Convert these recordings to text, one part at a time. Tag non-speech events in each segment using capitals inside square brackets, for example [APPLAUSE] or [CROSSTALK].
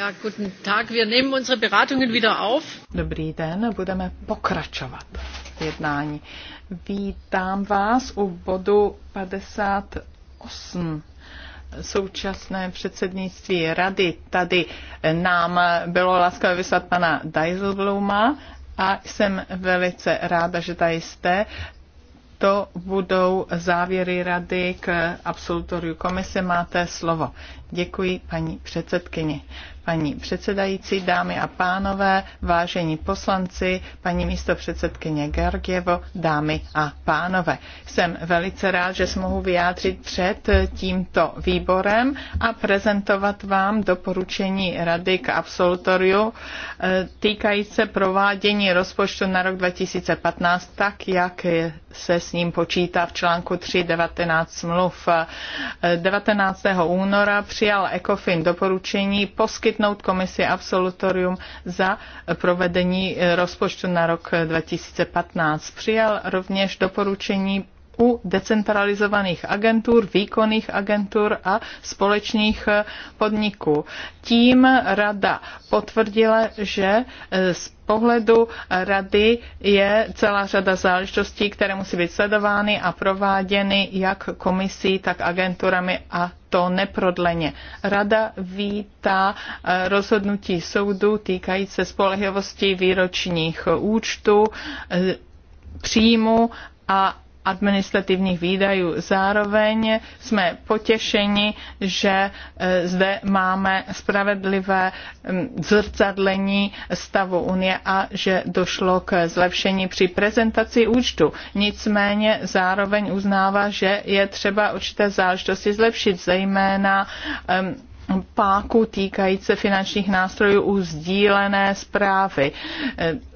Ja, guten Tag. Wir nehmen unsere Beratungen wieder auf. Dobrý den, budeme pokračovat v jednání. Vítám vás u bodu 58 současné předsednictví rady. Tady nám bylo laskavé vyslat pana Dijsselbluma a jsem velice ráda, že tady jste to budou závěry rady k absolutoriu komise. Máte slovo. Děkuji paní předsedkyni. Paní předsedající, dámy a pánové, vážení poslanci, paní místo předsedkyně Gergievo, dámy a pánové. Jsem velice rád, že se mohu vyjádřit před tímto výborem a prezentovat vám doporučení Rady k absolutoriu eh, týkající se provádění rozpočtu na rok 2015, tak jak se s ním počítá v článku 3.19 smluv. 19. Eh, února při přijal ECOFIN doporučení poskytnout komisi absolutorium za provedení rozpočtu na rok 2015. Přijal rovněž doporučení u decentralizovaných agentur, výkonných agentur a společných eh, podniků. Tím rada potvrdila, že eh, z pohledu rady je celá řada záležitostí, které musí být sledovány a prováděny jak komisí, tak agenturami a to neprodleně. Rada vítá eh, rozhodnutí soudu týkající se spolehlivosti výročních účtů, příjmu a administrativních výdajů. Zároveň jsme potěšeni, že e, zde máme spravedlivé zrcadlení stavu Unie a že došlo k zlepšení při prezentaci účtu. Nicméně zároveň uznává, že je třeba určité záležitosti zlepšit, zejména páku týkající finančních nástrojů u sdílené zprávy. E,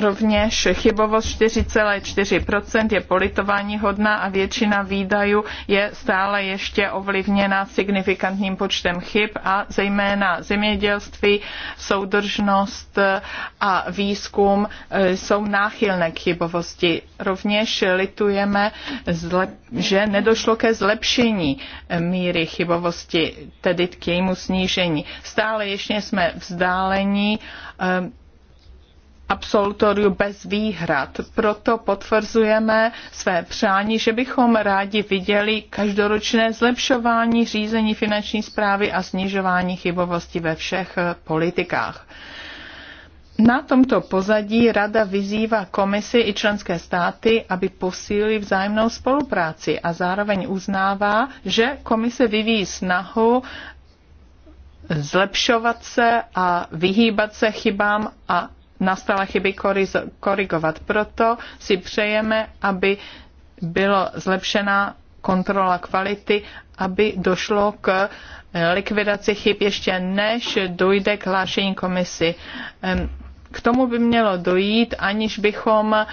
Rovněž chybovost 4,4% je politování hodná a většina výdajů je stále ještě ovlivněna signifikantním počtem chyb a zejména zemědělství, soudržnost a výzkum eh, jsou náchylné k chybovosti. Rovněž litujeme, že nedošlo ke zlepšení eh, míry chybovosti, tedy k jejímu snížení. Stále ještě jsme vzdálení eh, absolutoriu bez výhrad. Proto potvrzujeme své přání, že bychom rádi viděli každoročné zlepšování řízení finanční zprávy a snižování chybovosti ve všech eh, politikách. Na tomto pozadí Rada vyzývá komisi i členské státy, aby posílili vzájemnou spolupráci a zároveň uznává, že komise vyvíjí snahu zlepšovat se a vyhýbat se chybám a nastala chyby korigovat. Proto si přejeme, aby byla zlepšena kontrola kvality, aby došlo k eh, likvidaci chyb ještě než dojde k hlášení komisi. K tomu by mělo dojít, aniž bychom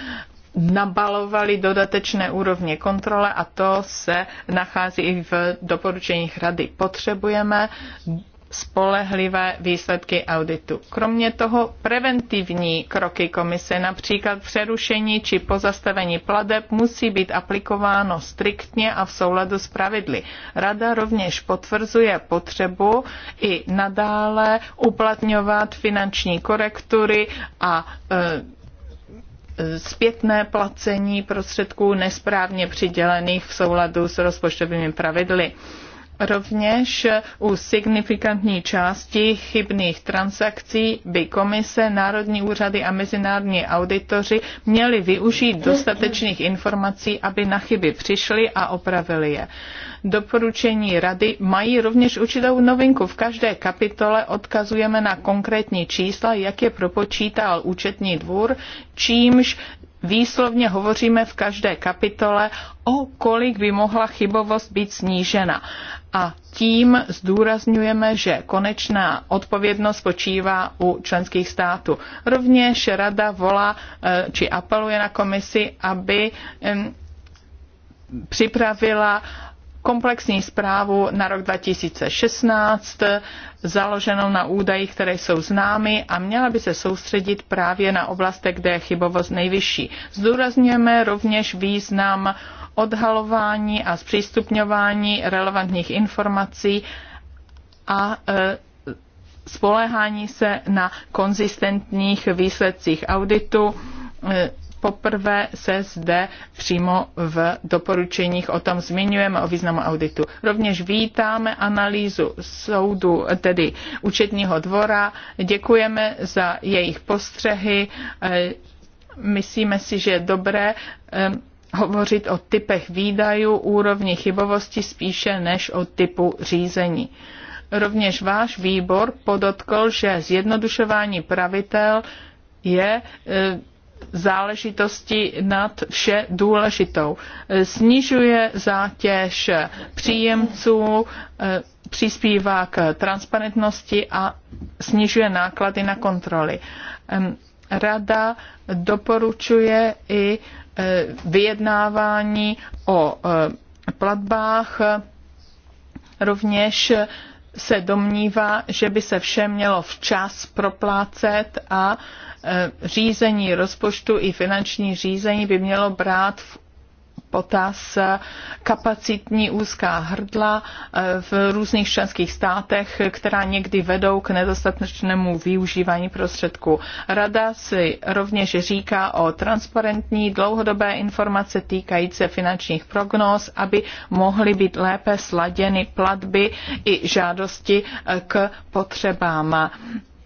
nabalovali dodatečné úrovně kontrole a to se nachází i v doporučeních rady. Potřebujeme spolehlivé výsledky auditu. Kromě toho preventivní kroky komise, například přerušení či pozastavení pladeb, musí být aplikováno striktně a v souladu s pravidly. Rada rovněž potvrzuje potřebu i nadále uplatňovat finanční korektury a e, zpětné placení prostředků nesprávně přidělených v souladu s rozpočtovými pravidly. Rovněž u signifikantní části chybných transakcí by komise, národní úřady a mezinárodní auditoři měli využít dostatečných informací, aby na chyby přišli a opravili je. Doporučení rady mají rovněž určitou novinku. V každé kapitole odkazujeme na konkrétní čísla, jak je propočítal účetní dvůr, čímž výslovně hovoříme v každé kapitole, o kolik by mohla chybovost být snížena a tím zdůrazňujeme, že konečná odpovědnost spočívá u členských států. Rovněž rada volá eh, či apeluje na komisi, aby připravila komplexní zprávu na rok 2016, eh, založenou na údajích, které jsou známy a měla by se soustředit právě na oblastech, kde je chybovost nejvyšší. Zdůrazňujeme rovněž význam uh, odhalování a zpřístupňování relevantních informací a e, spoléhání se na konzistentních výsledcích auditu. E, poprvé se zde přímo v doporučeních o tom zmiňujeme o významu auditu. Rovněž vítáme analýzu soudu, tedy účetního dvora. Děkujeme za jejich postřehy. E, myslíme si, že je dobré hovořit o typech výdajů, úrovni chybovosti spíše než o typu řízení. Rovněž váš výbor podotkl, že zjednodušování pravitel je e, záležitosti nad vše důležitou. E, snižuje zátěž příjemců, e, přispívá k transparentnosti a snižuje náklady na kontroly. Rada doporučuje i Eh, vyjednávání o eh, platbách eh, rovněž se domnívá, že by se vše mělo včas proplácet a řízení rozpočtu i finanční řízení by mělo brát v potaz eh, kapacitní úzká hrdla eh, v různých členských státech, která někdy vedou k nedostatečnému využívání prostředků. Rada si rovněž říká o transparentní dlouhodobé informace týkající se finančních prognóz, aby mohly být lépe sladěny platby i žádosti eh, k potřebám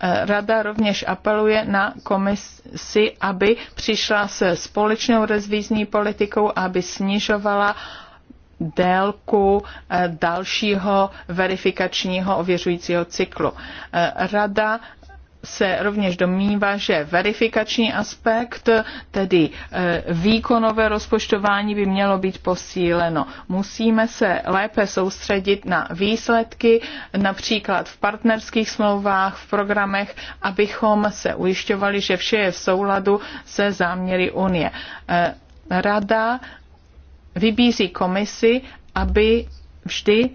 Eh, Rada rovněž apeluje na komisi, aby přišla se společnou rozvízní politikou, aby snižovala délku eh, dalšího verifikačního ověřujícího cyklu. Eh, Rada se rovněž domnívá, že verifikační aspekt, tedy eh, výkonové rozpočtování, by mělo být posíleno. Musíme se lépe soustředit na výsledky, například v partnerských smlouvách, v programech, abychom se ujišťovali, že vše je v souladu se záměry Unie. Eh, rada vybízí komisi, aby vždy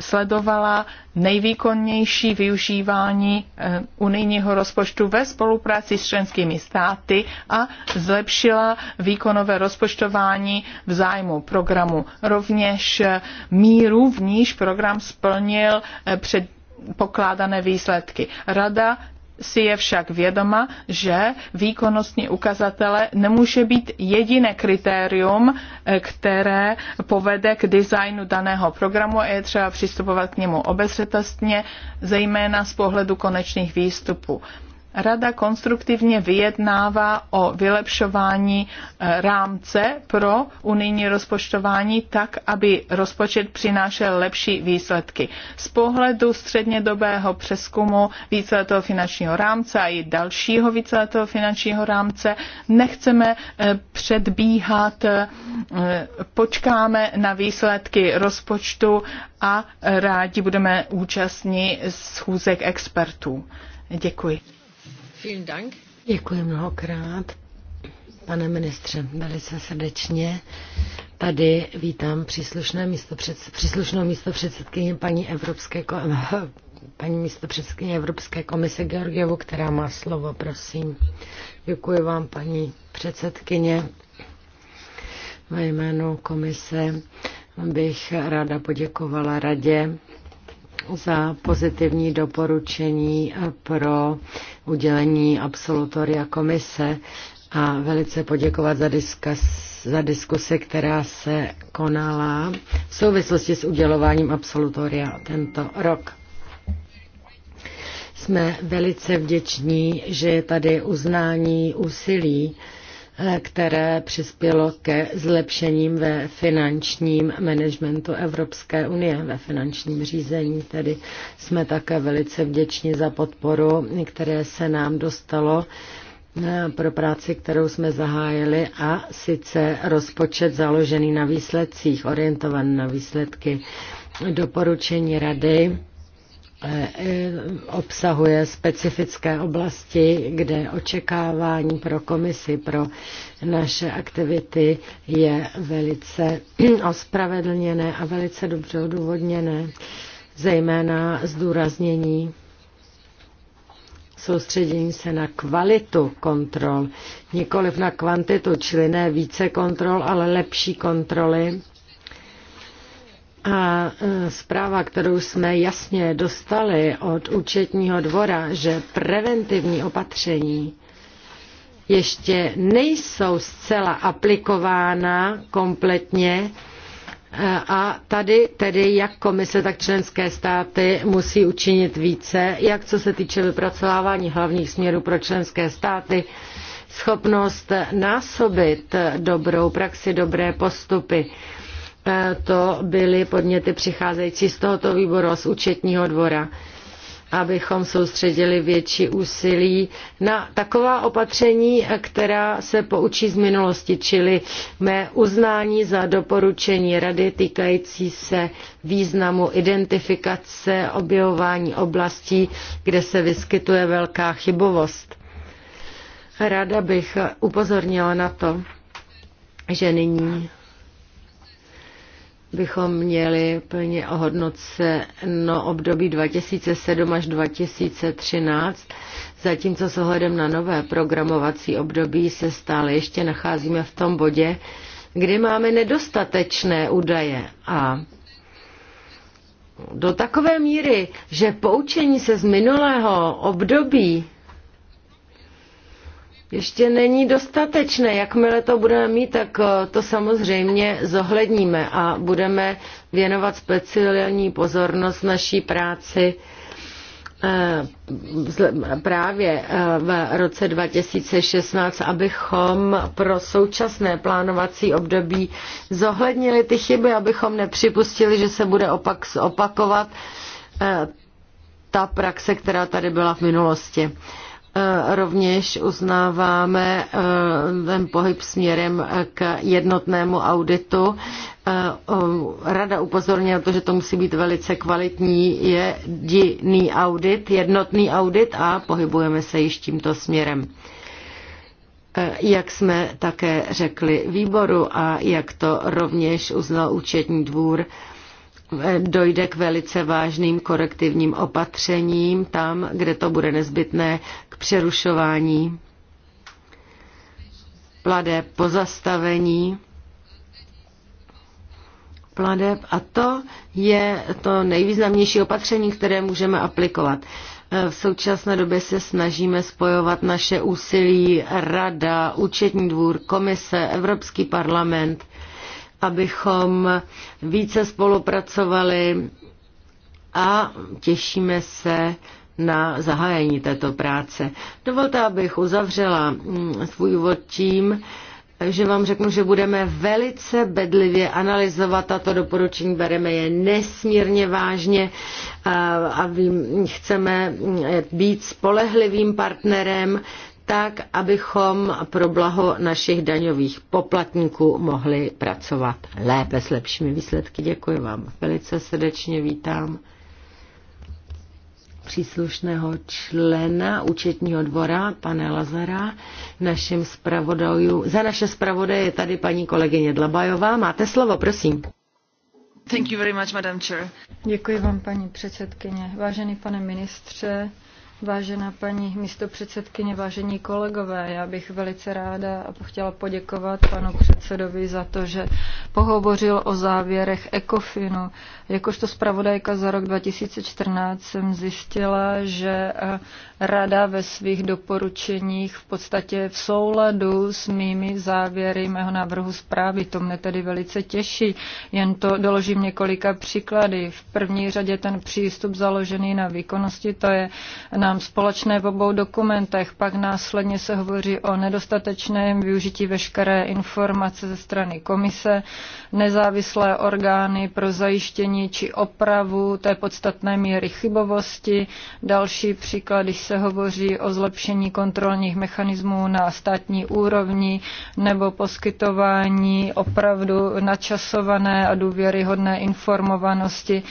sledovala nejvýkonnější využívání eh, unijního rozpočtu ve spolupráci s členskými státy a zlepšila výkonové rozpočtování v zájmu programu. Rovněž eh, míru, v níž program splnil eh, před pokládané výsledky. Rada si je však vědoma, že výkonnostní ukazatele nemůže být jediné kritérium, eh, které povede k designu daného programu a je třeba přistupovat k němu obezřetostně, zejména z pohledu konečných výstupů. Rada konstruktivně vyjednává o vylepšování eh, rámce pro unijní rozpočtování tak, aby rozpočet přinášel lepší výsledky. Z pohledu střednědobého přeskumu víceletého finančního rámce a i dalšího víceletého finančního rámce nechceme eh, předbíhat, eh, počkáme na výsledky rozpočtu a rádi budeme účastní schůzek expertů. Děkuji. Vielen Dank. Děkuji mnohokrát. Pane ministře, velice srdečně. Tady vítám příslušné místo před, příslušnou místo předsedkyně paní Evropské [LAUGHS] paní místo předsedkyně Evropské komise Georgievu, která má slovo, prosím. Děkuji vám, paní předsedkyně. Ve jménu komise bych ráda poděkovala radě za pozitivní doporučení pro udělení absolutoria komise a velice poděkovat za, diskus, za diskusi, která se konala v souvislosti s udělováním absolutoria tento rok. Jsme velice vděční, že je tady uznání úsilí, které přispělo ke zlepšením ve finančním managementu Evropské unie, ve finančním řízení. Tedy jsme také velice vděční za podporu, které se nám dostalo eh, pro práci, kterou jsme zahájili, a sice rozpočet založený na výsledcích, orientovaný na výsledky doporučení rady E, e, obsahuje specifické oblasti, kde očekávání pro komisi, pro naše aktivity je velice [CLEARS THROAT] ospravedlněné a velice dobře odůvodněné, zejména zdůraznění soustředění se na kvalitu kontrol, nikoliv na kvantitu, čili ne více kontrol, ale lepší kontroly a e, zpráva, kterou jsme jasně dostali od účetního dvora, že preventivní opatření ještě nejsou zcela aplikována kompletně, e, a tady tedy jak komise, tak členské státy musí učinit více, jak co se týče vypracovávání hlavních směrů pro členské státy, schopnost násobit dobrou praxi, dobré postupy, E, to byly podněty přicházející z tohoto výboru a z účetního dvora abychom soustředili větší úsilí na taková opatření, která se poučí z minulosti, čili mé uznání za doporučení rady týkající se významu identifikace, objevování oblastí, kde se vyskytuje velká chybovost. Rada bych upozornila na to, že nyní bychom měli plně no, období 2007 až 2013, zatímco s ohledem na nové programovací období se stále ještě nacházíme v tom bodě, kdy máme nedostatečné údaje a do takové míry, že poučení se z minulého období ještě není dostatečné. Jakmile to budeme mít, tak eh, to samozřejmě zohledníme a budeme věnovat speciální pozornost naší práci eh, právě eh, v roce 2016, abychom pro současné plánovací období zohlednili ty chyby, abychom nepřipustili, že se bude opak, opakovat ta praxe, která tady byla v minulosti. E, rovněž uznáváme e, ten pohyb směrem k jednotnému auditu. E, rada upozornila to, že to musí být velice kvalitní je jediný audit, jednotný audit a pohybujeme se již tímto směrem. Jak jsme také řekli výboru a jak to rovněž uznal účetní dvůr, dojde k velice vážným korektivním opatřením tam, kde to bude nezbytné, přerušování pladeb, pozastavení pladeb a to je to nejvýznamnější opatření, které můžeme aplikovat. Eh, v současné době se snažíme spojovat naše úsilí Rada, Účetní dvůr, Komise, Evropský parlament, abychom více spolupracovali a těšíme se na zahájení této práce. Dovolte, abych uzavřela mm, svůj úvod tím, že vám řeknu, že budeme velice bedlivě analyzovat tato doporučení, bereme je nesmírně vážně a chceme mm, být spolehlivým partnerem, tak, abychom pro blaho našich daňových poplatníků mohli pracovat lépe s lepšími výsledky. Děkuji vám. Velice srdečně vítám příslušného člena účetního dvora, pane Lazara, našim zpravodaju. Za naše zpravodaje je tady paní kolegyně Dlabajová. Máte slovo, prosím. Thank you very much, Madam Chair. Děkuji vám, paní předsedkyně. Vážený pane ministře, Vážená paní místopředsedkyně, vážení kolegové, já bych velice ráda chtěla poděkovat panu předsedovi za to, že pohovořil o závěrech ECOFINu. Jakožto zpravodajka za rok 2014 jsem zjistila, že rada ve svých doporučeních v podstatě v souladu s mými závěry mého návrhu zprávy. To mne tedy velice těší. Jen to doložím několika příklady. V první řadě ten přístup založený na výkonnosti, to je na nám společné v obou dokumentech. Pak následně se hovoří o nedostatečném využití veškeré informace ze strany komise, nezávislé orgány pro zajištění či opravu té podstatné míry chybovosti. Další příklad, když se hovoří o zlepšení kontrolních mechanismů na státní úrovni nebo poskytování opravdu načasované a důvěryhodné informovanosti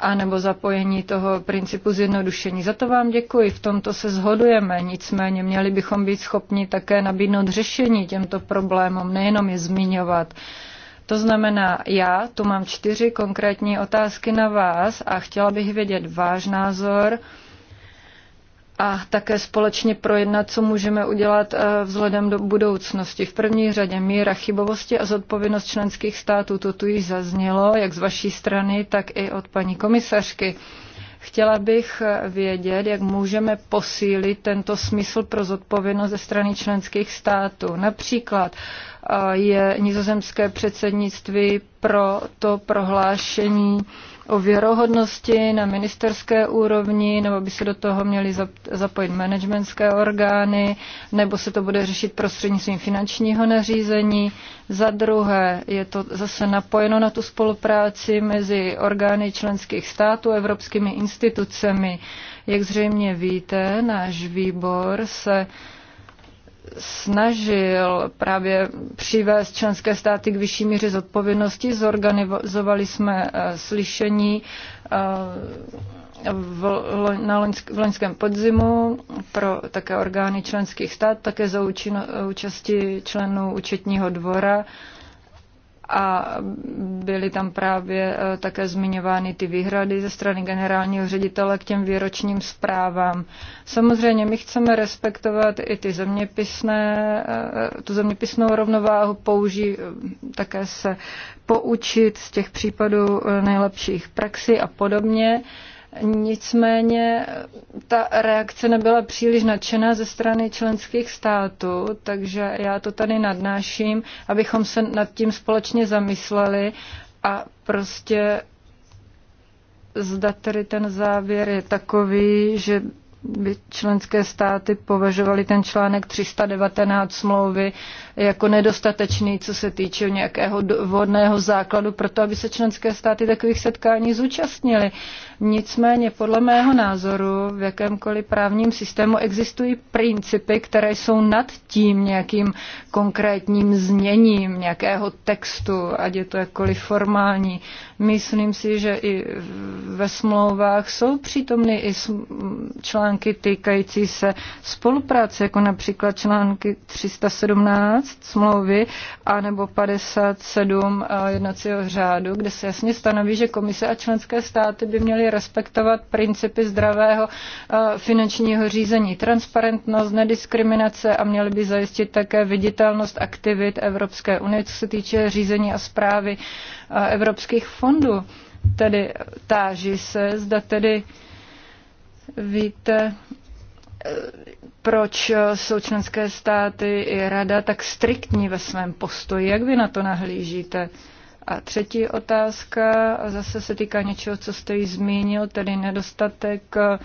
anebo zapojení toho principu zjednodušení. Za to vám děkuji, v tomto se zhodujeme, nicméně měli bychom být schopni také nabídnout řešení těmto problémům, nejenom je zmiňovat. To znamená, já tu mám čtyři konkrétní otázky na vás a chtěla bych vědět váš názor, a také společně projednat, co můžeme udělat eh, vzhledem do budoucnosti. V první řadě míra chybovosti a zodpovědnost členských států, to tu již zaznělo, jak z vaší strany, tak i od paní komisařky. Chtěla bych eh, vědět, jak můžeme posílit tento smysl pro zodpovědnost ze strany členských států. Například eh, je nizozemské předsednictví pro to prohlášení o věrohodnosti na ministerské úrovni, nebo by se do toho měly zapojit managementské orgány, nebo se to bude řešit prostřednictvím finančního nařízení. Za druhé, je to zase napojeno na tu spolupráci mezi orgány členských států, evropskými institucemi. Jak zřejmě víte, náš výbor se snažil právě přivést členské státy k vyšší míře zodpovědnosti. Zorganizovali jsme eh, slyšení eh, v, na loňsk, v loňském podzimu pro také orgány členských stát, také za účasti členů účetního dvora. Uh, a byly tam právě e, také zmiňovány ty výhrady ze strany generálního ředitele k těm výročním zprávám. Samozřejmě my chceme respektovat i ty zeměpisné, e, e, tu zeměpisnou rovnováhu, použí také se poučit z těch případů nejlepších praxí a podobně. Nicméně ta reakce nebyla příliš nadšená ze strany členských států, takže já to tady nadnáším, abychom se nad tím společně zamysleli a prostě zda tedy ten závěr je takový, že by členské státy považovaly ten článek 319 smlouvy jako nedostatečný, co se týče nějakého vodného základu pro to, aby se členské státy takových setkání zúčastnily. Nicméně podle mého názoru v jakémkoliv právním systému existují principy, které jsou nad tím nějakým konkrétním zněním nějakého textu, ať je to jakkoliv formální. Myslím si, že i ve smlouvách jsou přítomny i články týkající se spolupráce, jako například články 317 smlouvy a nebo 57 eh, jednacího řádu, kde se jasně stanoví, že komise a členské státy by měly respektovat principy zdravého eh, finančního řízení, transparentnost, nediskriminace a měli by zajistit také viditelnost aktivit Evropské unie, co se týče řízení a zprávy eh, evropských fondů. Tedy táží se, zda tedy víte, eh, proč jsou členské státy i rada tak striktní ve svém postoji. Jak vy na to nahlížíte? A třetí otázka, zase se týká něčeho, co jste ji zmínil, tedy nedostatek eh,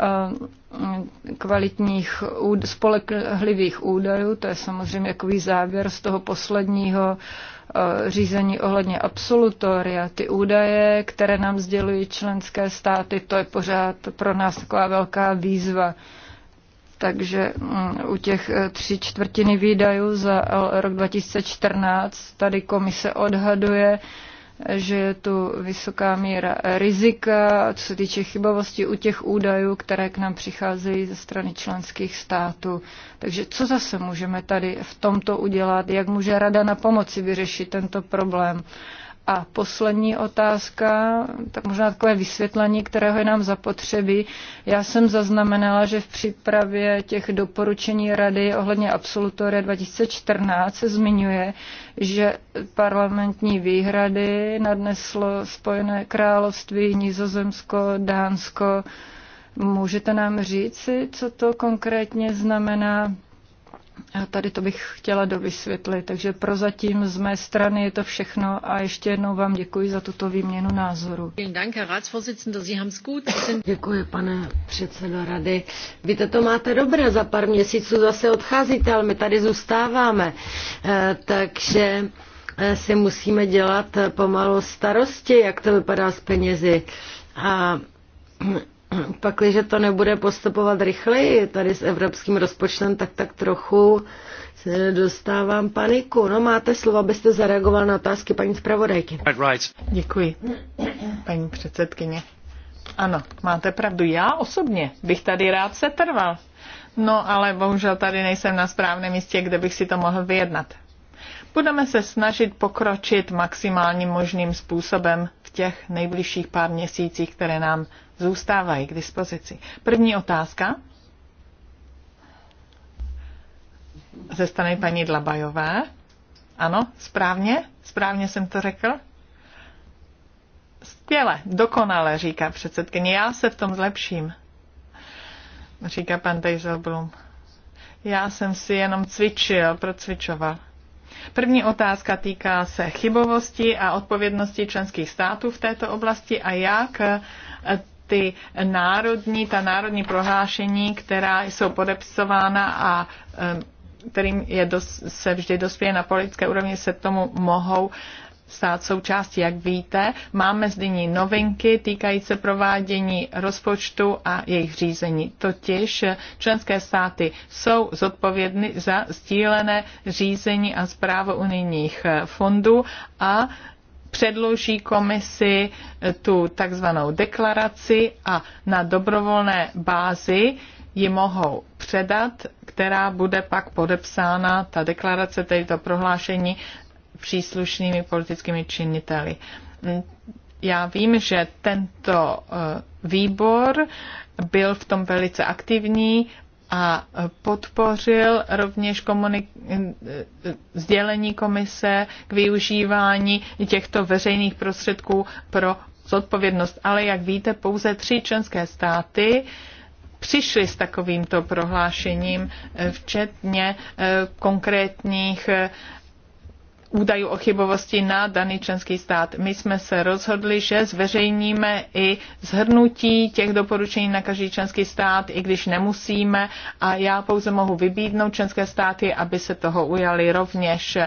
eh, kvalitních spolehlivých údajů, to je samozřejmě takový závěr z toho posledního eh, řízení ohledně absolutoria. Ty údaje, které nám sdělují členské státy, to je pořád pro nás taková velká výzva. Takže mm, u těch eh, tři čtvrtiny výdajů za rok 2014 tady komise odhaduje, že je tu vysoká míra rizika, co se týče chybovosti u těch údajů, které k nám přicházejí ze strany členských států. Takže co zase můžeme tady v tomto udělat? Jak může Rada na pomoci vyřešit tento problém? A poslední otázka, tak možná takové vysvětlení, kterého je nám zapotřebí. Já jsem zaznamenala, že v přípravě těch doporučení Rady ohledně absolutoria 2014 se zmiňuje, že parlamentní výhrady nadneslo Spojené království, Nizozemsko, Dánsko. Můžete nám říci, co to konkrétně znamená? A tady to bych chtěla dovysvětlit. Takže prozatím z mé strany je to všechno a ještě jednou vám děkuji za tuto výměnu názoru. Děkuji, pane předsedo rady. Vy to máte dobré, za pár měsíců zase odcházíte, ale my tady zůstáváme. Eh, takže eh, si musíme dělat eh, pomalu starosti, jak to vypadá s penězi. A pakliže to nebude postupovat rychleji tady s evropským rozpočtem, tak tak trochu se dostávám paniku. No máte slovo, abyste zareagoval na otázky paní zpravodajky. Děkuji, paní předsedkyně. Ano, máte pravdu. Já osobně bych tady rád setrval. No ale bohužel tady nejsem na správném místě, kde bych si to mohl vyjednat. Budeme se snažit pokročit maximálním možným způsobem v těch nejbližších pár měsících, které nám zůstávají k dispozici. První otázka ze strany paní Dlabajové. Ano, správně? Správně jsem to řekl? Skvěle, dokonale, říká předsedkyně. Já se v tom zlepším, říká pan Dejzelblum. Já jsem si jenom cvičil, procvičoval. První otázka týká se chybovosti a odpovědnosti členských států v této oblasti a jak ty národní, ta národní prohlášení, která jsou podepsována a kterým je dos, se vždy dospěje na politické úrovni, se tomu mohou stát součástí, jak víte. Máme zde novinky týkající se provádění rozpočtu a jejich řízení. Totiž členské státy jsou zodpovědny za sdílené řízení a zprávu unijních fondů a předloží komisi eh, tu takzvanou deklaraci a na dobrovolné bázi ji mohou předat, která bude pak podepsána, ta deklarace, tedy to prohlášení, příslušnými politickými činiteli. Mm, já vím, že tento eh, výbor byl v tom velice aktivní, a podpořil rovněž komunik- sdělení komise k využívání těchto veřejných prostředků pro zodpovědnost. Ale jak víte, pouze tři členské státy přišli s takovýmto prohlášením, včetně eh, konkrétních eh, údajů o chybovosti na daný členský stát. My jsme se rozhodli, že zveřejníme i zhrnutí těch doporučení na každý členský stát, i když nemusíme a já pouze mohu vybídnout členské státy, aby se toho ujali rovněž. Uh,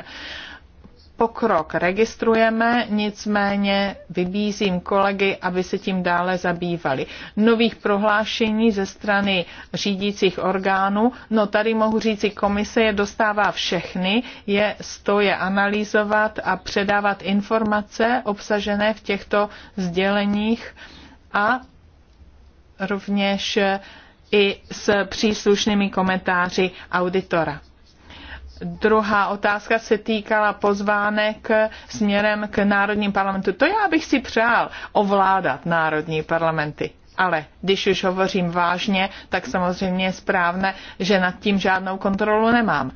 pokrok registrujeme, nicméně vybízím kolegy, aby se tím dále zabývali. Nových prohlášení ze strany řídících orgánů, no tady mohu říci, komise je dostává všechny, je stoje analyzovat a předávat informace obsažené v těchto sděleních a rovněž i s příslušnými komentáři auditora. Druhá otázka se týkala pozvánek směrem k Národním parlamentu. To já bych si přál ovládat Národní parlamenty. Ale když už hovořím vážně, tak samozřejmě je správné, že nad tím žádnou kontrolu nemám.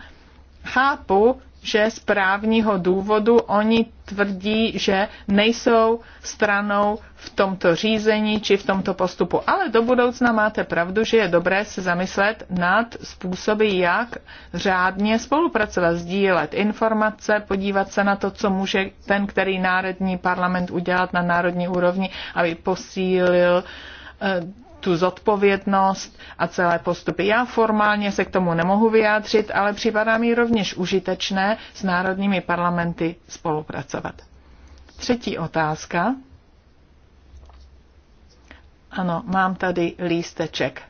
Chápu, že z právního důvodu oni tvrdí, že nejsou stranou v tomto řízení či v tomto postupu. Ale do budoucna máte pravdu, že je dobré se zamyslet nad způsoby, jak řádně spolupracovat, sdílet informace, podívat se na to, co může ten, který národní parlament udělat na národní úrovni, aby posílil eh, tu zodpovědnost a celé postupy. Já formálně se k tomu nemohu vyjádřit, ale připadá mi rovněž užitečné s národními parlamenty spolupracovat. Třetí otázka. Ano, mám tady lísteček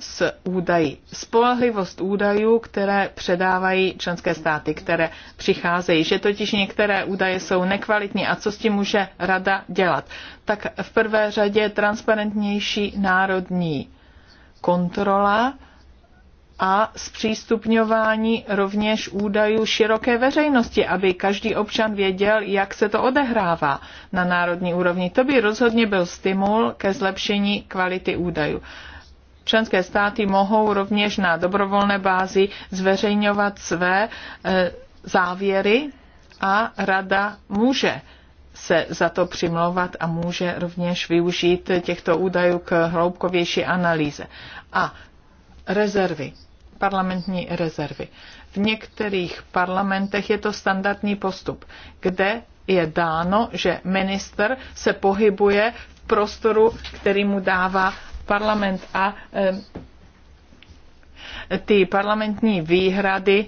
s údají. Spolehlivost údajů, které předávají členské státy, které přicházejí, že totiž některé údaje jsou nekvalitní a co s tím může rada dělat. Tak v prvé řadě transparentnější národní kontrola a zpřístupňování rovněž údajů široké veřejnosti, aby každý občan věděl, jak se to odehrává na národní úrovni. To by rozhodně byl stimul ke zlepšení kvality údajů. Členské státy mohou rovněž na dobrovolné bázi zveřejňovat své e, závěry a rada může se za to přimlouvat a může rovněž využít těchto údajů k hloubkovější analýze. A rezervy, parlamentní rezervy. V některých parlamentech je to standardní postup, kde je dáno, že minister se pohybuje v prostoru, který mu dává parlament a eh, ty parlamentní výhrady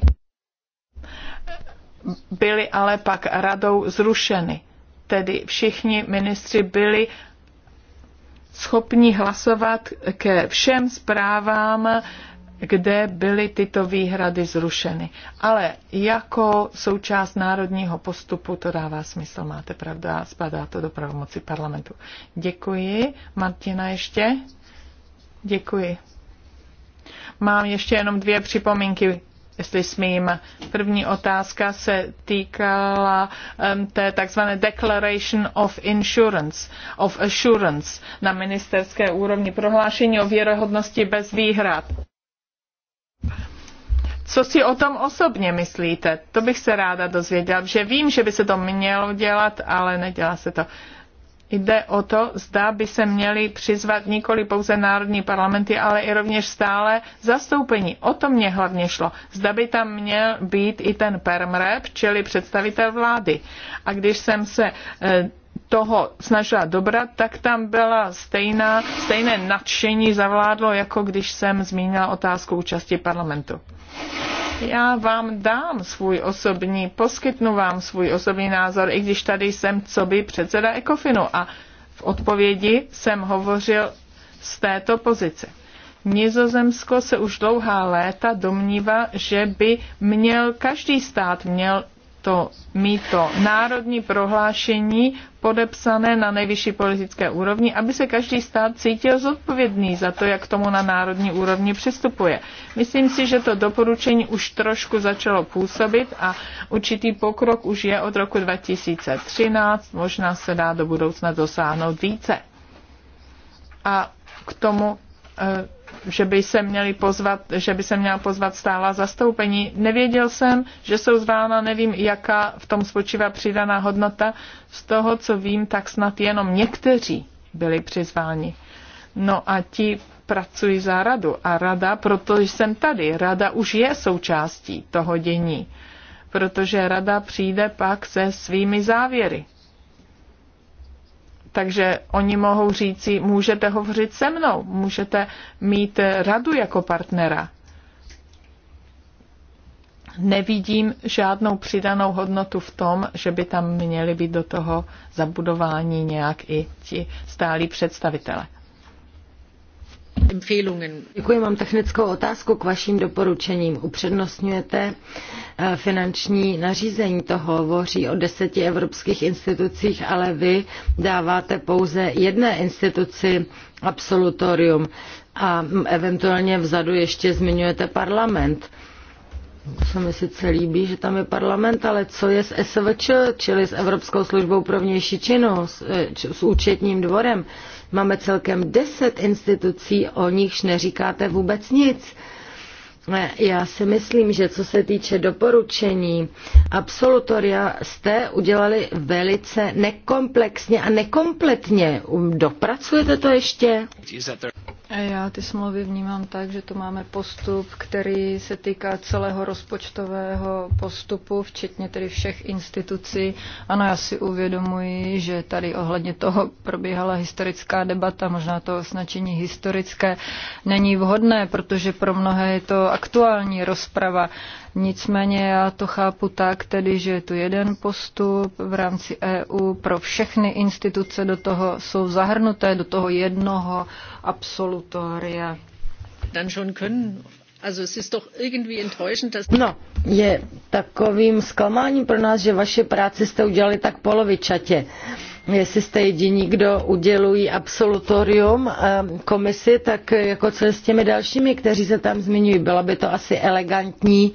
byly ale pak radou zrušeny. Tedy všichni ministři byli schopni hlasovat ke všem zprávám, kde byly tyto výhrady zrušeny. Ale jako součást národního postupu to dává smysl, máte pravda, spadá to do pravomoci parlamentu. Děkuji. Martina ještě? Děkuji. Mám ještě jenom dvě připomínky jestli smím. První otázka se týkala um, té takzvané Declaration of Insurance, of Assurance na ministerské úrovni, prohlášení o věrohodnosti bez výhrad. Co si o tom osobně myslíte? To bych se ráda dozvěděla, že vím, že by se to mělo dělat, ale nedělá se to. Jde o to, zda by se měli přizvat nikoli pouze národní parlamenty, ale i rovněž stále zastoupení. O to mě hlavně šlo. Zda by tam měl být i ten permrep, čili představitel vlády. A když jsem se eh, toho snažila dobrat, tak tam byla stejná, stejné nadšení zavládlo, jako když jsem zmínila otázku účasti parlamentu. Já vám dám svůj osobní, poskytnu vám svůj osobní názor, i když tady jsem co by předseda Ekofinu a v odpovědi jsem hovořil z této pozice. Nizozemsko se už dlouhá léta domnívá, že by měl každý stát měl to mýto národní prohlášení podepsané na nejvyšší politické úrovni, aby se každý stát cítil zodpovědný za to, jak tomu na národní úrovni přistupuje. Myslím si, že to doporučení už trošku začalo působit a určitý pokrok už je od roku 2013, možná se dá do budoucna dosáhnout více. A k tomu eh, že by se měli pozvat, že by se měla pozvat stála zastoupení. Nevěděl jsem, že jsou zvána, nevím, jaká v tom spočívá přidaná hodnota. Z toho, co vím, tak snad jenom někteří byli přizváni. No a ti pracují za radu a rada, protože jsem tady, rada už je součástí toho dění, protože rada přijde pak se svými závěry takže oni mohou říci, můžete hovořit se mnou, můžete mít radu jako partnera. Nevidím žádnou přidanou hodnotu v tom, že by tam měli být do toho zabudování nějak i ti stálí představitele. Děkuji, mám technickou otázku k vašim doporučením. Upřednostňujete eh, finanční nařízení, to hovoří o deseti evropských institucích, ale vy dáváte pouze jedné instituci absolutorium a eventuálně vzadu ještě zmiňujete parlament. Se mi sice líbí, že tam je parlament, ale co je s SVČ, čili s Evropskou službou pro vnější činnost, eh, s účetním dvorem? Máme celkem deset institucí, o nichž neříkáte vůbec nic. Já si myslím, že co se týče doporučení absolutoria, jste udělali velice nekomplexně a nekompletně. Dopracujete to ještě? Já ty smlouvy vnímám tak, že tu máme postup, který se týká celého rozpočtového postupu, včetně tedy všech institucí. Ano, já si uvědomuji, že tady ohledně toho probíhala historická debata, možná to označení historické není vhodné, protože pro mnohé je to aktuální rozprava. Nicméně já to chápu tak, tedy, že je to jeden postup v rámci EU pro všechny instituce do toho jsou zahrnuté, do toho jednoho absolutoria. Dann schon können. Also es ist doch irgendwie enttäuschend, dass... No, je takovým zklamáním pro nás, že vaše práce jste udělali tak polovičatě jestli jste jediní, kdo udělují absolutorium eh, komisi, tak jako co je s těmi dalšími, kteří se tam zmiňují. Byla by to asi elegantní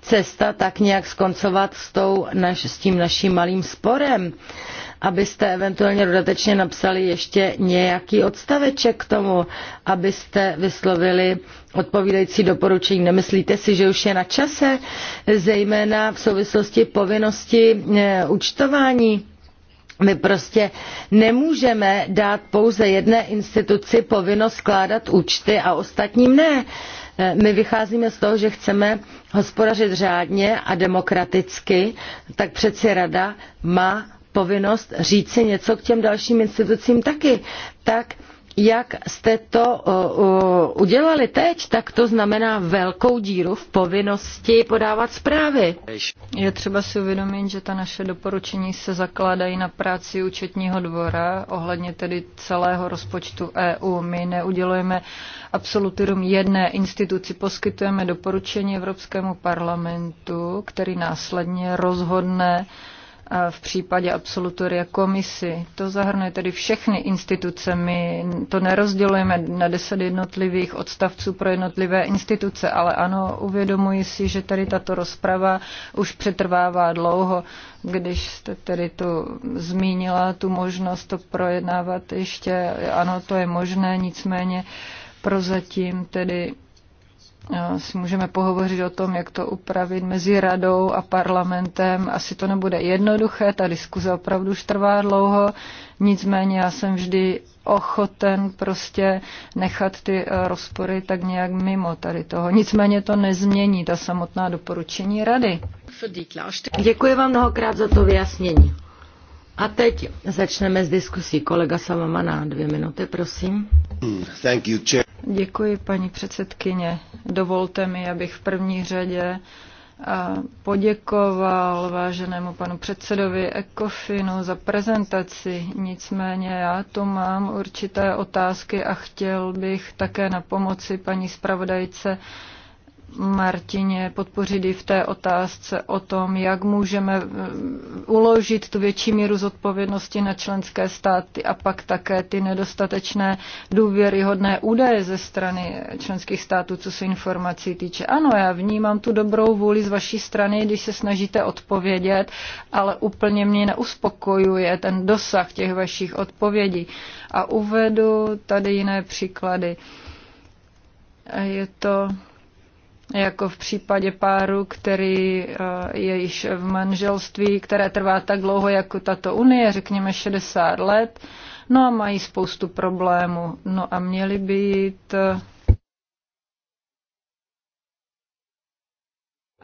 cesta tak nějak skoncovat s, tou, naš, s tím naším malým sporem, abyste eventuálně dodatečně napsali ještě nějaký odstaveček k tomu, abyste vyslovili odpovídající doporučení. Nemyslíte si, že už je na čase, zejména v souvislosti povinnosti e, účtování? my prostě nemůžeme dát pouze jedné instituci povinnost skládat účty a ostatním ne. Eh, my vycházíme z toho, že chceme hospodařit řádně a demokraticky, tak přeci rada má povinnost říci něco k těm dalším institucím taky. Tak jak jste to udělali teď, tak to znamená velkou díru v povinnosti podávat zprávy. Je třeba si uvědomit, že ta naše doporučení se zakládají na práci účetního dvora ohledně tedy celého rozpočtu EU. My neudělujeme absolutorum jedné instituci, poskytujeme doporučení Evropskému parlamentu, který následně rozhodne, v případě absolutoria komisi. To zahrnuje tedy všechny instituce. My to nerozdělujeme na deset jednotlivých odstavců pro jednotlivé instituce, ale ano, uvědomuji si, že tady tato rozprava už přetrvává dlouho. Když jste tedy tu zmínila tu možnost to projednávat ještě, ano, to je možné, nicméně prozatím tedy si můžeme pohovořit o tom, jak to upravit mezi radou a parlamentem. Asi to nebude jednoduché, ta diskuze opravdu už trvá dlouho, nicméně já jsem vždy ochoten prostě nechat ty eh, rozpory tak nějak mimo tady toho. Nicméně to nezmění ta samotná doporučení rady. Děkuji vám mnohokrát za to vyjasnění. A teď začneme s diskusí. Kolega Savama na dvě minuty, prosím. Hmm, thank you, chair. Děkuji, paní předsedkyně. Dovolte mi, abych v první řadě eh, poděkoval váženému panu předsedovi Ekofinu za prezentaci. Nicméně já tu mám určité otázky a chtěl bych také na pomoci paní zpravodajce Martině podpořit i v té otázce o tom, jak můžeme eh, uložit tu větší míru zodpovědnosti na členské státy a pak také ty nedostatečné důvěryhodné údaje ze strany členských států, co se informací týče. Ano, já vnímám tu dobrou vůli z vaší strany, když se snažíte odpovědět, ale úplně mě neuspokojuje ten dosah těch vašich odpovědí. A uvedu tady jiné příklady. Je to jako v případě páru, který eh, je již v manželství, které trvá tak dlouho jako tato unie, řekněme 60 let, no a mají spoustu problémů. No a měli by jít eh,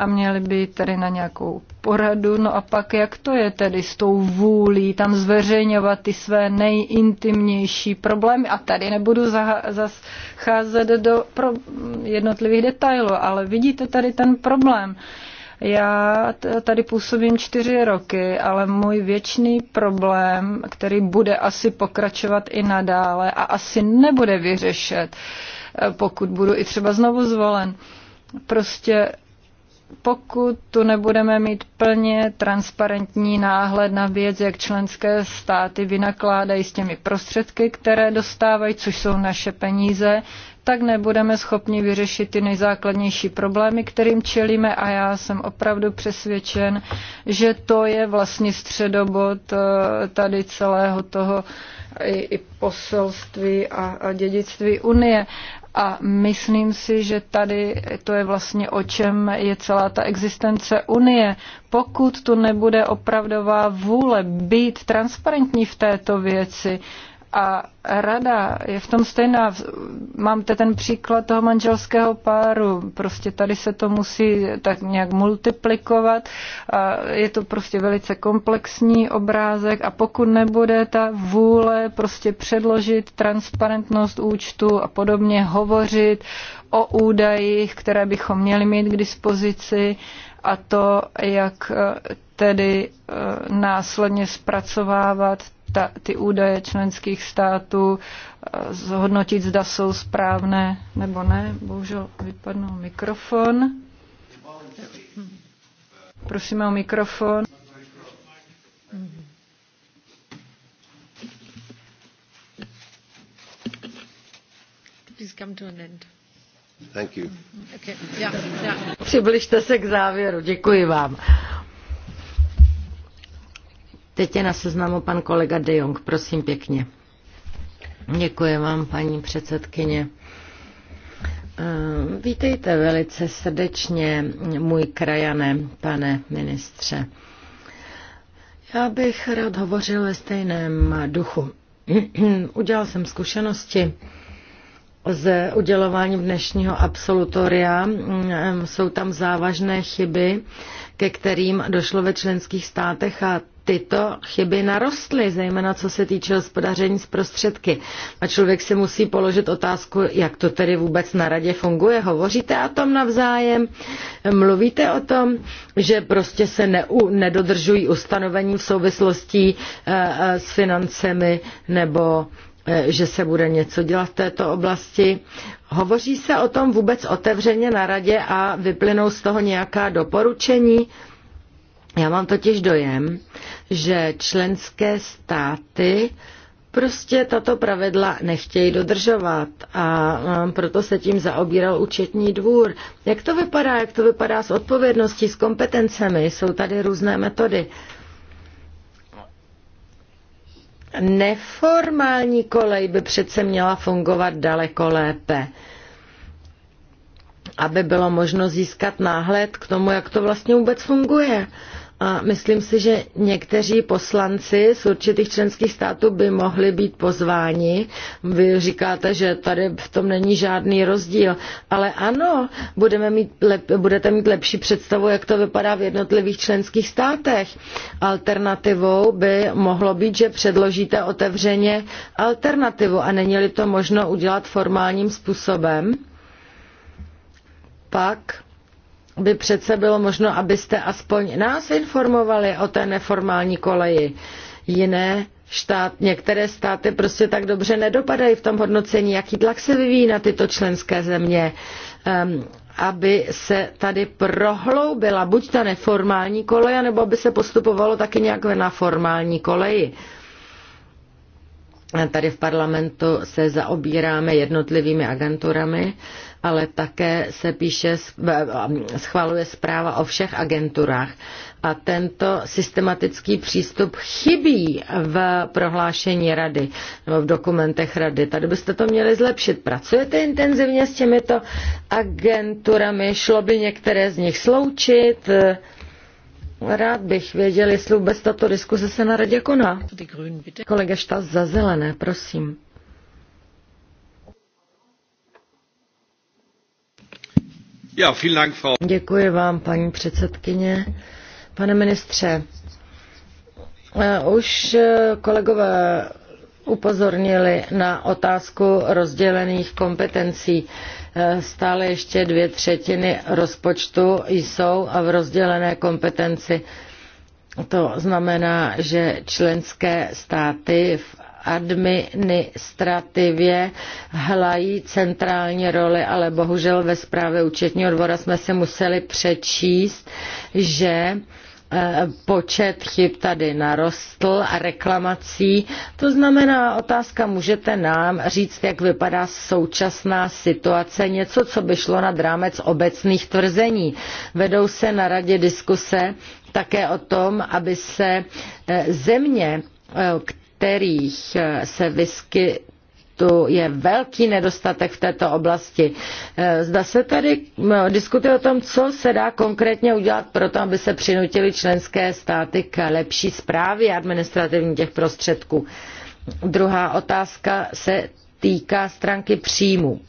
a měli by tady na nějakou poradu. No a pak jak to je tedy s tou vůlí tam zveřejňovat ty své nejintimnější problémy? A tady nebudu zacházet do pro jednotlivých detailů, ale vidíte tady ten problém. Já tady působím čtyři roky, ale můj věčný problém, který bude asi pokračovat i nadále a asi nebude vyřešet, eh, pokud budu i třeba znovu zvolen, prostě pokud tu nebudeme mít plně transparentní náhled na věc, jak členské státy vynakládají s těmi prostředky, které dostávají, což jsou naše peníze, tak nebudeme schopni vyřešit ty nejzákladnější problémy, kterým čelíme a já jsem opravdu přesvědčen, že to je vlastně středobod eh, tady celého toho i, i poselství a, a dědictví Unie. A myslím si, že tady to je vlastně o čem je celá ta existence Unie. Pokud tu nebude opravdová vůle být transparentní v této věci, a rada je v tom stejná. Mám ten příklad toho manželského páru. Prostě tady se to musí tak nějak multiplikovat. A je to prostě velice komplexní obrázek a pokud nebude ta vůle prostě předložit transparentnost účtu a podobně hovořit o údajích, které bychom měli mít k dispozici a to, jak tedy e, následně zpracovávat ta, ty údaje členských států, eh, zhodnotit, zda jsou správné nebo ne. Bohužel vypadnul mikrofon. Prosím o mikrofon. Please come to an end. Thank you. Mm-hmm. Přibližte se k závěru. Děkuji vám. Teď je na seznamu pan kolega De Jong, prosím pěkně. Děkuji vám, paní předsedkyně. Ehm, vítejte velice srdečně, můj krajane, pane ministře. Já bych rád hovořil ve stejném duchu. [CLEARS THROAT] Udělal jsem zkušenosti z udělování dnešního absolutoria. Ehm, jsou tam závažné chyby, ke kterým došlo ve členských státech a tyto chyby narostly, zejména co se týče hospodaření s prostředky. A člověk si musí položit otázku, jak to tedy vůbec na radě funguje. Hovoříte o tom navzájem, mluvíte o tom, že prostě se neu, nedodržují ustanovení v souvislosti eh, eh, s financemi nebo eh, že se bude něco dělat v této oblasti. Hovoří se o tom vůbec otevřeně na radě a vyplynou z toho nějaká doporučení? Já mám totiž dojem, že členské státy prostě tato pravidla nechtějí dodržovat a um, proto se tím zaobíral účetní dvůr. Jak to vypadá? Jak to vypadá s odpovědností, s kompetencemi? Jsou tady různé metody. Neformální kolej by přece měla fungovat daleko lépe aby bylo možno získat náhled k tomu, jak to vlastně vůbec funguje. A myslím si, že někteří poslanci z určitých členských států by mohli být pozváni. Vy říkáte, že tady v tom není žádný rozdíl, ale ano, budeme mít lep, budete mít lepší představu, jak to vypadá v jednotlivých členských státech. Alternativou by mohlo být, že předložíte otevřeně alternativu a není-li to možno udělat formálním způsobem, pak by přece bylo možno, abyste aspoň nás informovali o té neformální koleji. Jiné štát, některé státy prostě tak dobře nedopadají v tom hodnocení, jaký tlak se vyvíjí na tyto členské země, um, aby se tady prohloubila buď ta neformální koleje, nebo aby se postupovalo taky nějak na formální koleji. Tady v parlamentu se zaobíráme jednotlivými agenturami ale také se píše, schvaluje zpráva o všech agenturách. A tento systematický přístup chybí v prohlášení rady nebo v dokumentech rady. Tady byste to měli zlepšit. Pracujete intenzivně s těmito agenturami? Šlo by některé z nich sloučit? Rád bych věděl, jestli vůbec tato diskuse se na radě koná. Kolega Štas za zelené, prosím. Děkuji vám, paní předsedkyně. Pane ministře, eh, už eh, kolegové upozornili na otázku rozdělených kompetencí. Eh, stále ještě dvě třetiny rozpočtu jsou a v rozdělené kompetenci. To znamená, že členské státy v administrativě hlají centrální roli, ale bohužel ve zprávě účetního dvora jsme se museli přečíst, že eh, počet chyb tady narostl a reklamací. To znamená otázka, můžete nám říct, jak vypadá současná situace, něco, co by šlo nad rámec obecných tvrzení. Vedou se na radě diskuse také o tom, aby se eh, země, eh, kterých eh, se vysky je velký nedostatek v této oblasti. Eh, zda se tady eh, diskutuje o tom, co se dá konkrétně udělat pro to, aby se přinutili členské státy k lepší zprávě administrativní těch prostředků. Druhá otázka se týká stránky příjmu.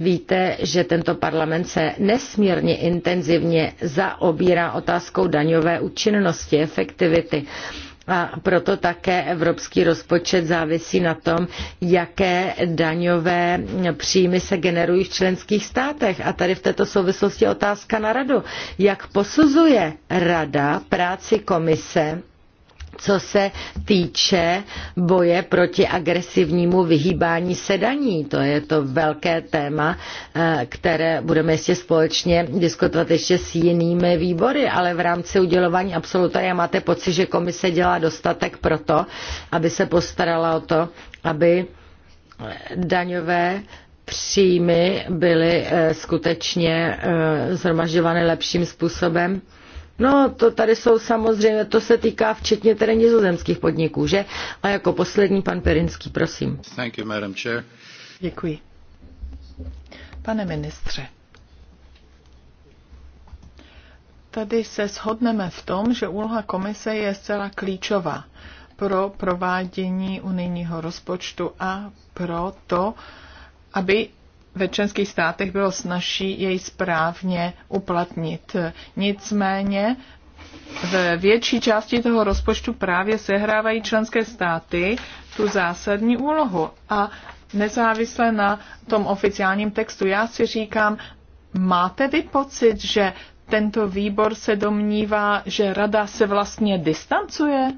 Víte, že tento parlament se nesmírně intenzivně zaobírá otázkou daňové účinnosti, efektivity. A proto také evropský rozpočet závisí na tom, jaké daňové příjmy se generují v členských státech. A tady v této souvislosti otázka na radu. Jak posuzuje rada práci komise co se týče boje proti agresivnímu vyhýbání se daní. To je to velké téma, eh, které budeme ještě společně diskutovat ještě s jinými výbory, ale v rámci udělování absolutoria máte pocit, že komise dělá dostatek pro to, aby se postarala o to, aby eh, daňové příjmy byly eh, skutečně zhromažďovány lepším způsobem. No, to tady jsou samozřejmě, to se týká včetně tedy nizozemských podniků, že? A jako poslední pan Perinský, prosím. Thank you, Madam Chair. Děkuji. Pane ministře, tady se shodneme v tom, že úloha komise je zcela klíčová pro provádění unijního rozpočtu a pro to, aby ve členských státech bylo snažší jej správně uplatnit. Nicméně v větší části toho rozpočtu právě sehrávají členské státy tu zásadní úlohu. A nezávisle na tom oficiálním textu, já si říkám, máte vy pocit, že tento výbor se domnívá, že rada se vlastně distancuje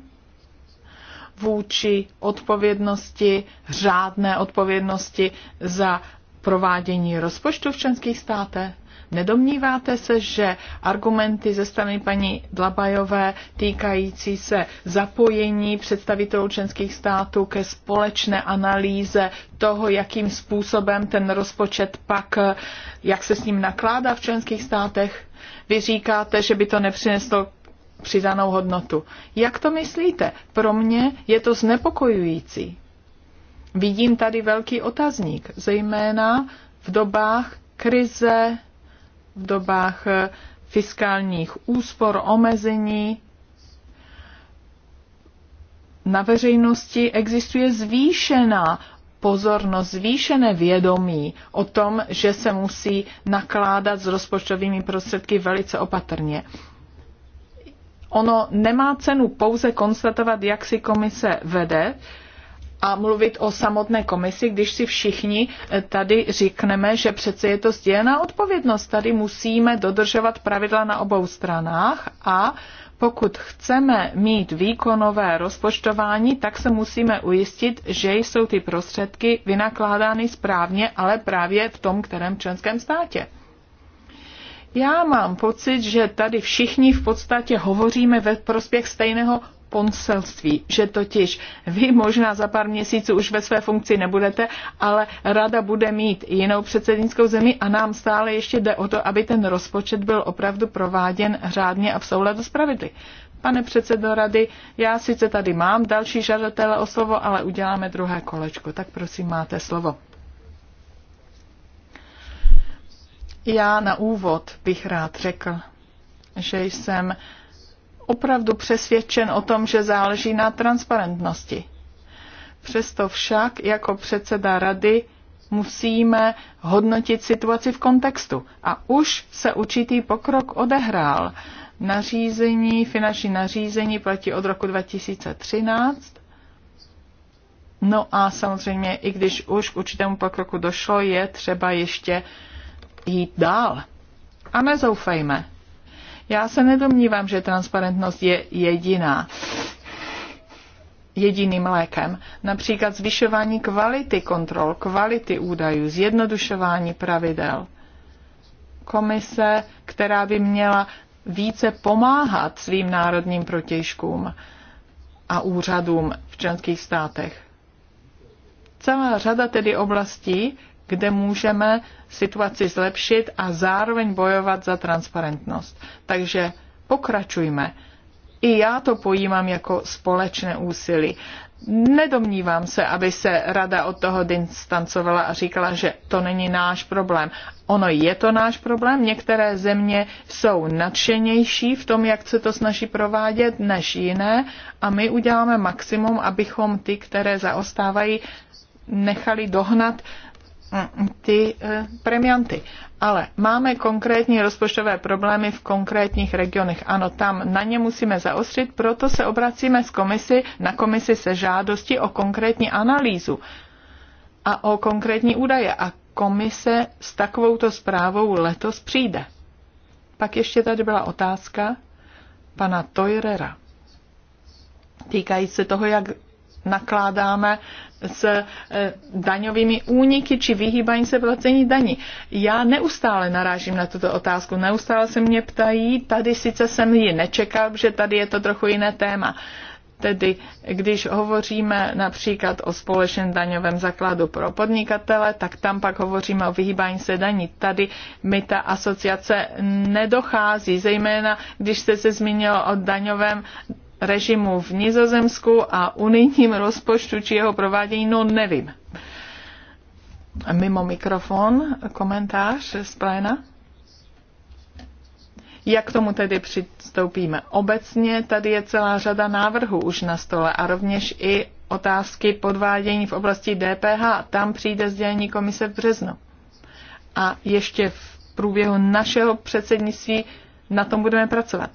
vůči odpovědnosti, řádné odpovědnosti za provádění rozpočtu v členských státech? Nedomníváte se, že argumenty ze strany paní Dlabajové týkající se zapojení představitelů členských států ke společné analýze toho, jakým způsobem ten rozpočet pak, jak se s ním nakládá v členských státech, vy říkáte, že by to nepřineslo přidanou hodnotu. Jak to myslíte? Pro mě je to znepokojující. Vidím tady velký otazník, zejména v dobách krize, v dobách eh, fiskálních úspor, omezení. Na veřejnosti existuje zvýšená pozornost, zvýšené vědomí o tom, že se musí nakládat s rozpočtovými prostředky velice opatrně. Ono nemá cenu pouze konstatovat, jak si komise vede, a mluvit o samotné komisi, když si všichni eh, tady říkneme, že přece je to sdělená odpovědnost. Tady musíme dodržovat pravidla na obou stranách a pokud chceme mít výkonové rozpočtování, tak se musíme ujistit, že jsou ty prostředky vynakládány správně, ale právě v tom kterém členském státě. Já mám pocit, že tady všichni v podstatě hovoříme ve prospěch stejného poselství, že totiž vy možná za pár měsíců už ve své funkci nebudete, ale rada bude mít jinou předsednickou zemi a nám stále ještě jde o to, aby ten rozpočet byl opravdu prováděn řádně a v souladu s pravidly. Pane předsedo rady, já sice tady mám další žadatele o slovo, ale uděláme druhé kolečko, tak prosím máte slovo. Já na úvod bych rád řekl, že jsem opravdu přesvědčen o tom, že záleží na transparentnosti. Přesto však jako předseda rady musíme hodnotit situaci v kontextu. A už se určitý pokrok odehrál. Nařízení, finanční nařízení platí od roku 2013. No a samozřejmě, i když už k určitému pokroku došlo, je třeba ještě jít dál. A nezoufejme. Já se nedomnívám, že transparentnost je jediná jediným lékem. Například zvyšování kvality kontrol, kvality údajů, zjednodušování pravidel. Komise, která by měla více pomáhat svým národním protěžkům a úřadům v členských státech. Celá řada tedy oblastí, kde můžeme situaci zlepšit a zároveň bojovat za transparentnost. Takže pokračujme. I já to pojímám jako společné úsilí. Nedomnívám se, aby se rada od toho distancovala a říkala, že to není náš problém. Ono je to náš problém. Některé země jsou nadšenější v tom, jak se to snaží provádět, než jiné a my uděláme maximum, abychom ty, které zaostávají, nechali dohnat Mm, ty eh, premianty. Ale máme konkrétní rozpočtové problémy v konkrétních regionech. Ano, tam na ně musíme zaostřit, proto se obracíme z komisy na komisi se žádostí o konkrétní analýzu a o konkrétní údaje. A komise s takovouto zprávou letos přijde. Pak ještě tady byla otázka pana Toirera. Týkající se toho, jak nakládáme s eh, daňovými úniky či vyhýbání se placení daní. Já neustále narážím na tuto otázku, neustále se mě ptají, tady sice jsem ji nečekal, že tady je to trochu jiné téma. Tedy když hovoříme například o společném daňovém základu pro podnikatele, tak tam pak hovoříme o vyhýbání se daní. Tady mi ta asociace nedochází, zejména když jste se zmínil o daňovém režimu v Nizozemsku a unijním rozpočtu či jeho provádění, no nevím. Mimo mikrofon, komentář z pléna. Jak k tomu tedy přistoupíme? Obecně tady je celá řada návrhů už na stole a rovněž i otázky podvádění v oblasti DPH. Tam přijde sdělení komise v březnu. A ještě v průběhu našeho předsednictví na tom budeme pracovat.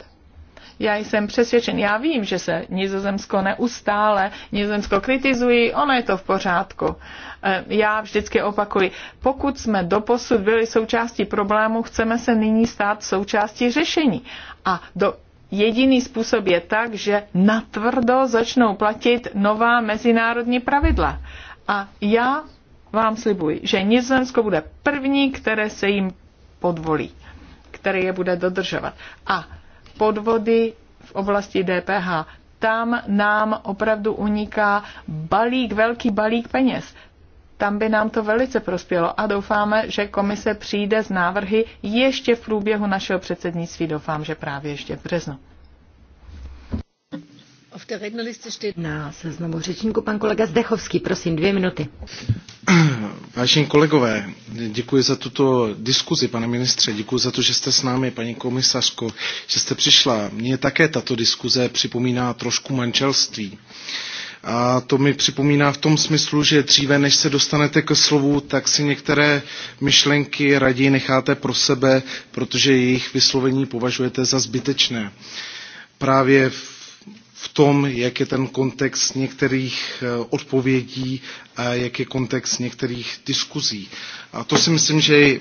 Já jsem přesvědčen, já vím, že se Nizozemsko neustále, Nizozemsko kritizují, ono je to v pořádku. Eh, já vždycky opakuji, pokud jsme doposud byli součástí problému, chceme se nyní stát součástí řešení. A do, Jediný způsob je tak, že natvrdo začnou platit nová mezinárodní pravidla. A já vám slibuji, že Nizozemsko bude první, které se jim podvolí, které je bude dodržovat. A podvody v oblasti DPH. Tam nám opravdu uniká balík, velký balík peněz. Tam by nám to velice prospělo a doufáme, že komise přijde z návrhy ještě v průběhu našeho předsednictví. Doufám, že právě ještě v březnu. Na seznamu řečníku pan kolega Zdechovský, prosím, dvě minuty. [CLEARS THROAT] Vážení kolegové, děkuji za tuto diskuzi, pane ministře, děkuji za to, že jste s námi, paní komisařko, že jste přišla. Mně také tato diskuze připomíná trošku manželství. A to mi připomíná v tom smyslu, že dříve, než se dostanete ke slovu, tak si některé myšlenky raději necháte pro sebe, protože jejich vyslovení považujete za zbytečné. Právě v v tom, jak je ten kontext některých eh, odpovědí a jak je kontext některých diskuzí. A to si myslím, že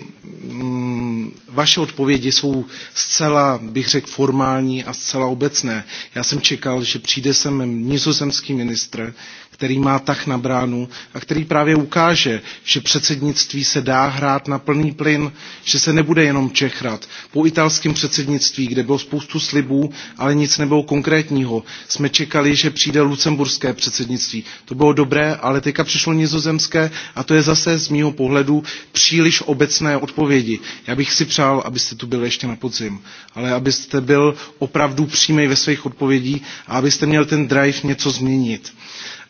mm, vaše odpovědi jsou zcela, bych řekl, formální a zcela obecné. Já jsem čekal, že přijde sem nizozemský ministr, který má tah na bránu a který právě ukáže, že předsednictví se dá hrát na plný plyn, že se nebude jenom čechrat. Po italském předsednictví, kde bylo spoustu slibů, ale nic nebylo konkrétního, jsme čekali, že přijde lucemburské předsednictví. To bylo dobré, ale teďka přišlo nizozemské a to je zase z mýho pohledu příliš obecné odpovědi. Já bych si přál, abyste tu byli ještě na podzim, ale abyste byl opravdu přímý ve svých odpovědích a abyste měl ten drive něco změnit.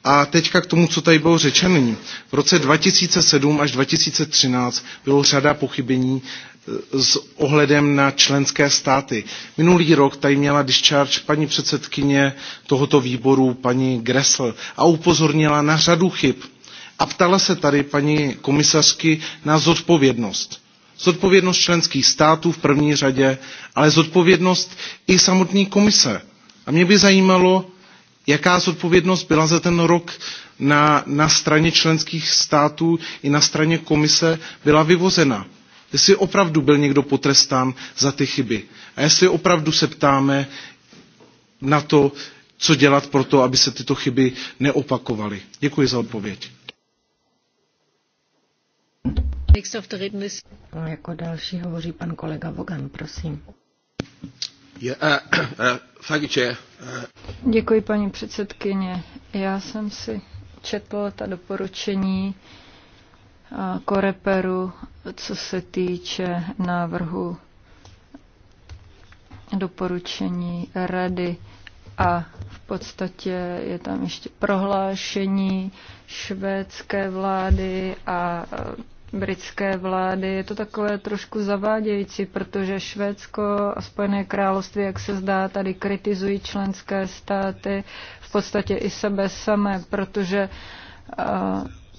A teďka k tomu, co tady bylo řečeno. V roce 2007 až 2013 bylo řada pochybení eh, s ohledem na členské státy. Minulý rok tady měla discharge paní předsedkyně tohoto výboru, paní Gressel, a upozornila na řadu chyb. A ptala se tady paní komisařky na zodpovědnost. Zodpovědnost členských států v první řadě, ale zodpovědnost i samotné komise. A mě by zajímalo, jaká zodpovědnost byla za ten rok na, na straně členských států i na straně komise byla vyvozena. Jestli opravdu byl někdo potrestán za ty chyby. A jestli opravdu se ptáme na to, co dělat pro to, aby se tyto chyby neopakovaly. Děkuji za odpověď. Jako další hovoří pan kolega Vogan, prosím. Eh, eh, eh, Děkuji, paní předsedkyně. Já jsem si četl ta doporučení Koreperu, co se týče návrhu doporučení rady a v podstatě je tam ještě prohlášení švédské vlády a britské vlády. Je to takové trošku zavádějící, protože Švédsko a Spojené království, jak se zdá, tady kritizují členské státy v podstatě i sebe samé, protože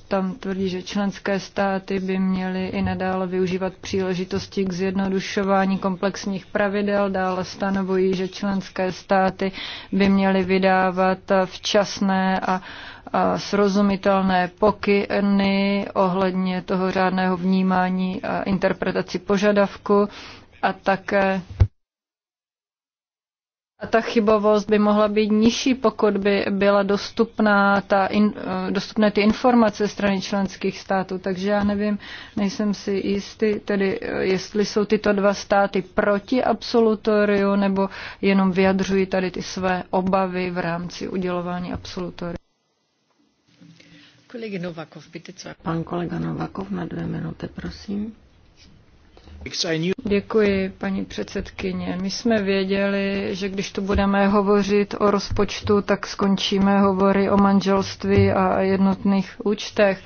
tam tvrdí, že členské státy by měly i nadále využívat příležitosti k zjednodušování komplexních pravidel. Dále stanovují, že členské státy by měly vydávat včasné a srozumitelné pokyny ohledně toho řádného vnímání a interpretaci požadavku a také a ta chybovost by mohla být nižší, pokud by byla dostupná ta in, dostupné ty informace strany členských států. Takže já nevím, nejsem si jistý, tedy jestli jsou tyto dva státy proti absolutoriu, nebo jenom vyjadřují tady ty své obavy v rámci udělování absolutoria. Kolegy Novakov, bitte co... Pan kolega Novakov na dvě minuty, prosím. Děkuji, paní předsedkyně. My jsme věděli, že když tu budeme hovořit o rozpočtu, tak skončíme hovory o manželství a jednotných účtech.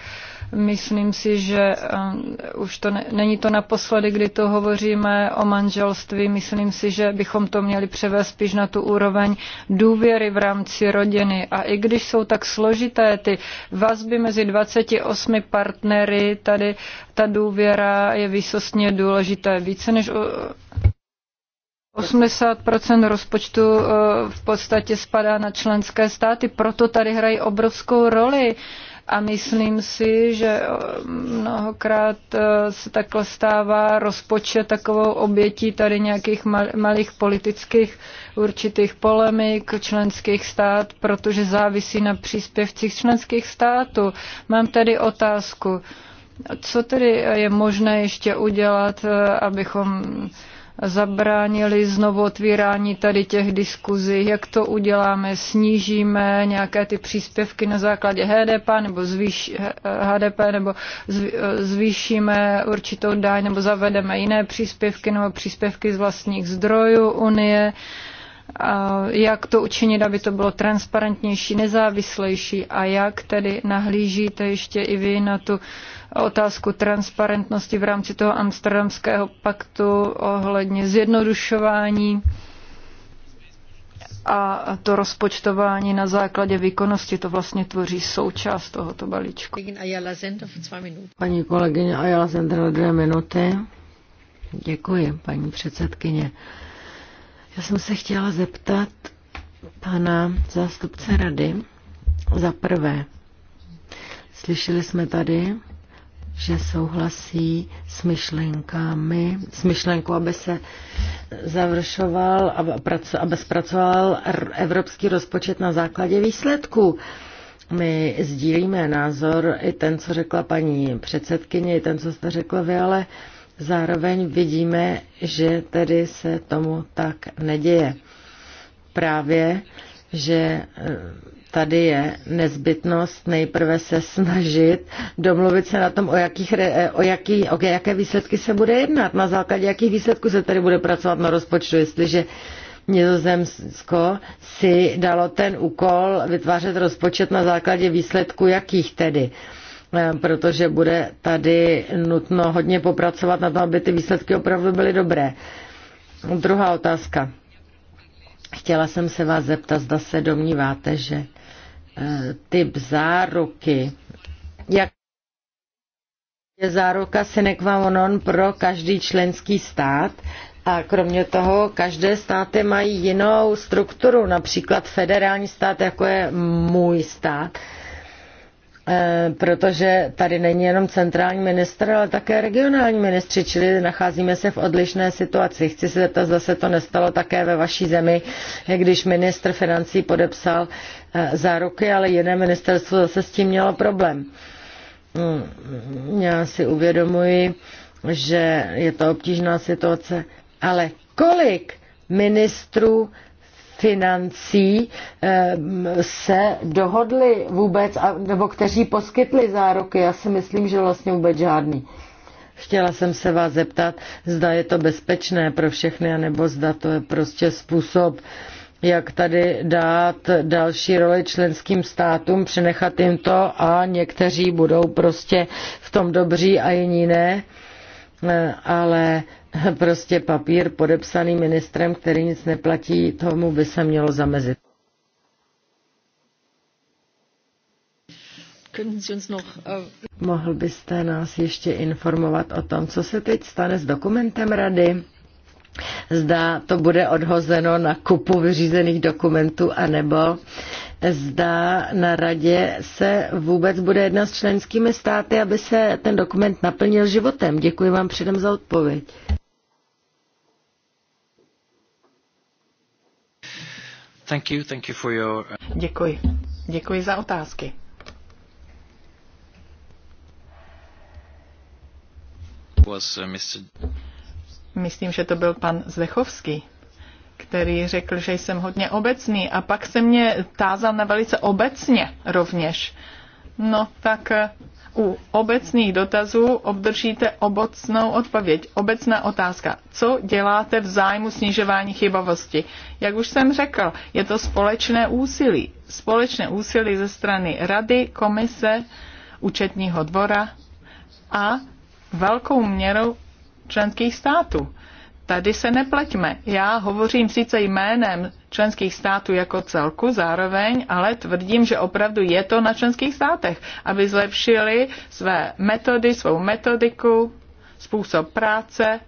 Myslím si, že um, už to ne, není to naposledy, kdy to hovoříme o manželství. Myslím si, že bychom to měli převést spíš na tu úroveň důvěry v rámci rodiny. A i když jsou tak složité ty vazby mezi 28 partnery, tady ta důvěra je výsostně důležitá. Více než 80 rozpočtu uh, v podstatě spadá na členské státy, proto tady hrají obrovskou roli a myslím si, že eh, mnohokrát eh, se takhle stává rozpočet takovou obětí tady nějakých malých politických určitých polemik členských stát, protože závisí na příspěvcích členských států. Mám tady otázku. Co tedy je možné ještě udělat, eh, abychom zabránili znovu otvírání tady těch diskuzí, jak to uděláme, snížíme nějaké ty příspěvky na základě HDP nebo, zvýš, HDP, nebo zvýšíme určitou daň nebo zavedeme jiné příspěvky nebo příspěvky z vlastních zdrojů Unie jak to učinit, aby to bylo transparentnější, nezávislejší a jak tedy nahlížíte ještě i vy na tu otázku transparentnosti v rámci toho amsterdamského paktu ohledně zjednodušování a to rozpočtování na základě výkonnosti, to vlastně tvoří součást tohoto balíčku. Paní kolegyně Ayala Zendra, dvě minuty. Děkuji, paní předsedkyně. Já jsem se chtěla zeptat pana zástupce rady za prvé. Slyšeli jsme tady, že souhlasí s myšlenkami, s myšlenkou, aby se završoval, aby zpracoval evropský rozpočet na základě výsledků. My sdílíme názor i ten, co řekla paní předsedkyně, i ten, co jste řekl vy, ale zároveň vidíme, že tedy se tomu tak neděje. Právě, že tady je nezbytnost nejprve se snažit domluvit se na tom, o, jakých, eh, o, jaký, o jaké výsledky se bude jednat, na základě jakých výsledků se tady bude pracovat na rozpočtu, jestliže Nizozemsko si dalo ten úkol vytvářet rozpočet na základě výsledků jakých tedy eh, protože bude tady nutno hodně popracovat na tom, aby ty výsledky opravdu byly dobré. Druhá otázka. Chtěla jsem se vás zeptat, zda se domníváte, že typ záruky, jak je záruka sine qua non pro každý členský stát, a kromě toho, každé státy mají jinou strukturu, například federální stát, jako je můj stát, Eh, protože tady není jenom centrální ministr, ale také regionální ministři, čili nacházíme se v odlišné situaci. Chci se zeptat, zda se to nestalo také ve vaší zemi, když ministr financí podepsal eh, záruky, ale jiné ministerstvo zase s tím mělo problém. Hmm, já si uvědomuji, že je to obtížná situace, ale kolik ministrů financí eh, se dohodli vůbec, nebo kteří poskytli záruky. Já si myslím, že vlastně vůbec žádný. Chtěla jsem se vás zeptat, zda je to bezpečné pro všechny, anebo zda to je prostě způsob, jak tady dát další roli členským státům, přenechat jim to a někteří budou prostě v tom dobří a jiní ne. Eh, ale [LAUGHS] prostě papír podepsaný ministrem, který nic neplatí, tomu by se mělo zamezit. Äh, Mohl byste nás ještě informovat o tom, co se teď stane s dokumentem rady? Zda to bude odhozeno na kupu vyřízených dokumentů, anebo zda na radě se vůbec bude jedna s členskými státy, aby se ten dokument naplnil životem. Děkuji vám předem za odpověď. Thank you, thank you for your... Uh, Děkuji. Děkuji za otázky. Was, uh, Mr. Myslím, že to byl pan Zdechovský, který řekl, že jsem hodně obecný a pak se mě tázal na velice obecně rovněž. No tak u obecných dotazů obdržíte obecnou odpověď. Obecná otázka. Co děláte v zájmu snižování chybovosti? Jak už jsem řekl, je to společné úsilí. Společné úsilí ze strany Rady, Komise, Účetního dvora a velkou měrou členských států tady se nepleťme. Já hovořím sice jménem členských států jako celku zároveň, ale tvrdím, že opravdu je to na členských státech, aby zlepšili své metody, svou metodiku, způsob práce.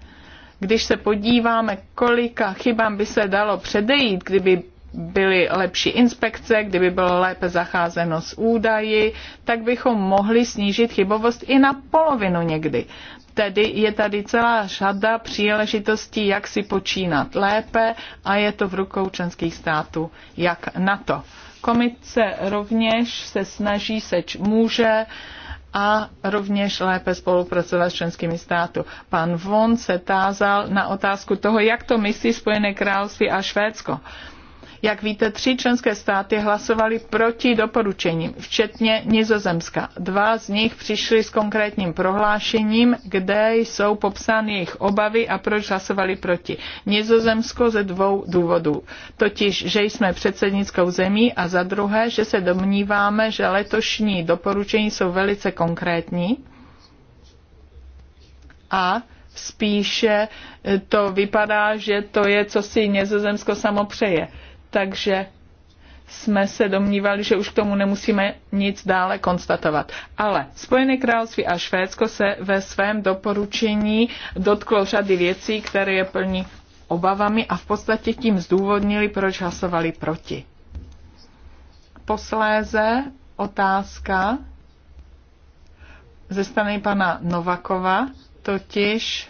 Když se podíváme, kolika chybám by se dalo předejít, kdyby byly lepší inspekce, kdyby bylo lépe zacházeno s údaji, tak bychom mohli snížit chybovost i na polovinu někdy. Tedy je tady celá řada příležitostí, jak si počínat lépe a je to v rukou členských států, jak na to. Komice rovněž se snaží, seč může, a rovněž lépe spolupracovat s členskými státy. Pan Von se tázal na otázku toho, jak to myslí Spojené království a Švédsko. Uh, jak víte, tři členské státy hlasovaly proti doporučením, včetně Nizozemska. Dva z nich přišli s konkrétním prohlášením, kde jsou popsány jejich obavy a proč hlasovali proti. Nizozemsko ze dvou důvodů. Totiž, že jsme předsednickou zemí a za druhé, že se domníváme, že letošní doporučení jsou velice konkrétní a spíše to vypadá, že to je, co si Nizozemsko samo přeje takže jsme se domnívali, že už k tomu nemusíme nic dále konstatovat. Ale Spojené království a Švédsko se ve svém doporučení dotklo řady věcí, které je plní obavami a v podstatě tím zdůvodnili, proč hlasovali proti. Posléze otázka ze strany pana Novakova, totiž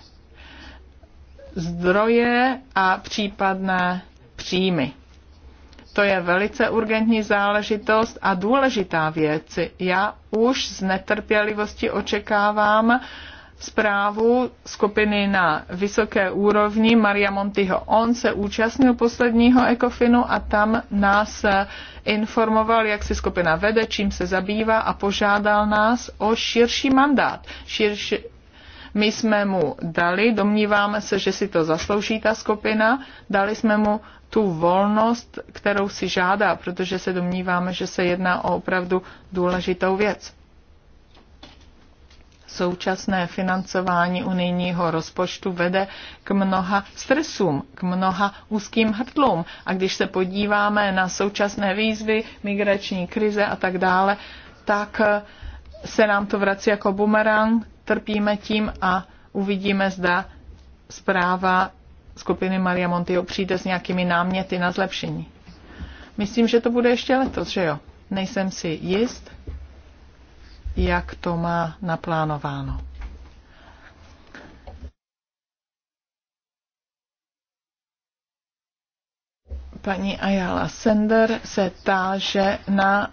zdroje a případné příjmy to je velice urgentní záležitost a důležitá věc. Já už z netrpělivosti očekávám zprávu skupiny na vysoké úrovni Maria Montyho. On se účastnil posledního ECOFINu a tam nás informoval, jak si skupina vede, čím se zabývá a požádal nás o širší mandát. Širší, my jsme mu dali, domníváme se, že si to zaslouží ta skupina, dali jsme mu tu volnost, kterou si žádá, protože se domníváme, že se jedná o opravdu důležitou věc. Současné financování unijního rozpočtu vede k mnoha stresům, k mnoha úzkým hrdlům. A když se podíváme na současné výzvy, migrační krize a tak dále, tak eh, se nám to vrací jako bumerang, trpíme tím a uvidíme, zda zpráva skupiny Maria Montio přijde s nějakými náměty na zlepšení. Myslím, že to bude ještě letos, že jo? Nejsem si jist, jak to má naplánováno. Paní Ayala Sender se táže na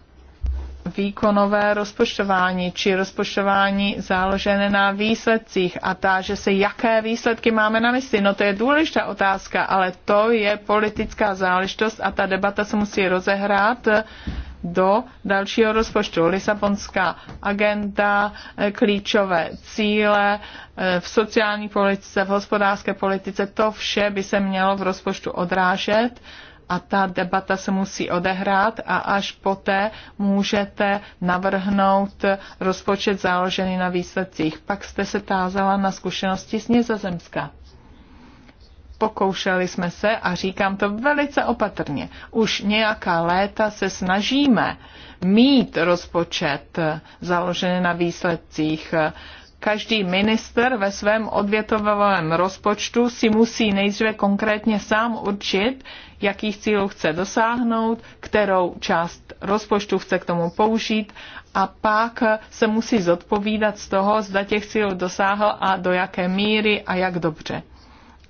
výkonové rozpočtování či rozpočtování záložené na výsledcích a táže se, jaké výsledky máme na mysli. No to je důležitá otázka, ale to je politická záležitost a ta debata se musí rozehrát do dalšího rozpočtu. Lisabonská agenda, eh, klíčové cíle eh, v sociální politice, v hospodářské politice, to vše by se mělo v rozpočtu odrážet a ta debata se musí odehrát a až poté můžete navrhnout rozpočet založený na výsledcích. Pak jste se tázala na zkušenosti z Nizozemska. Pokoušeli jsme se, a říkám to velice opatrně, už nějaká léta se snažíme mít rozpočet založený na výsledcích každý minister ve svém odvětovém rozpočtu si musí nejdříve konkrétně sám určit, jakých cílů chce dosáhnout, kterou část rozpočtu chce k tomu použít a pak se musí zodpovídat z toho, zda těch cílů dosáhl a do jaké míry a jak dobře.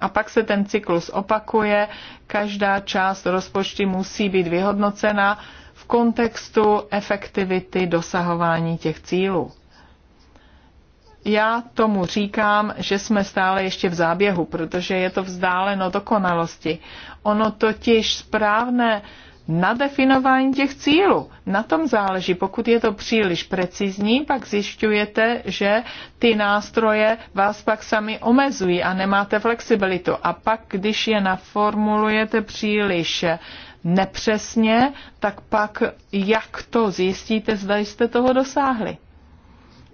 A pak se ten cyklus opakuje, každá část rozpočty musí být vyhodnocena v kontextu efektivity dosahování těch cílů. Já tomu říkám, že jsme stále ještě v záběhu, protože je to vzdáleno dokonalosti. Ono totiž správné na definování těch cílů. Na tom záleží. Pokud je to příliš precizní, pak zjišťujete, že ty nástroje vás pak sami omezují a nemáte flexibilitu. A pak, když je naformulujete příliš nepřesně, tak pak jak to zjistíte, zda jste toho dosáhli.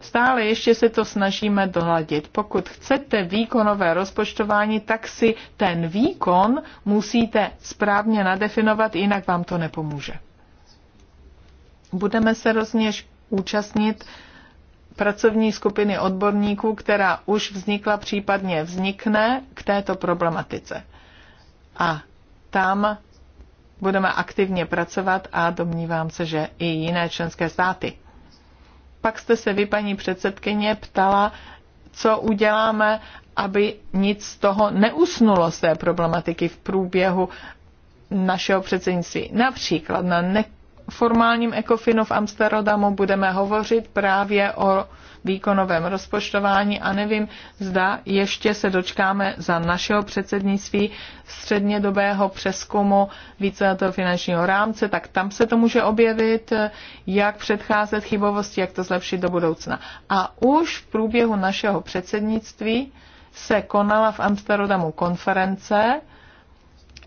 Stále ještě se to snažíme dohladit. Pokud chcete výkonové rozpočtování, tak si ten výkon musíte správně nadefinovat, jinak vám to nepomůže. Budeme se rozněž účastnit pracovní skupiny odborníků, která už vznikla, případně vznikne k této problematice. A tam budeme aktivně pracovat a domnívám se, že i jiné členské státy pak jste se vy, paní předsedkyně, ptala, co uděláme, aby nic z toho neusnulo z té problematiky v průběhu našeho předsednictví. Například na neformálním ECOFINu v Amsterdamu budeme hovořit právě o výkonovém rozpočtování a nevím, zda ještě se dočkáme za našeho předsednictví střednědobého přeskumu víceletého finančního rámce, tak tam se to může objevit, jak předcházet chybovosti, jak to zlepšit do budoucna. A už v průběhu našeho předsednictví se konala v Amsterdamu konference,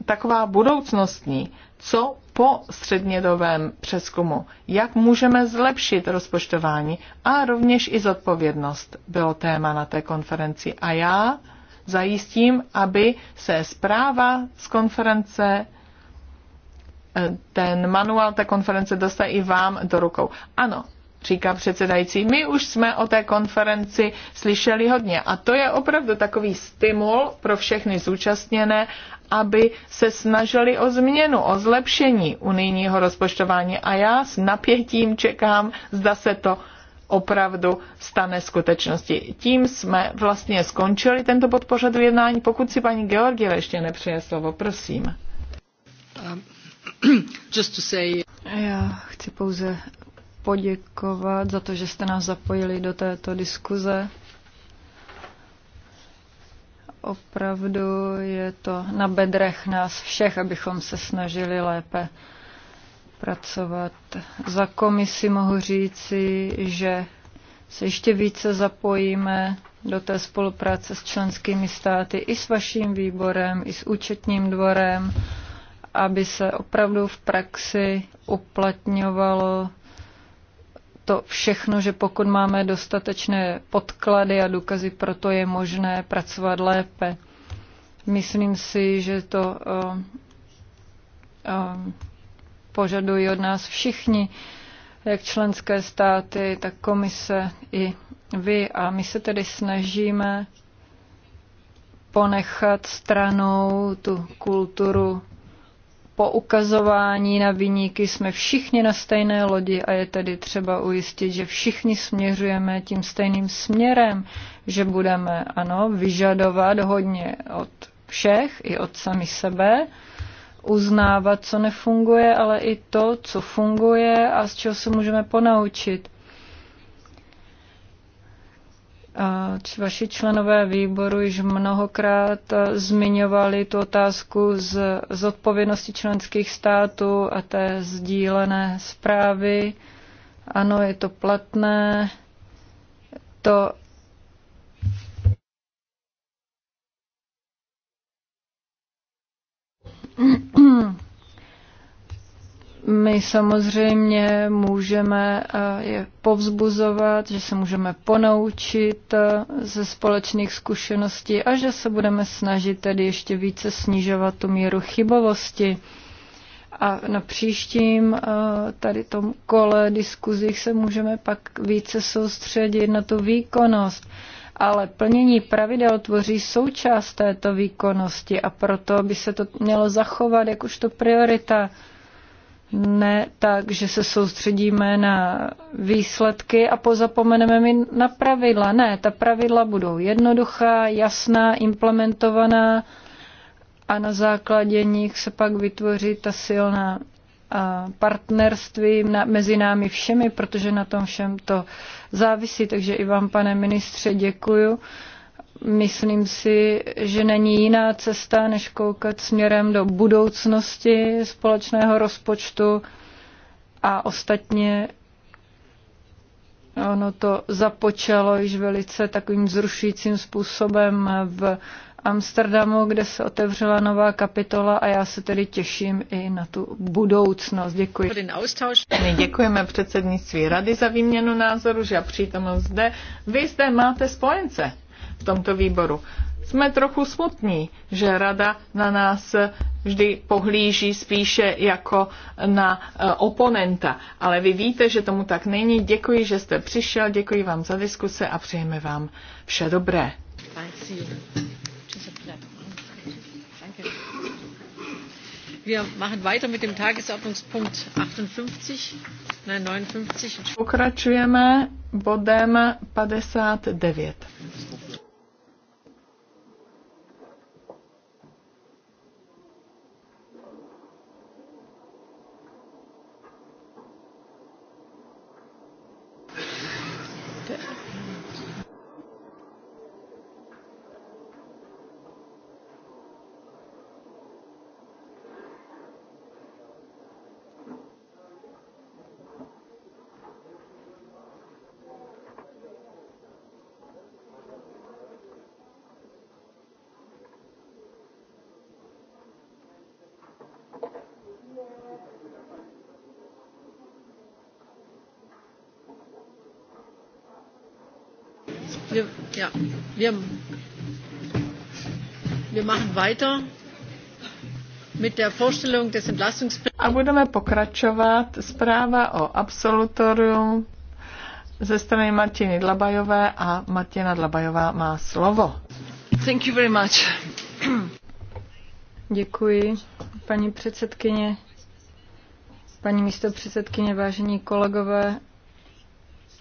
taková budoucnostní, co po střednědobém přeskumu, jak můžeme zlepšit rozpočtování a rovněž i zodpovědnost bylo téma na té konferenci. A já zajistím, aby se zpráva z konference, eh, ten manuál té konference dostal i vám do rukou. Ano, říká předsedající. My už jsme o té konferenci slyšeli hodně a to je opravdu takový stimul pro všechny zúčastněné, aby se snažili o změnu, o zlepšení unijního rozpočtování a já s napětím čekám, zda se to opravdu stane skutečnosti. Tím jsme vlastně skončili tento bod jednání. Pokud si paní Georgieva ještě nepřeje slovo, prosím. Um, [CLEARS THROAT] just to say... Já chci pouze poděkovat za to, že jste nás zapojili do této diskuze. Opravdu je to na bedrech nás všech, abychom se snažili lépe pracovat. Za komisi mohu říci, že se ještě více zapojíme do té spolupráce s členskými státy i s vaším výborem, i s účetním dvorem, aby se opravdu v praxi uplatňovalo to všechno, že pokud máme dostatečné podklady a důkazy, proto je možné pracovat lépe. Myslím si, že to uh, uh, požadují od nás všichni, jak členské státy, tak komise i vy. A my se tedy snažíme ponechat stranou tu kulturu poukazování na vyníky jsme všichni na stejné lodi a je tedy třeba ujistit, že všichni směřujeme tím stejným směrem, že budeme, ano, vyžadovat hodně od všech i od sami sebe, uznávat, co nefunguje, ale i to, co funguje a z čeho se můžeme ponaučit. Vaši členové výboru již mnohokrát e, zmiňovali tu otázku z, z odpovědnosti členských států a té sdílené zprávy. Ano, je to platné. To my samozřejmě můžeme eh, je povzbuzovat, že se můžeme ponaučit eh, ze společných zkušeností a že se budeme snažit tedy ještě více snižovat tu míru chybovosti. A na příštím eh, tady tom kole diskuzích se můžeme pak více soustředit na tu výkonnost ale plnění pravidel tvoří součást této výkonnosti a proto by se to mělo zachovat jakožto priorita ne tak, že se soustředíme na výsledky a pozapomeneme mi na pravidla. Ne, ta pravidla budou jednoduchá, jasná, implementovaná a na základě nich se pak vytvoří ta silná partnerství mezi námi všemi, protože na tom všem to závisí. Takže i vám, pane ministře, děkuju Myslím si, že není jiná cesta, než koukat směrem do budoucnosti společného rozpočtu a ostatně ono to započalo již velice takovým zrušujícím způsobem v Amsterdamu, kde se otevřela nová kapitola a já se tedy těším i na tu budoucnost. Děkuji. My děkujeme předsednictví Rady za výměnu názoru, že já přítomnost zde. Vy zde máte spojence v tomto výboru. Jsme trochu smutní, že rada na nás vždy pohlíží spíše jako na e, oponenta. Ale vy víte, že tomu tak není. Děkuji, že jste přišel, děkuji vám za diskuse a přejeme vám vše dobré. Pokračujeme bodem 59. Wir, wir machen weiter mit der Vorstellung des A budeme pokračovat zpráva o absolutorium ze strany Martiny Dlabajové a Martina Dlabajová má slovo. Thank you very much. Děkuji, paní předsedkyně, paní místopředsedkyně, vážení kolegové,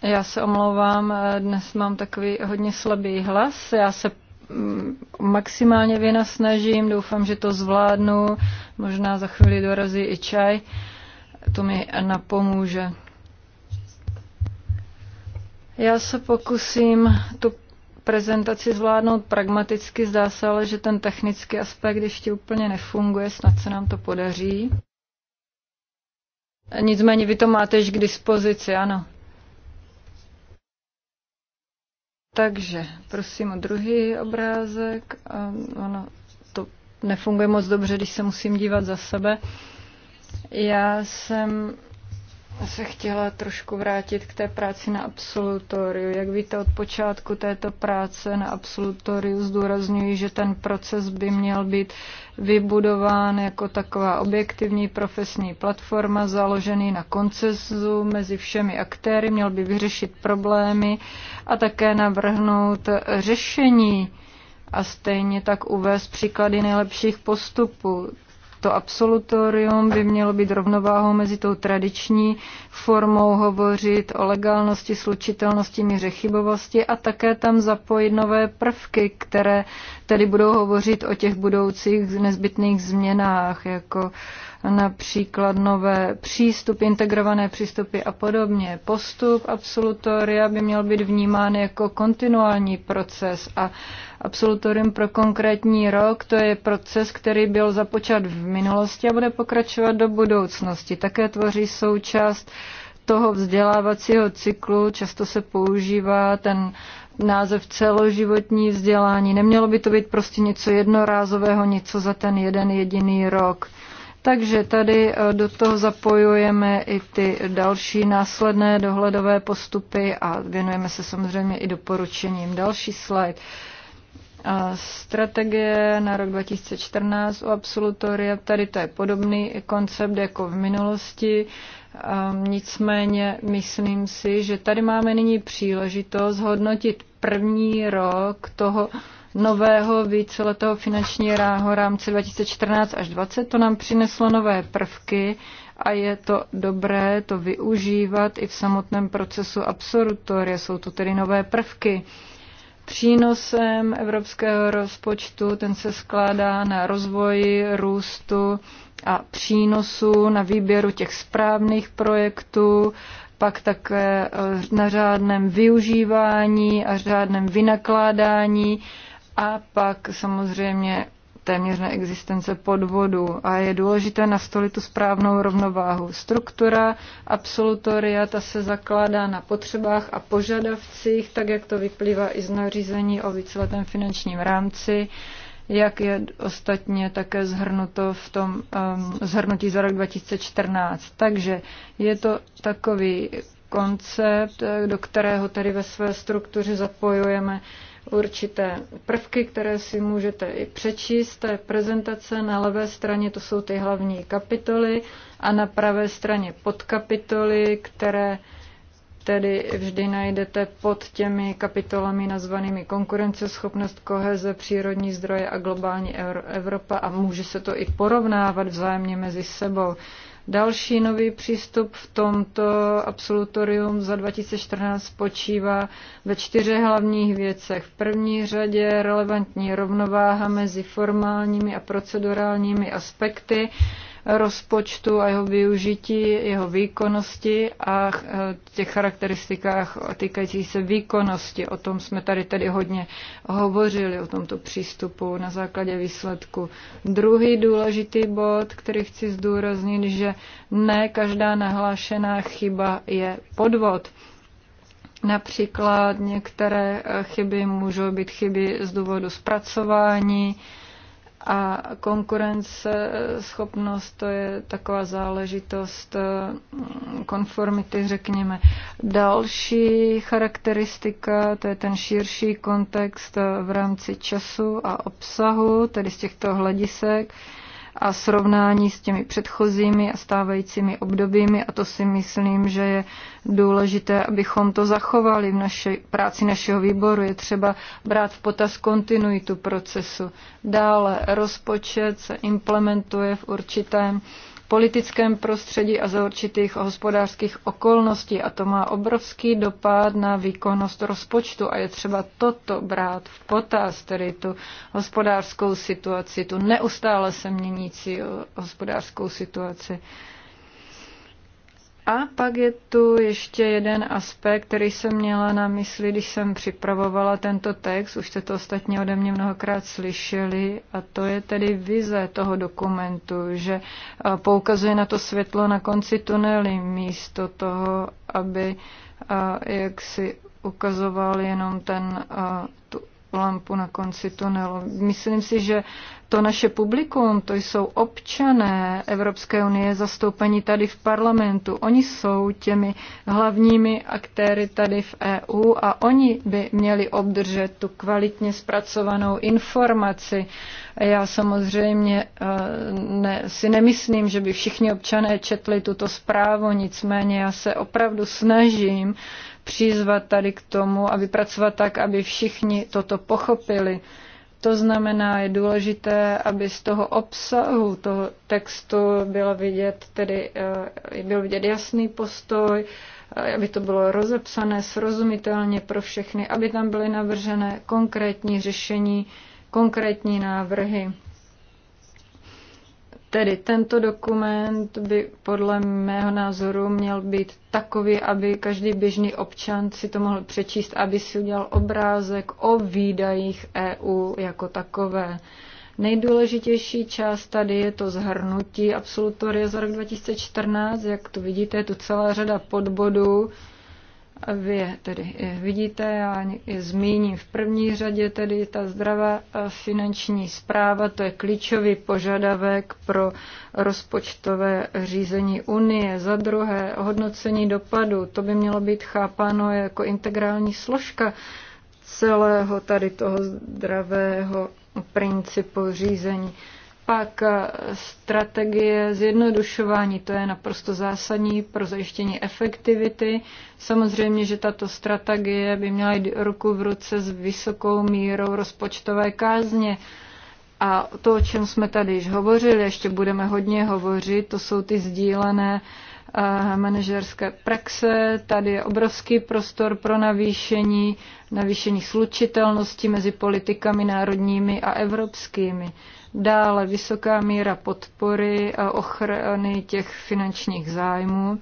já se omlouvám, dnes mám takový hodně slabý hlas. Já se mm, maximálně vynasnažím, doufám, že to zvládnu. Možná za chvíli dorazí i čaj. To mi napomůže. Já se pokusím tu prezentaci zvládnout pragmaticky. Zdá se ale, že ten technický aspekt ještě úplně nefunguje. Snad se nám to podaří. Nicméně vy to máte již k dispozici, ano. Takže prosím o druhý obrázek. Ehm, ono to nefunguje moc dobře, když se musím dívat za sebe. Já jsem se chtěla trošku vrátit k té práci na absolutoriu. Jak víte, od počátku této práce na absolutoriu zdůrazňuji, že ten proces by měl být vybudován jako taková objektivní profesní platforma, založený na koncesu mezi všemi aktéry, měl by vyřešit problémy a také navrhnout řešení a stejně tak uvést příklady nejlepších postupů. To absolutorium by mělo být rovnováhou mezi tou tradiční formou hovořit o legálnosti, slučitelnosti, míře chybovosti a také tam zapojit nové prvky, které tedy budou hovořit o těch budoucích nezbytných změnách, jako například nové přístupy, integrované přístupy a podobně. Postup absolutoria by měl být vnímán jako kontinuální proces a absolutorium pro konkrétní rok. To je proces, který byl započat v minulosti a bude pokračovat do budoucnosti. Také tvoří součást toho vzdělávacího cyklu. Často se používá ten název celoživotní vzdělání. Nemělo by to být prostě něco jednorázového, něco za ten jeden jediný rok. Takže tady eh, do toho zapojujeme i ty další následné dohledové postupy a věnujeme se samozřejmě i doporučením. Další slide strategie na rok 2014 u absolutoria. Tady to je podobný koncept jako v minulosti. Nicméně myslím si, že tady máme nyní příležitost hodnotit první rok toho nového víceletého ráho rámce 2014 až 2020. To nám přineslo nové prvky a je to dobré to využívat i v samotném procesu absolutoria. Jsou to tedy nové prvky přínosem evropského rozpočtu. Ten se skládá na rozvoji, růstu a přínosu, na výběru těch správných projektů, pak také e, na řádném využívání a řádném vynakládání a pak samozřejmě téměř neexistence podvodu a je důležité nastolit tu správnou rovnováhu. Struktura absolutoria, ta se zakládá na potřebách a požadavcích, tak jak to vyplývá i z nařízení o víceletém finančním rámci, jak je ostatně také zhrnuto v tom um, zhrnutí za rok 2014. Takže je to takový koncept, do kterého tady ve své struktuře zapojujeme uh, určité prvky, které si můžete i přečíst. je prezentace na levé straně to jsou ty hlavní kapitoly a na pravé straně podkapitoly, které tedy vždy najdete pod těmi kapitolami nazvanými konkurenceschopnost, koheze, přírodní zdroje a globální Evropa a může se to i porovnávat vzájemně mezi sebou. Další nový přístup v tomto absolutorium za 2014 spočívá ve čtyřech hlavních věcech. V první řadě relevantní rovnováha mezi formálními a procedurálními aspekty rozpočtu a jeho využití, jeho výkonnosti a eh, těch charakteristikách týkajících se výkonnosti. O tom jsme tady tedy hodně hovořili, o tomto přístupu na základě výsledku. Druhý důležitý bod, který chci zdůraznit, že ne každá nahlášená chyba je podvod. Například některé eh, chyby můžou být chyby z důvodu zpracování, a konkurenceschopnost to je taková záležitost eh, konformity, řekněme. Další charakteristika, to je ten širší kontext eh, v rámci času a obsahu, tedy z těchto hledisek a srovnání s těmi předchozími a stávajícími obdobími a to si myslím, že je důležité, abychom to zachovali v naší práci našeho výboru. Je třeba brát v potaz kontinuitu procesu. Dále rozpočet se implementuje v určitém politickém prostředí a za určitých hospodářských okolností. A to má obrovský dopad na výkonnost rozpočtu a je třeba toto brát v potaz, tedy tu hospodářskou situaci, tu neustále se měnící hospodářskou situaci. A pak je tu ještě jeden aspekt, který jsem měla na mysli, když jsem připravovala tento text, už jste to ostatně ode mě mnohokrát slyšeli, a to je tedy vize toho dokumentu, že eh, poukazuje na to světlo na konci tunely místo toho, aby eh, jak si ukazoval jenom ten, eh, tu lampu na konci tunelu. Myslím si, že to naše publikum, to jsou občané Evropské unie zastoupení tady v parlamentu. Oni jsou těmi hlavními aktéry tady v EU a oni by měli obdržet tu kvalitně zpracovanou informaci. Já samozřejmě eh, ne, si nemyslím, že by všichni občané četli tuto zprávu, nicméně já se opravdu snažím, přizvat tady k tomu a vypracovat tak, aby všichni toto pochopili. To znamená, je důležité, aby z toho obsahu, toho textu bylo vidět, tedy, eh, byl vidět jasný postoj, eh, aby to bylo rozepsané srozumitelně pro všechny, aby tam byly navržené konkrétní řešení, konkrétní návrhy. Tedy tento dokument by podle mého názoru měl být takový, aby každý běžný občan si to mohl přečíst, aby si udělal obrázek o výdajích EU jako takové. Nejdůležitější část tady je to zhrnutí absolutoria za rok 2014. Jak tu vidíte, je tu celá řada podbodů. Vy je tedy e, vidíte, já je zmíním v první řadě, tedy ta zdravá e, finanční zpráva, to je klíčový požadavek pro rozpočtové řízení Unie. Za druhé, hodnocení dopadu, to by mělo být chápáno jako integrální složka celého tady toho zdravého principu řízení naopak eh, strategie zjednodušování, to je naprosto zásadní pro zajištění efektivity. Samozřejmě, že tato strategie by měla jít ruku v ruce s vysokou mírou rozpočtové kázně. A to, o čem jsme tady již hovořili, ještě budeme hodně hovořit, to jsou ty sdílené eh, manažerské praxe. Tady je obrovský prostor pro navýšení, navýšení slučitelnosti mezi politikami národními a evropskými. Dále vysoká míra podpory a ochrany těch finančních zájmů.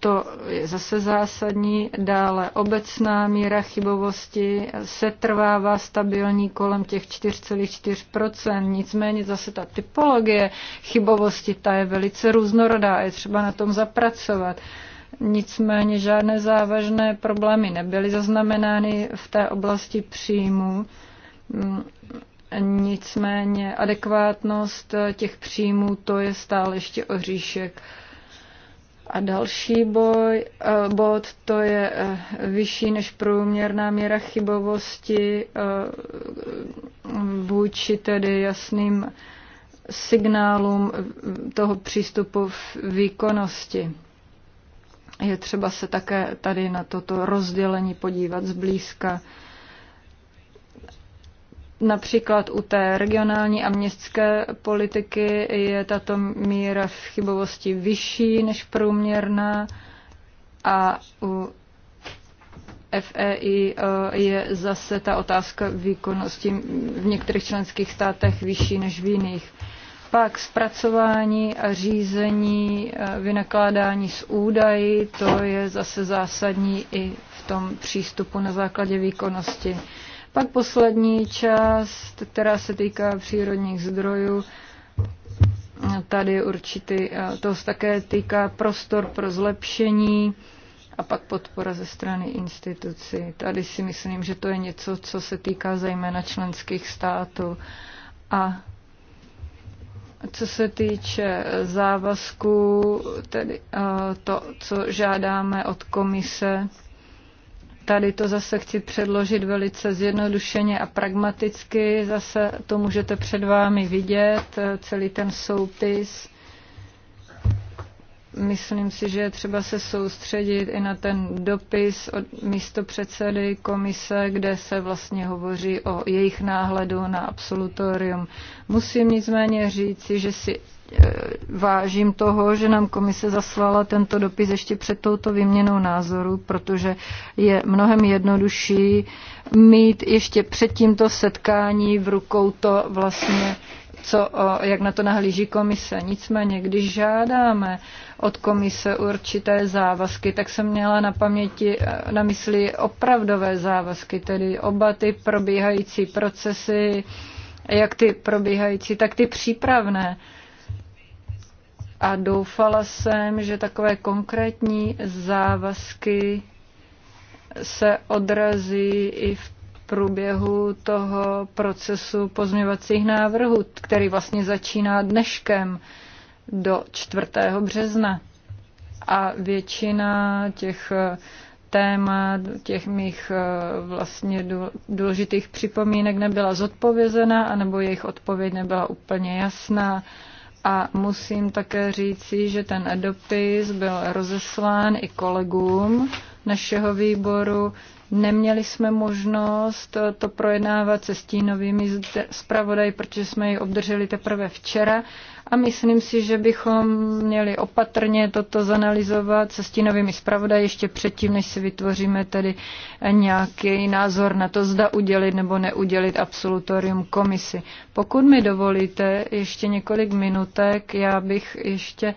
To je zase zásadní. Dále obecná míra chybovosti se trvává stabilní kolem těch 4,4%. Nicméně zase ta typologie chybovosti, ta je velice různorodá, je třeba na tom zapracovat. Nicméně žádné závažné problémy nebyly zaznamenány v té oblasti příjmu Nicméně adekvátnost těch příjmů, to je stále ještě oříšek. A další boj, eh, bod, to je eh, vyšší než průměrná míra chybovosti eh, vůči tedy jasným signálům toho přístupu v výkonnosti. Je třeba se také tady na toto rozdělení podívat zblízka. Například u té regionální a městské politiky je tato míra chybovosti vyšší než průměrná a u FEI eh, je zase ta otázka výkonnosti v některých členských státech vyšší než v jiných. Pak zpracování a řízení, eh, vynakládání z údají, to je zase zásadní i v tom přístupu na základě výkonnosti. Pak poslední část, která se týká přírodních zdrojů, tady určitý, to se také týká prostor pro zlepšení a pak podpora ze strany institucí. Tady si myslím, že to je něco, co se týká zejména členských států. A co se týče závazku, tedy to, co žádáme od komise, Tady to zase chci předložit velice zjednodušeně a pragmaticky. Zase to můžete před vámi vidět, eh, celý ten soupis Myslím si, že je třeba se soustředit i na ten dopis od místopředsedy komise, kde se vlastně hovoří o jejich náhledu na absolutorium. Musím nicméně říci, že si eh, vážím toho, že nám komise zaslala tento dopis ještě před touto výměnou názoru, protože je mnohem jednodušší mít ještě před tímto setkání v rukou to vlastně co, jak na to nahlíží komise. Nicméně, když žádáme od komise určité závazky, tak jsem měla na paměti, eh, na mysli opravdové závazky, tedy oba ty probíhající procesy, jak ty probíhající, tak ty přípravné a doufala jsem, že takové konkrétní závazky se odrazí i v průběhu toho procesu pozměvacích návrhů, který vlastně začíná dneškem do 4. března. A většina těch eh, téma těch mých eh, vlastně důležitých připomínek nebyla zodpovězena, anebo jejich odpověď nebyla úplně jasná. A musím také říci, že ten dopis byl rozeslán i kolegům našeho výboru, Neměli jsme možnost to projednávat se stínovými zpravodaji, protože jsme ji obdrželi teprve včera a myslím si, že bychom měli opatrně toto zanalizovat se stínovými zpravodaji ještě předtím, než si vytvoříme tedy nějaký názor na to, zda udělit nebo neudělit absolutorium komisi. Pokud mi dovolíte ještě několik minutek, já bych ještě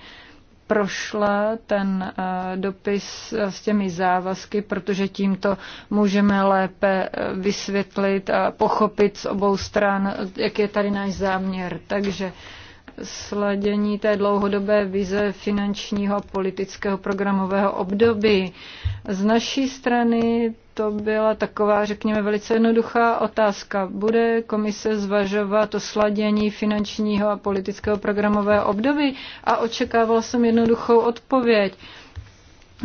prošla ten eh, dopis eh, s těmi závazky, protože tímto můžeme lépe eh, vysvětlit a pochopit z obou stran, jak je tady náš záměr. Takže sladění té dlouhodobé vize finančního a politického programového období. Z naší strany to byla taková, řekněme, velice jednoduchá otázka. Bude komise zvažovat o sladění finančního a politického programového období? A očekával jsem jednoduchou odpověď.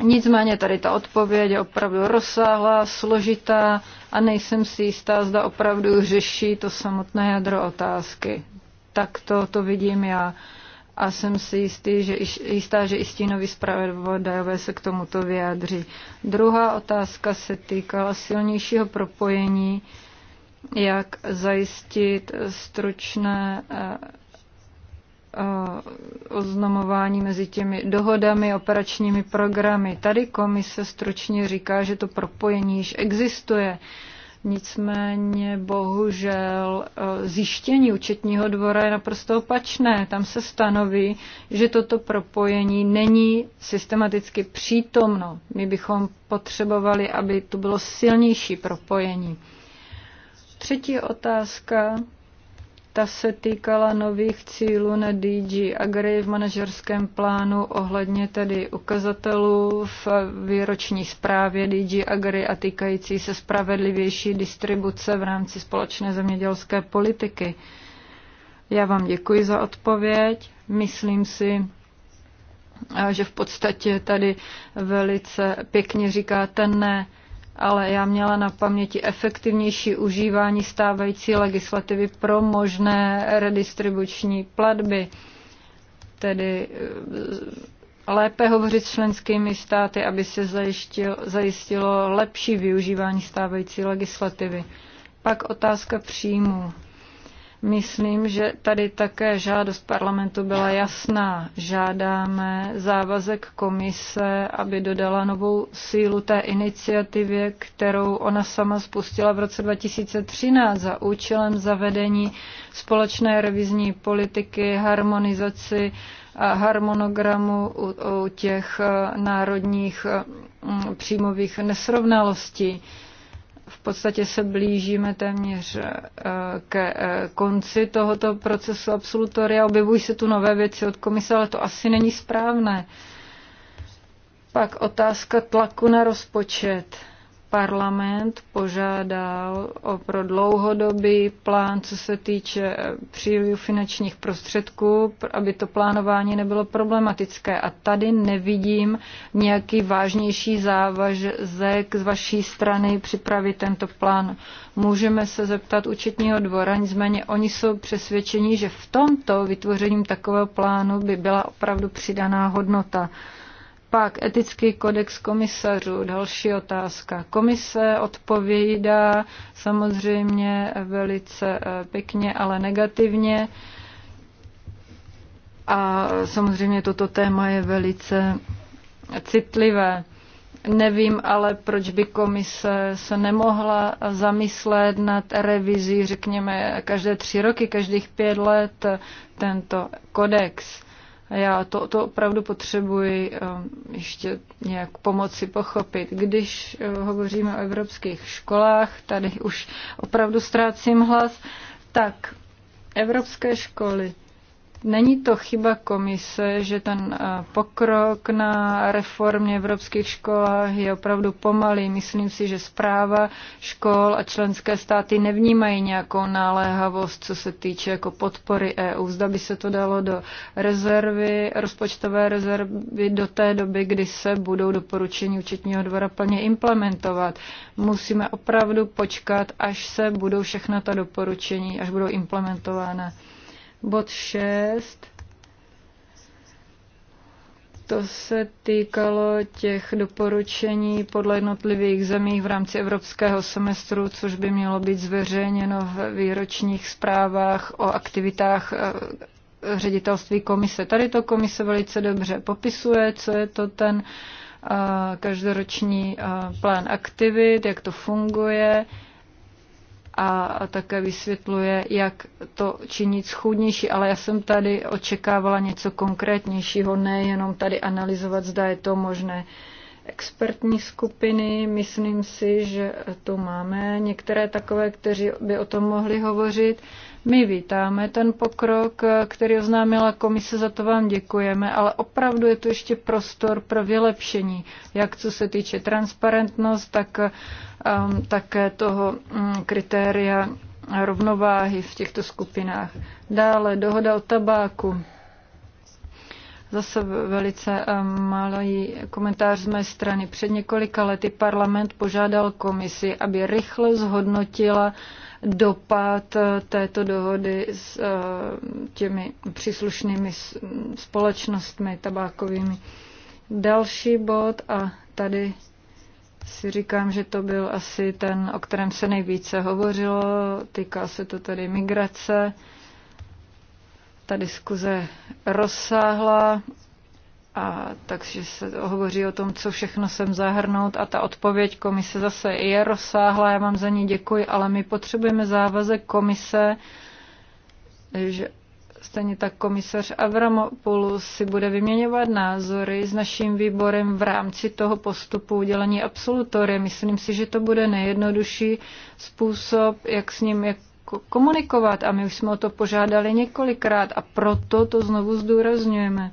Nicméně tady ta odpověď je opravdu rozsáhlá, složitá a nejsem si jistá, zda opravdu řeší to samotné jadro otázky. Tak to, to vidím já a jsem si jistý, že, jistá, že i stínový zpravodajové se k tomuto vyjádří. Druhá otázka se týkala silnějšího propojení, jak zajistit stručné eh, eh, oznamování mezi těmi dohodami, operačními programy. Tady komise stručně říká, že to propojení již existuje. Nicméně bohužel eh, zjištění účetního dvora je naprosto opačné. Tam se stanoví, že toto propojení není systematicky přítomno. My bychom potřebovali, aby tu bylo silnější propojení. Třetí otázka ta se týkala nových cílů na DG Agri v manažerském plánu ohledně tedy ukazatelů v výroční zprávě DG Agri a týkající se spravedlivější distribuce v rámci společné zemědělské politiky. Já vám děkuji za odpověď. Myslím si, že v podstatě tady velice pěkně říkáte ne ale já měla na paměti efektivnější užívání stávající legislativy pro možné redistribuční platby, tedy eh, lépe hovořit s členskými státy, aby se zajistilo, zajistilo lepší využívání stávající legislativy. Pak otázka příjmů. Myslím, že tady také žádost parlamentu byla jasná. Žádáme závazek komise, aby dodala novou sílu té iniciativě, kterou ona sama spustila v roce 2013 za účelem zavedení společné revizní politiky, harmonizaci a harmonogramu u, u těch eh, národních eh, příjmových nesrovnalostí v podstatě se blížíme téměř eh, ke eh, konci tohoto procesu absolutoria. Objevují se tu nové věci od komise, ale to asi není správné. Pak otázka tlaku na rozpočet parlament požádal o pro dlouhodobý plán, co se týče eh, přílivu finančních prostředků, aby to plánování nebylo problematické. A tady nevidím nějaký vážnější závazek z vaší strany připravit tento plán. Můžeme se zeptat účetního dvora, nicméně oni jsou přesvědčeni, že v tomto vytvořením takového plánu by byla opravdu přidaná hodnota. Pak etický kodex komisařů, další otázka. Komise odpovídá samozřejmě velice eh, pěkně, ale negativně. A samozřejmě toto téma je velice citlivé. Nevím ale, proč by komise se nemohla zamyslet nad revizí, řekněme, každé tři roky, každých pět let tento kodex. Já to, to opravdu potřebuji eh, ještě nějak pomoci pochopit. Když eh, hovoříme o evropských školách, tady už opravdu ztrácím hlas, tak evropské školy Není to chyba komise, že ten eh, pokrok na reformě evropských školách je opravdu pomalý. Myslím si, že zpráva škol a členské státy nevnímají nějakou naléhavost, co se týče jako podpory EU. Zda by se to dalo do rezervy, rozpočtové rezervy do té doby, kdy se budou doporučení účetního dvora plně implementovat. Musíme opravdu počkat, až se budou všechna ta doporučení, až budou implementována. Bod 6. To se týkalo těch doporučení podle jednotlivých zemí v rámci evropského semestru, což by mělo být zveřejněno v výročních zprávách o aktivitách eh, ředitelství komise. Tady to komise velice dobře popisuje, co je to ten eh, každoroční eh, plán aktivit, jak to funguje, a také vysvětluje, jak to činit schůdnější, ale já jsem tady očekávala něco konkrétnějšího, nejenom tady analyzovat, zda je to možné. Uh, expertní skupiny. Myslím si, že tu máme některé takové, kteří by o tom mohli hovořit. My vítáme ten pokrok, který oznámila komise, za to vám děkujeme, ale opravdu je tu ještě prostor pro vylepšení, jak co se týče transparentnost, tak um, také toho um, kritéria rovnováhy v těchto skupinách. Dále dohoda o tabáku. Zase velice eh, malý komentář z mé strany. Před několika lety parlament požádal komisi, aby rychle zhodnotila dopad eh, této dohody s eh, těmi příslušnými společnostmi tabákovými. Další bod a tady si říkám, že to byl asi ten, o kterém se nejvíce hovořilo. Týká se to tedy migrace ta diskuze rozsáhla, a takže se hovoří o tom, co všechno sem zahrnout a ta odpověď komise zase je rozsáhla. já vám za ní děkuji, ale my potřebujeme závazek komise, že stejně tak komisař Avramopoulos si bude vyměňovat názory s naším výborem v rámci toho postupu udělení absolutory. Myslím si, že to bude nejjednodušší způsob, jak s ním jak komunikovat a my už jsme o to požádali několikrát a proto to znovu zdůrazňujeme.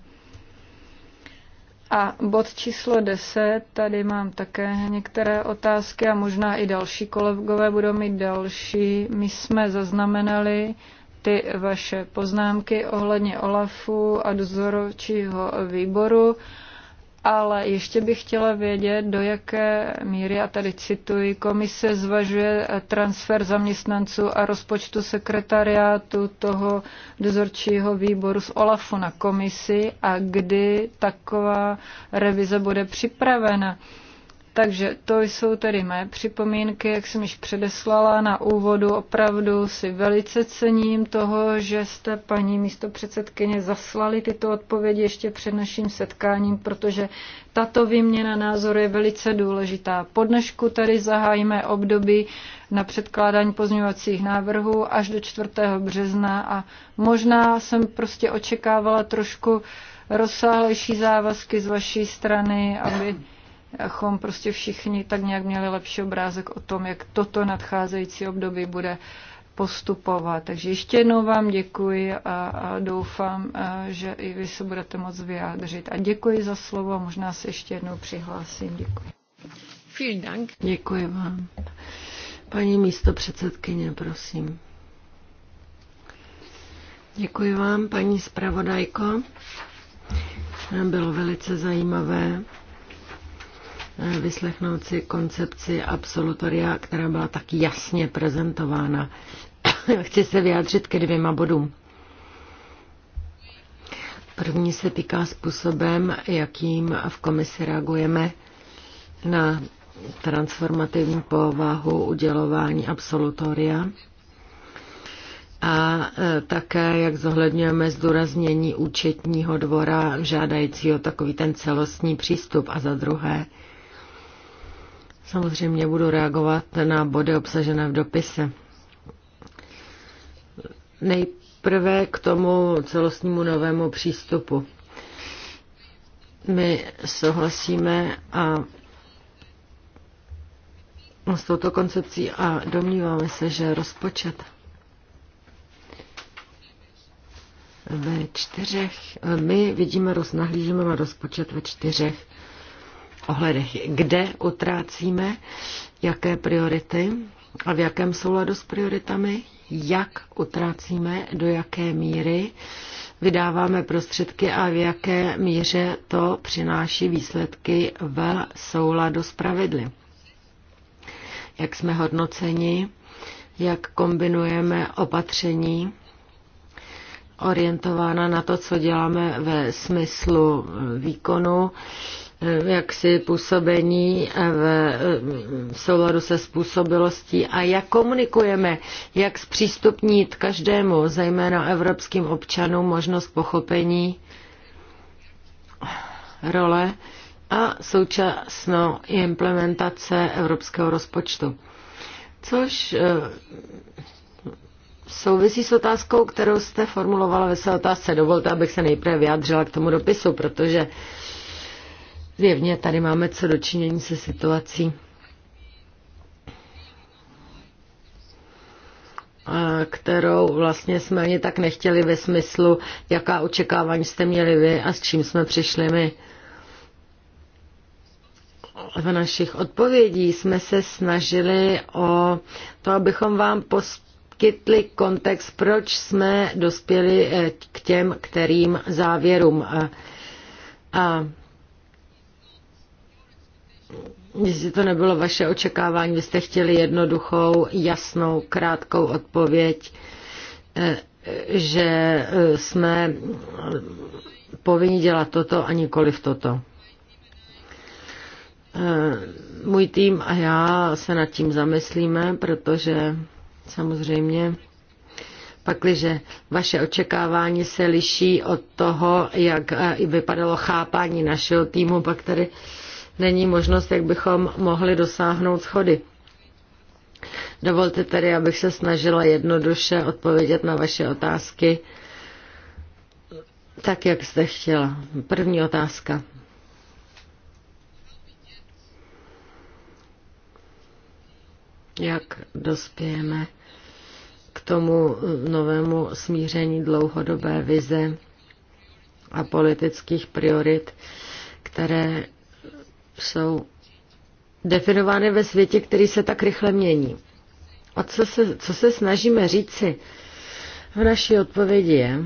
A bod číslo 10, tady mám také některé otázky a možná i další kolegové budou mít další. My jsme zaznamenali ty vaše poznámky ohledně OLAFu a dozorčího výboru ale ještě bych chtěla vědět, do jaké míry, a tady cituji, komise zvažuje transfer zaměstnanců a rozpočtu sekretariátu toho dozorčího výboru z OLAFu na komisi a kdy taková revize bude připravena. Takže to jsou tedy mé připomínky, jak jsem již předeslala na úvodu. Opravdu si velice cením toho, že jste paní místo předsedkyně zaslali tyto odpovědi ještě před naším setkáním, protože tato výměna názoru je velice důležitá. Po dnešku tady zahájíme období na předkládání pozměňovacích návrhů až do 4. března a možná jsem prostě očekávala trošku rozsáhlejší závazky z vaší strany, aby abychom prostě všichni tak nějak měli lepší obrázek o tom, jak toto nadcházející období bude postupovat. Takže ještě jednou vám děkuji a, a doufám, a, že i vy se budete moc vyjádřit. A děkuji za slovo a možná se ještě jednou přihlásím. Děkuji. Vielen Dank. Děkuji vám. Paní místo předsedkyně, prosím. Děkuji vám, paní zpravodajko. Bylo velice zajímavé Eh, vyslechnout si koncepci absolutoria, která byla tak jasně prezentována. [COUGHS] Chci se vyjádřit ke dvěma bodům. První se týká způsobem, jakým v komisi reagujeme na transformativní povahu udělování absolutoria a eh, také, jak zohledňujeme zdůraznění účetního dvora žádajícího takový ten celostní přístup a za druhé, Samozřejmě budu reagovat na body obsažené v dopise. Nejprve k tomu celostnímu novému přístupu. My souhlasíme a s touto koncepcí a domníváme se, že rozpočet ve čtyřech, my vidíme, roznahlížíme na rozpočet ve čtyřech ohledech, kde utrácíme, jaké priority a v jakém souladu s prioritami, jak utrácíme, do jaké míry vydáváme prostředky a v jaké míře to přináší výsledky v souladu s pravidly. Jak jsme hodnoceni, jak kombinujeme opatření orientována na to, co děláme ve smyslu výkonu Eh, jaksi působení eh, v, eh, v souladu se způsobilostí a jak komunikujeme, jak zpřístupnit každému, zejména evropským občanům, možnost pochopení role a současnou implementace evropského rozpočtu. Což souvisí s otázkou, kterou jste formulovala ve své otázce. Dovolte, abych se nejprve vyjádřila k tomu dopisu, protože Zjevně tady máme co dočinění se situací, kterou vlastně jsme ani tak nechtěli ve smyslu, jaká očekávání jste měli vy a s čím jsme přišli my. V našich odpovědí jsme se snažili o to, abychom vám poskytli kontext, proč jsme dospěli eh, k těm, kterým závěrům. A Jestli to nebylo vaše očekávání, vy jste chtěli jednoduchou, jasnou, krátkou odpověď, eh, že eh, jsme eh, povinni dělat toto a nikoliv toto. Můj tým a já se nad tím zamyslíme, protože samozřejmě pakliže vaše očekávání se liší od toho, jak vypadalo chápání našeho týmu, pak tady není možnost, jak bychom mohli dosáhnout schody. Dovolte tedy, abych se snažila jednoduše odpovědět na vaše otázky, tak jak jste chtěla. První otázka. Jak dospějeme k tomu novému smíření dlouhodobé vize a politických priorit, které jsou definovány ve světě, který se tak rychle mění. A co se, co se snažíme říci v naší odpovědi je,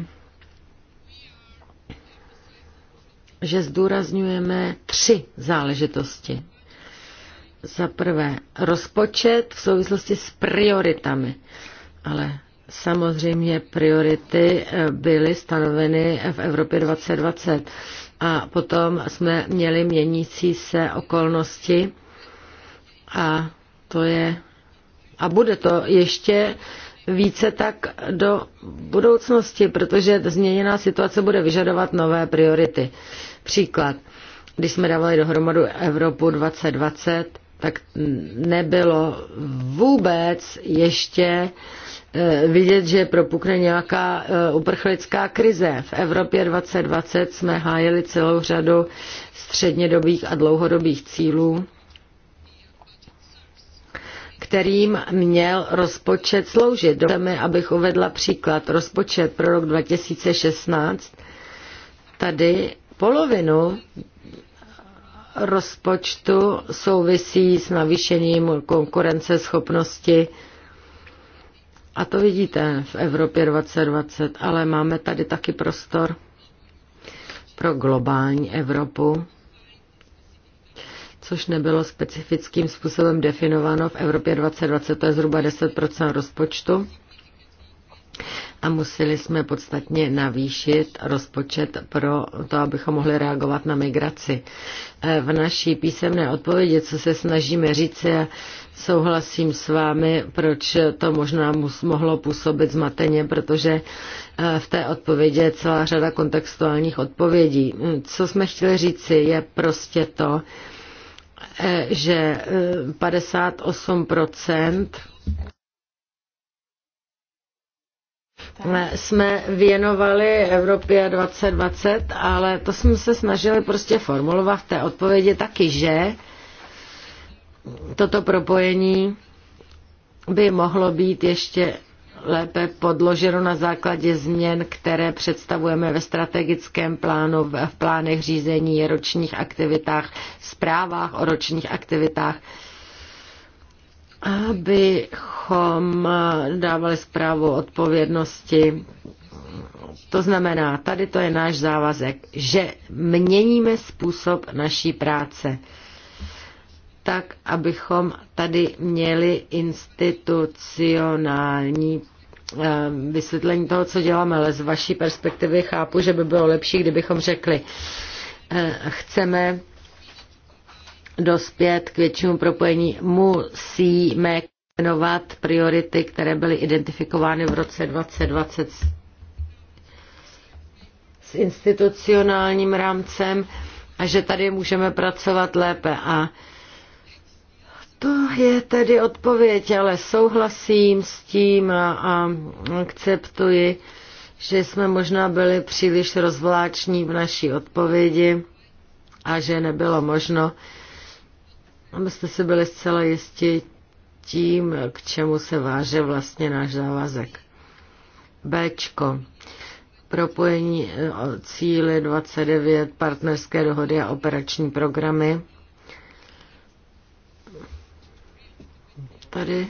že zdůrazňujeme tři záležitosti. Za prvé rozpočet v souvislosti s prioritami, ale Samozřejmě priority eh, byly stanoveny v Evropě 2020 a potom jsme měli měnící se okolnosti a to je a bude to ještě více tak do budoucnosti, protože změněná situace bude vyžadovat nové priority. Příklad, když jsme dávali dohromadu Evropu 2020, tak nebylo vůbec ještě eh, vidět, že propukne nějaká eh, uprchlická krize. V Evropě 2020 jsme hájili celou řadu střednědobých a dlouhodobých cílů, kterým měl rozpočet sloužit. Dovolte mi, abych uvedla příklad. Rozpočet pro rok 2016 tady polovinu rozpočtu souvisí s navýšením konkurenceschopnosti. A to vidíte v Evropě 2020, ale máme tady taky prostor pro globální Evropu, což nebylo specifickým způsobem definováno v Evropě 2020, to je zhruba 10 rozpočtu a museli jsme podstatně navýšit rozpočet pro to, abychom mohli reagovat na migraci. Eh, v naší písemné odpovědi, co se snažíme říct, je, souhlasím s vámi, proč to možná mus, mohlo působit zmateně, protože eh, v té odpovědi je celá řada kontextuálních odpovědí. Mm, co jsme chtěli říci, je prostě to, eh, že 58 jsme věnovali Evropě 2020, ale to jsme se snažili prostě formulovat v té odpovědi taky, že toto propojení by mohlo být ještě lépe podloženo na základě změn, které představujeme ve strategickém plánu, v plánech řízení, ročních aktivitách, zprávách o ročních aktivitách abychom dávali zprávu odpovědnosti. To znamená, tady to je náš závazek, že měníme způsob naší práce tak, abychom tady měli institucionální eh, vysvětlení toho, co děláme, ale z vaší perspektivy chápu, že by bylo lepší, kdybychom řekli, eh, chceme dospět k většímu propojení, musíme jmenovat priority, které byly identifikovány v roce 2020 s institucionálním rámcem a že tady můžeme pracovat lépe. A to je tedy odpověď, ale souhlasím s tím a, a akceptuji, že jsme možná byli příliš rozvláční v naší odpovědi a že nebylo možno abyste si byli zcela jistí tím, k čemu se váže vlastně náš závazek. Bčko. Propojení e, cíly 29, partnerské dohody a operační programy. Tady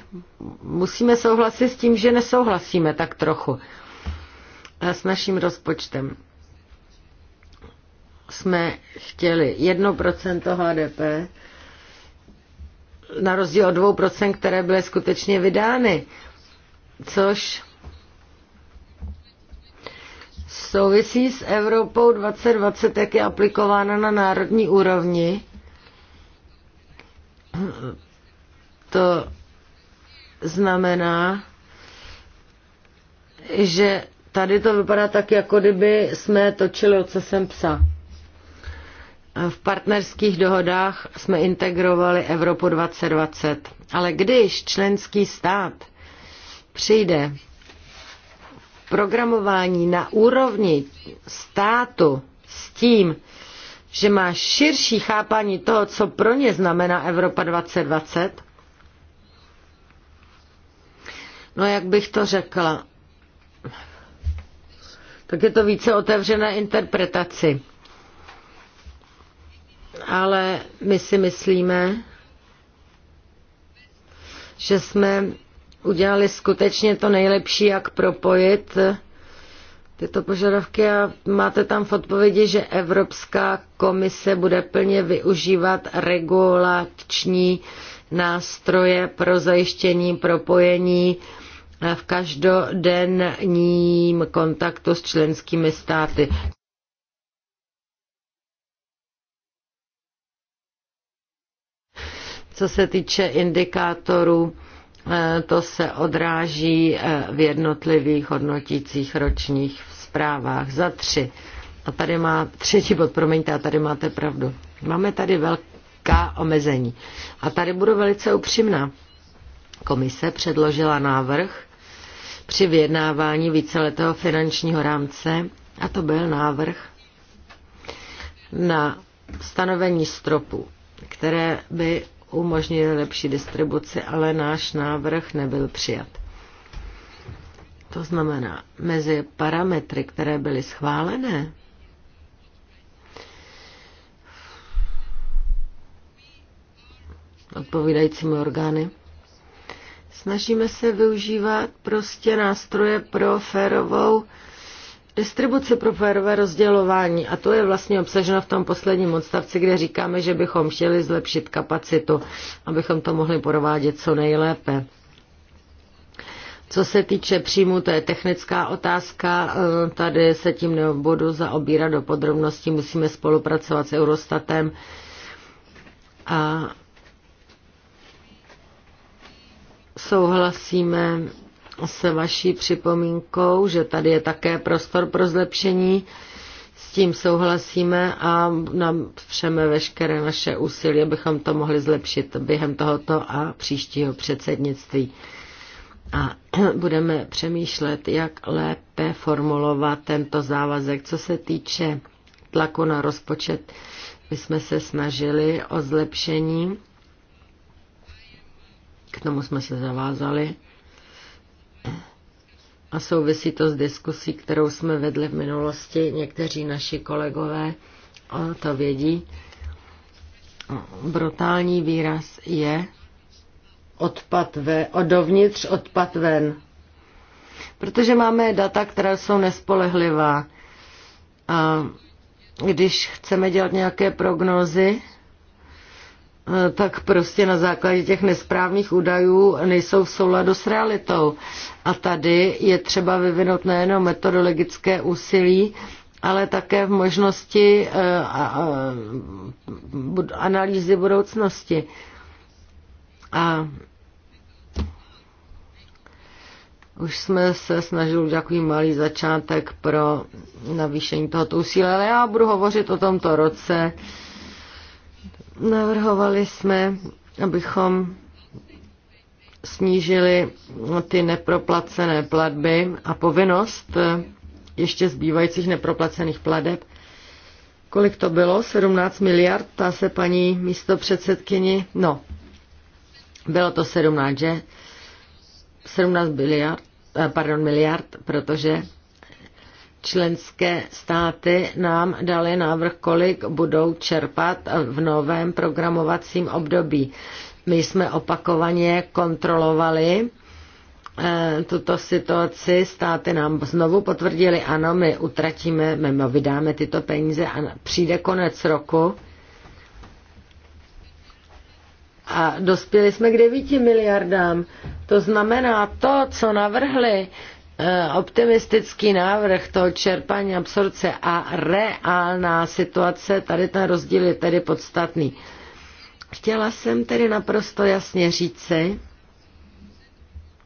musíme souhlasit s tím, že nesouhlasíme tak trochu s naším rozpočtem. Jsme chtěli 1% HDP, na rozdíl od 2%, které byly skutečně vydány, což souvisí s Evropou 2020, jak je aplikována na národní úrovni. To znamená, že tady to vypadá tak, jako kdyby jsme točili jsem psa. V partnerských dohodách jsme integrovali Evropu 2020, ale když členský stát přijde programování na úrovni státu s tím, že má širší chápání toho, co pro ně znamená Evropa 2020, no jak bych to řekla, tak je to více otevřené interpretaci ale my si myslíme, že jsme udělali skutečně to nejlepší, jak propojit tyto požadavky a máte tam v odpovědi, že Evropská komise bude plně využívat regulační nástroje pro zajištění propojení v každodenním kontaktu s členskými státy. Co se týče indikátorů, eh, to se odráží eh, v jednotlivých hodnotících ročních zprávách. Za tři. A tady má třetí bod, promiňte, a tady máte pravdu. Máme tady velká omezení. A tady budu velice upřímná. Komise předložila návrh při vyjednávání víceletého finančního rámce a to byl návrh na stanovení stropu, které by umožnili lepší distribuci, ale náš návrh nebyl přijat. To znamená, mezi parametry, které byly schválené, odpovídajícími orgány, snažíme se využívat prostě nástroje pro férovou distribuci pro férové rozdělování, a to je vlastně obsaženo v tom posledním odstavci, kde říkáme, že bychom chtěli zlepšit kapacitu, abychom to mohli provádět co nejlépe. Co se týče příjmu, to je technická otázka, eh, tady se tím nebudu zaobírat do podrobností, musíme spolupracovat s Eurostatem a souhlasíme s vaší připomínkou, že tady je také prostor pro zlepšení. S tím souhlasíme a napřeme veškeré naše úsilí, abychom to mohli zlepšit během tohoto a příštího předsednictví. A [CLEARS THROAT] budeme přemýšlet, jak lépe formulovat tento závazek. Co se týče tlaku na rozpočet, my jsme se snažili o zlepšení. K tomu jsme se zavázali a souvisí to s diskusí, kterou jsme vedli v minulosti. Někteří naši kolegové to vědí. Brutální výraz je odpad ve, dovnitř, odpad ven. Protože máme data, která jsou nespolehlivá. A když chceme dělat nějaké prognózy, Eh, tak prostě na základě těch nesprávných údajů nejsou v souladu s realitou. A tady je třeba vyvinout nejenom metodologické úsilí, ale také v možnosti eh, analýzy budoucnosti. A už jsme se snažili udělat takový malý začátek pro navýšení tohoto úsilí, ale já budu hovořit o tomto roce Navrhovali jsme, abychom snížili ty neproplacené platby a povinnost ještě zbývajících neproplacených pladeb. Kolik to bylo? 17 miliard, ta se paní místo předsedkyni. No, bylo to 17, že? 17 miliard, eh, pardon, miliard, protože členské státy nám dali návrh, kolik budou čerpat v novém programovacím období. My jsme opakovaně kontrolovali eh, tuto situaci, státy nám znovu potvrdili, ano, my utratíme, my no, vydáme tyto peníze a přijde konec roku a dospěli jsme k 9 miliardám. To znamená, to, co navrhli, Eh, optimistický návrh toho čerpání absorce a reálná situace, tady ten rozdíl je tedy podstatný. Chtěla jsem tedy naprosto jasně říci,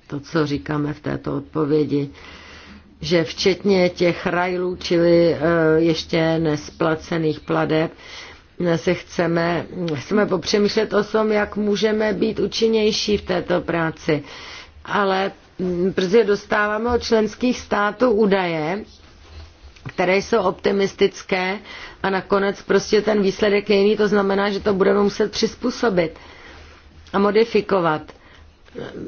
to, co říkáme v této odpovědi, že včetně těch rajlů, čili eh, ještě nesplacených pladeb, eh, se chceme, chceme popřemýšlet o tom, jak můžeme být účinnější v této práci. Ale brzy dostáváme od členských států údaje, které jsou optimistické a nakonec prostě ten výsledek je jiný, to znamená, že to budeme muset přizpůsobit a modifikovat.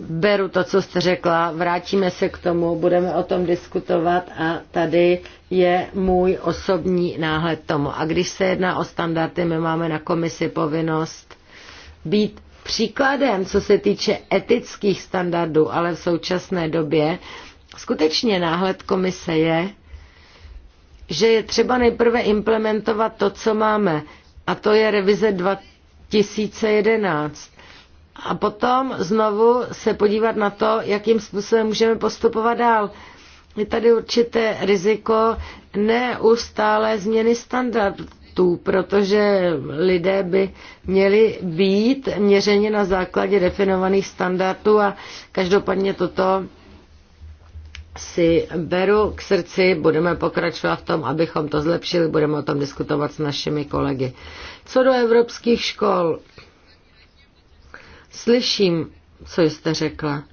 Beru to, co jste řekla, vrátíme se k tomu, budeme o tom diskutovat a tady je můj osobní náhled tomu. A když se jedná o standardy, my máme na komisi povinnost být příkladem, co se týče etických standardů, ale v současné době skutečně náhled komise je, že je třeba nejprve implementovat to, co máme, a to je revize 2011. A potom znovu se podívat na to, jakým způsobem můžeme postupovat dál. Je tady určité riziko neustále změny standardů testů, protože lidé by měli být měřeni na základě definovaných standardů a každopádně toto si beru k srdci, budeme pokračovat v tom, abychom to zlepšili, budeme o tom diskutovat s našimi kolegy. Co do evropských škol? Slyším, co jste řekla.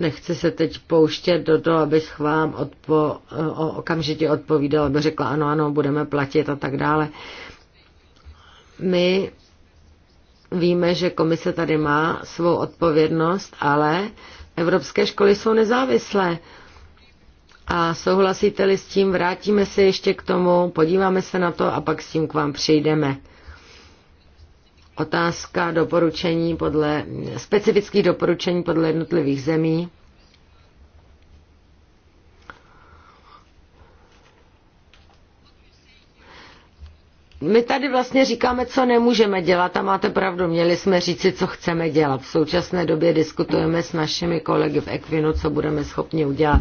Nechci se teď pouštět do toho, abych vám odpo, o, okamžitě odpovídala, aby řekla ano, ano, budeme platit a tak dále. My víme, že komise tady má svou odpovědnost, ale evropské školy jsou nezávislé. A souhlasíte-li s tím, vrátíme se ještě k tomu, podíváme se na to a pak s tím k vám přijdeme otázka doporučení podle, specifických doporučení podle jednotlivých zemí. My tady vlastně říkáme, co nemůžeme dělat a máte pravdu, měli jsme říci, co chceme dělat. V současné době diskutujeme s našimi kolegy v Equinu, co budeme schopni udělat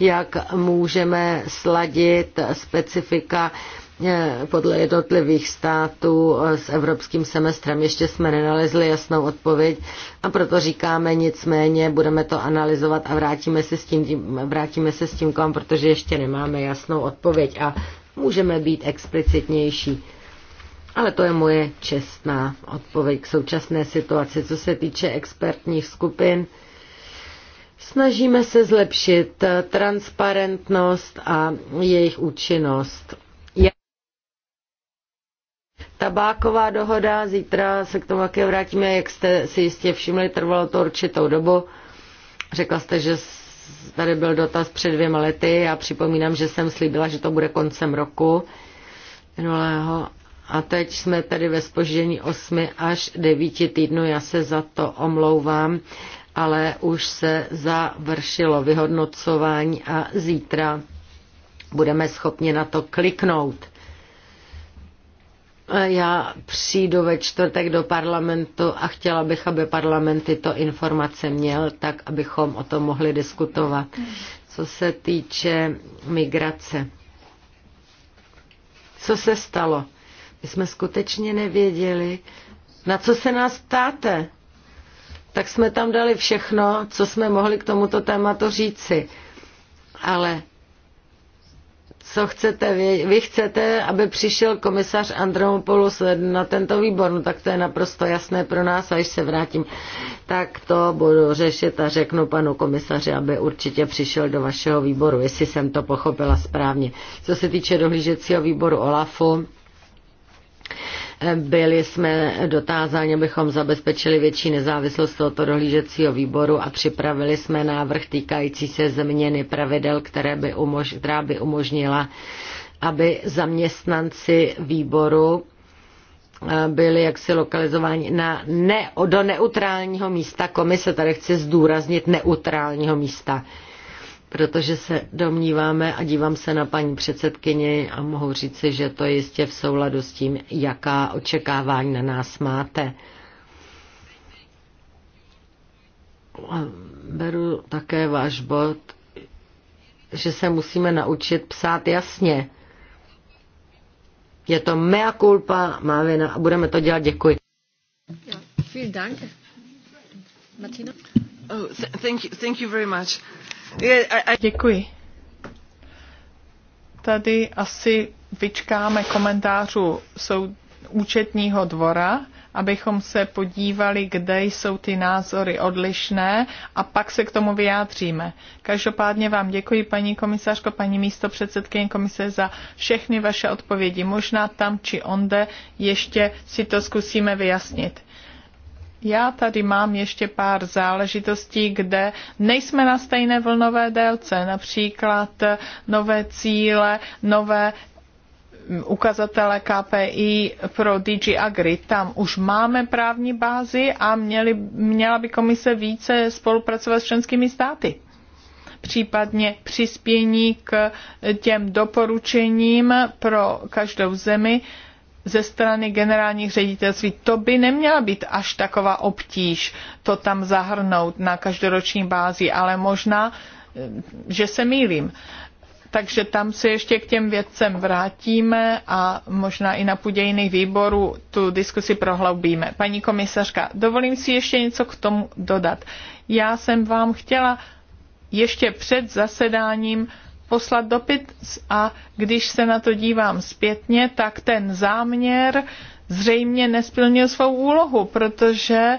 jak můžeme sladit specifika E, podle jednotlivých států e, s evropským semestrem. Ještě jsme nenalezli jasnou odpověď a proto říkáme nicméně, budeme to analyzovat a vrátíme se s tím, vrátíme se s tím kam, protože ještě nemáme jasnou odpověď a můžeme být explicitnější. Ale to je moje čestná odpověď k současné situaci. Co se týče expertních skupin, snažíme se zlepšit transparentnost a jejich účinnost Tabáková dohoda, zítra se k tomu také vrátíme, jak jste si jistě všimli, trvalo to určitou dobu. Řekla jste, že tady byl dotaz před dvěma lety. Já připomínám, že jsem slíbila, že to bude koncem roku minulého. A teď jsme tady ve spoždění 8 až 9 týdnů. Já se za to omlouvám, ale už se završilo vyhodnocování a zítra budeme schopni na to kliknout. Já přijdu ve čtvrtek do parlamentu a chtěla bych, aby parlament tyto informace měl, tak abychom o tom mohli diskutovat. Co se týče migrace. Co se stalo? My jsme skutečně nevěděli, na co se nás ptáte. Tak jsme tam dali všechno, co jsme mohli k tomuto tématu říci. Ale co chcete, vy, vy chcete, aby přišel komisař Andromopoulos na tento výbor, no tak to je naprosto jasné pro nás, až se vrátím, tak to budu řešit a řeknu panu komisaři, aby určitě přišel do vašeho výboru, jestli jsem to pochopila správně. Co se týče dohlížecího výboru OLAFu, byli jsme dotázáni, abychom zabezpečili větší nezávislost tohoto dohlížecího výboru a připravili jsme návrh týkající se změny pravidel, které by umož- která by umožnila, aby zaměstnanci výboru eh, byli jaksi lokalizováni na ne, do neutrálního místa komise. Tady chci zdůraznit neutrálního místa protože se domníváme a dívám se na paní předsedkyni a mohu říci, že to je jistě v souladu s tím, jaká očekávání na nás máte. A beru také váš bod, že se musíme naučit psát jasně. Je to mea culpa, má vina a budeme to dělat. Děkuji. Ja, vielen Dank. Martina? Oh, th thank you, thank you very much. Děkuji. Tady asi vyčkáme komentářů soud, účetního dvora, abychom se podívali, kde jsou ty názory odlišné a pak se k tomu vyjádříme. Každopádně vám děkuji, paní komisařko, paní místo předsedkyně komise, za všechny vaše odpovědi. Možná tam či onde ještě si to zkusíme vyjasnit. Já tady mám ještě pár záležitostí, kde nejsme na stejné vlnové délce, například nové cíle, nové ukazatele KPI pro DG Agri. Tam už máme právní bázi a měli, měla by komise více spolupracovat s členskými státy případně přispění k těm doporučením pro každou zemi, ze strany generálních ředitelství. To by neměla být až taková obtíž to tam zahrnout na každoroční bázi, ale možná, eh, že se mýlím. Takže tam se ještě k těm věcem vrátíme a možná i na půdě jiných výborů tu diskusi prohloubíme. Paní komisařka, dovolím si ještě něco k tomu dodat. Já jsem vám chtěla ještě před zasedáním poslat dopis a když se na to dívám zpětně, tak ten záměr zřejmě nesplnil svou úlohu, protože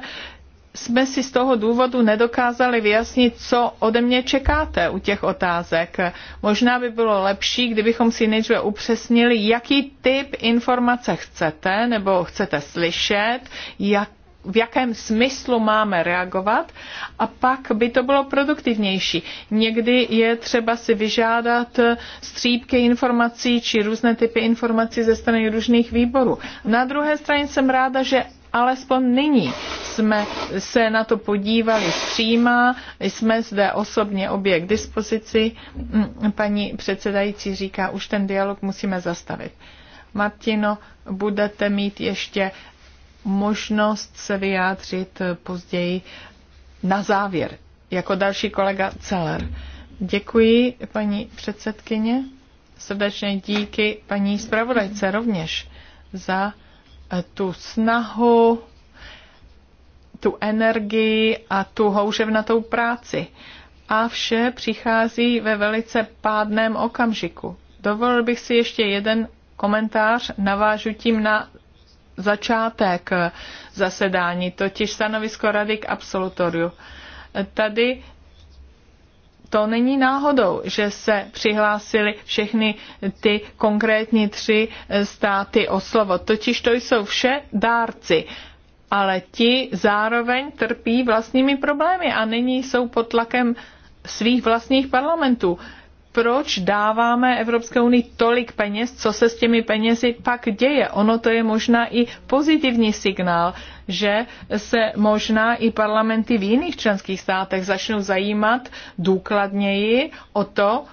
jsme si z toho důvodu nedokázali vyjasnit, co ode mě čekáte u těch otázek. Možná by bylo lepší, kdybychom si nejdříve upřesnili, jaký typ informace chcete nebo chcete slyšet, jak v jakém smyslu máme reagovat a pak by to bylo produktivnější. Někdy je třeba si vyžádat střípky informací či různé typy informací ze strany různých výborů. Na druhé straně jsem ráda, že alespoň nyní jsme se na to podívali zpříma, jsme zde osobně obě k dispozici. Mm, paní předsedající říká, už ten dialog musíme zastavit. Martino, budete mít ještě možnost se vyjádřit později na závěr. Jako další kolega Celer. Děkuji, paní předsedkyně. Srdečně díky paní zpravodajce rovněž za eh, tu snahu, tu energii a tu houževnatou práci. A vše přichází ve velice pádném okamžiku. Dovolil bych si ještě jeden komentář, navážu tím na začátek zasedání, totiž stanovisko rady k absolutoriu. Tady to není náhodou, že se přihlásili všechny ty konkrétní tři státy o slovo. Totiž to jsou vše dárci, ale ti zároveň trpí vlastními problémy a nyní jsou pod tlakem svých vlastních parlamentů proč dáváme Evropské unii tolik peněz, co se s těmi penězi pak děje. Ono to je možná i pozitivní signál, že se možná i parlamenty v jiných členských státech začnou zajímat důkladněji o to,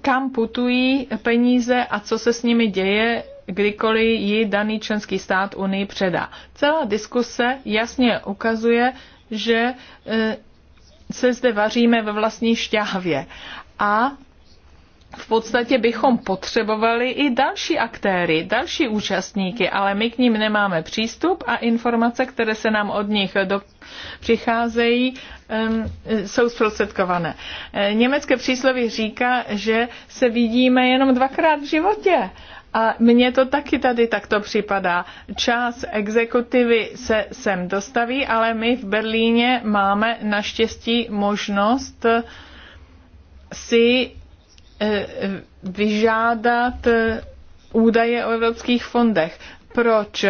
kam putují peníze a co se s nimi děje, kdykoliv ji daný členský stát Unii předá. Celá diskuse jasně ukazuje, že eh, se zde vaříme ve vlastní šťávě. A v podstatě bychom potřebovali i další aktéry, další účastníky, ale my k ním nemáme přístup a informace, které se nám od nich do, přicházejí, um, jsou zprostředkované. Eh, německé přísloví říká, že se vidíme jenom dvakrát v životě. A mně to taky tady takto připadá. Část exekutivy se sem dostaví, ale my v Berlíně máme naštěstí možnost si Eh, eh, vyžádat eh, údaje o evropských fondech. Proč?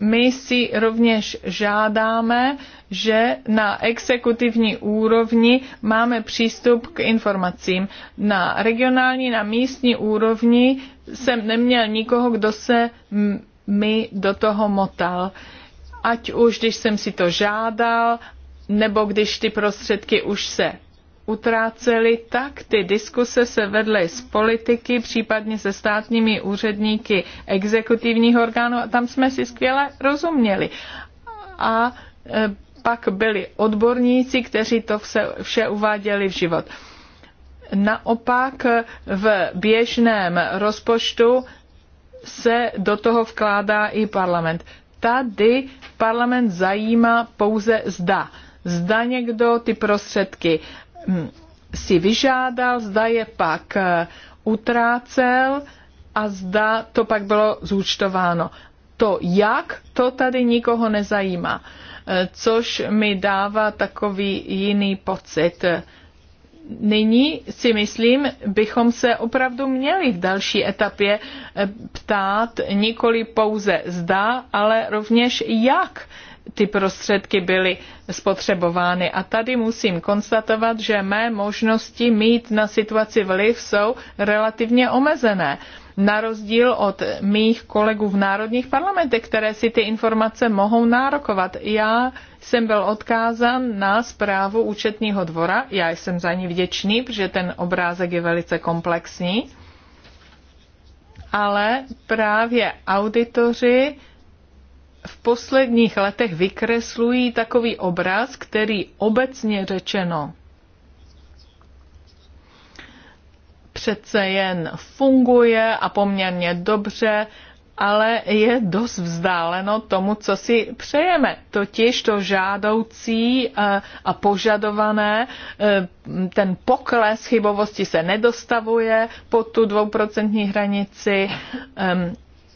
My si rovněž žádáme, že na exekutivní úrovni máme přístup k informacím. Na regionální, na místní úrovni jsem neměl nikoho, kdo se mi do toho motal. Ať už, když jsem si to žádal, nebo když ty prostředky už se utráceli tak. Ty diskuse se vedly z politiky, případně se státními úředníky exekutivních orgánů a tam jsme si skvěle rozuměli. A e, pak byli odborníci, kteří to vše, vše uváděli v život. Naopak v běžném rozpočtu se do toho vkládá i parlament. Tady parlament zajímá pouze zda. Zda někdo ty prostředky uh, si vyžádal, zda je pak eh, utrácel a zda to pak bylo zúčtováno. To jak, to tady nikoho nezajímá, eh, což mi dává takový jiný pocit. Nyní si myslím, bychom se opravdu měli v další etapě eh, ptát nikoli pouze zda, ale rovněž jak ty prostředky byly spotřebovány. A tady musím konstatovat, že mé možnosti mít na situaci vliv jsou relativně omezené. Na rozdíl od mých kolegů v národních parlamentech, které si ty informace mohou nárokovat. Já jsem byl odkázán na zprávu účetního dvora, já jsem za ní vděčný, protože ten obrázek je velice komplexní, ale právě auditoři v posledních letech vykreslují takový obraz, který obecně řečeno přece jen funguje a poměrně dobře, ale je dost vzdáleno tomu, co si přejeme. Totiž to žádoucí eh, a požadované, eh, ten pokles chybovosti se nedostavuje pod tu dvouprocentní hranici, eh,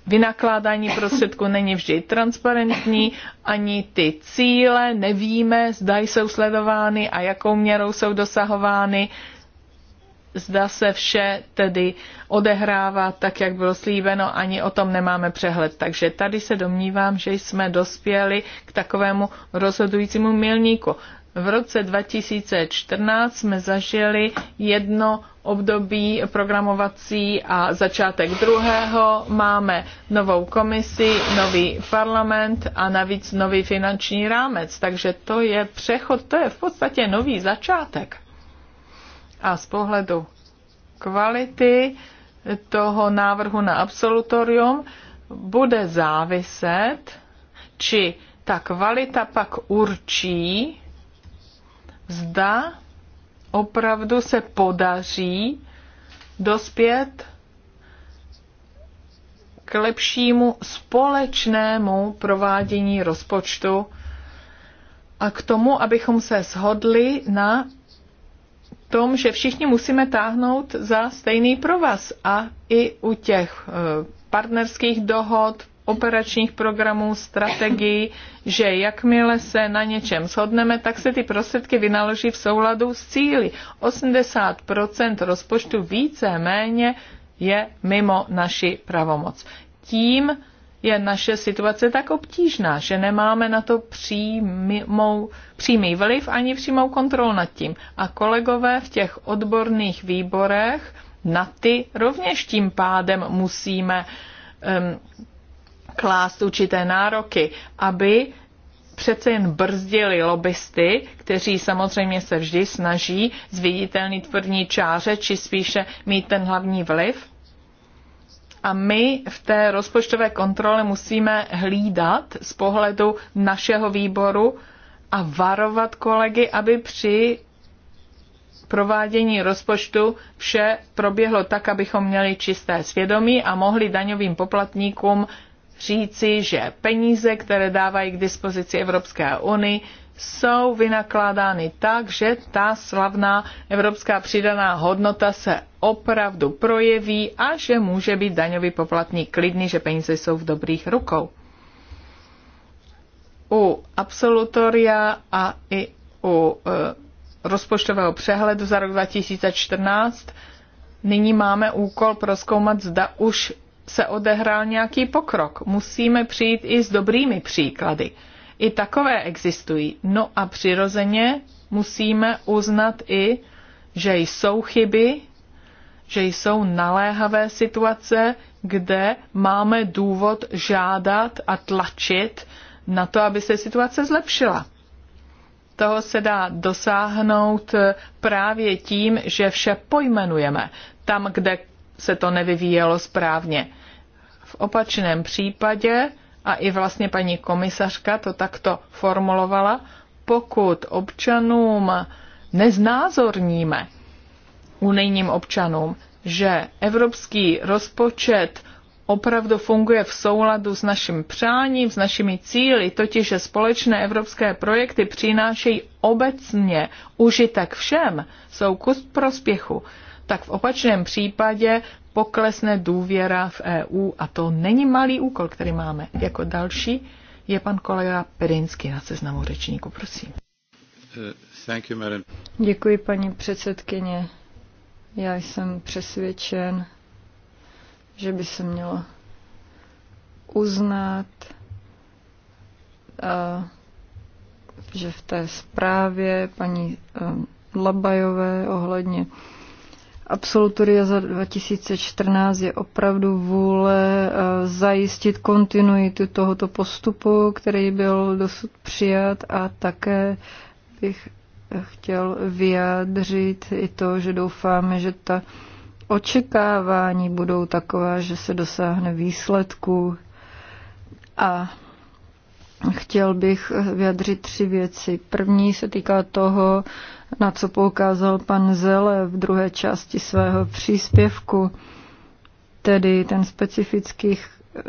vynakládání prostředků není vždy transparentní, ani ty cíle nevíme, zda jsou sledovány a jakou měrou jsou dosahovány. Zda se vše tedy odehrává tak, jak bylo slíbeno, ani o tom nemáme přehled. Takže tady se domnívám, že jsme dospěli k takovému rozhodujícímu milníku. V roce 2014 jsme zažili jedno období programovací a začátek druhého. Máme novou komisi, nový parlament a navíc nový finanční rámec. Takže to je přechod, to je v podstatě nový začátek. A z pohledu kvality toho návrhu na absolutorium bude záviset, či ta kvalita pak určí, zda opravdu se podaří dospět k lepšímu společnému provádění rozpočtu a k tomu, abychom se shodli na tom, že všichni musíme táhnout za stejný provaz a i u těch eh, partnerských dohod, operačních programů, strategií, že jakmile se na něčem shodneme, tak se ty prostředky vynaloží v souladu s cíly. 80% rozpočtu více méně je mimo naši pravomoc. Tím je naše situace tak obtížná, že nemáme na to přímou, přímý vliv ani přímou kontrolu nad tím. A kolegové v těch odborných výborech na ty rovněž tím pádem musíme um, klást určité nároky, aby přece jen brzdili lobbysty, kteří samozřejmě se vždy snaží zviditelnit tvrdní čáře, či spíše mít ten hlavní vliv. A my v té rozpočtové kontrole musíme hlídat z pohledu našeho výboru a varovat kolegy, aby při provádění rozpočtu vše proběhlo tak, abychom měli čisté svědomí a mohli daňovým poplatníkům říci, že peníze, které dávají k dispozici Evropské unii, jsou vynakládány tak, že ta slavná evropská přidaná hodnota se opravdu projeví a že může být daňový poplatník klidný, že peníze jsou v dobrých rukou. U absolutoria a i u e, rozpočtového přehledu za rok 2014 nyní máme úkol proskoumat, zda už se odehrál nějaký pokrok. Musíme přijít i s dobrými příklady. I takové existují. No a přirozeně musíme uznat i, že jsou chyby, že jsou naléhavé situace, kde máme důvod žádat a tlačit na to, aby se situace zlepšila. Toho se dá dosáhnout právě tím, že vše pojmenujeme tam, kde se to nevyvíjelo správně. V opačném případě, a i vlastně paní komisařka to takto formulovala, pokud občanům neznázorníme, unijním občanům, že evropský rozpočet opravdu funguje v souladu s naším přáním, s našimi cíly, totiž že společné evropské projekty přinášejí obecně užitek všem, jsou kus prospěchu, tak v opačném případě poklesne důvěra v EU a to není malý úkol, který máme. Jako další je pan kolega Perinsky na seznamu řečníku, prosím. You, Děkuji, paní předsedkyně. Já jsem přesvědčen, že by se mělo uznat, eh, že v té zprávě paní eh, Labajové ohledně absolutoria za 2014 je opravdu vůle eh, zajistit kontinuitu tohoto postupu, který byl dosud přijat a také bych chtěl vyjádřit i to, že doufáme, že ta očekávání budou taková, že se dosáhne výsledku a chtěl bych vyjádřit tři věci. První se týká toho, na co poukázal pan Zele v druhé části svého příspěvku, tedy ten specifický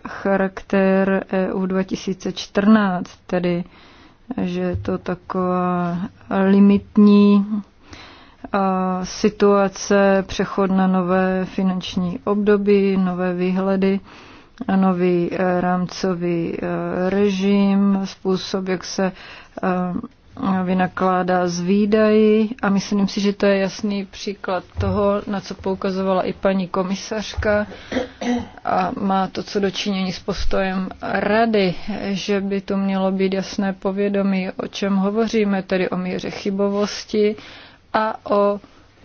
charakter EU 2014, tedy že je to taková limitní situace, přechod na nové finanční období, nové výhledy, nový e, rámcový e, režim, způsob, jak se e, vynakládá z výdají a myslím si, že to je jasný příklad toho, na co poukazovala i paní komisařka a má to co dočinění s postojem rady, že by tu mělo být jasné povědomí, o čem hovoříme, tedy o míře chybovosti a o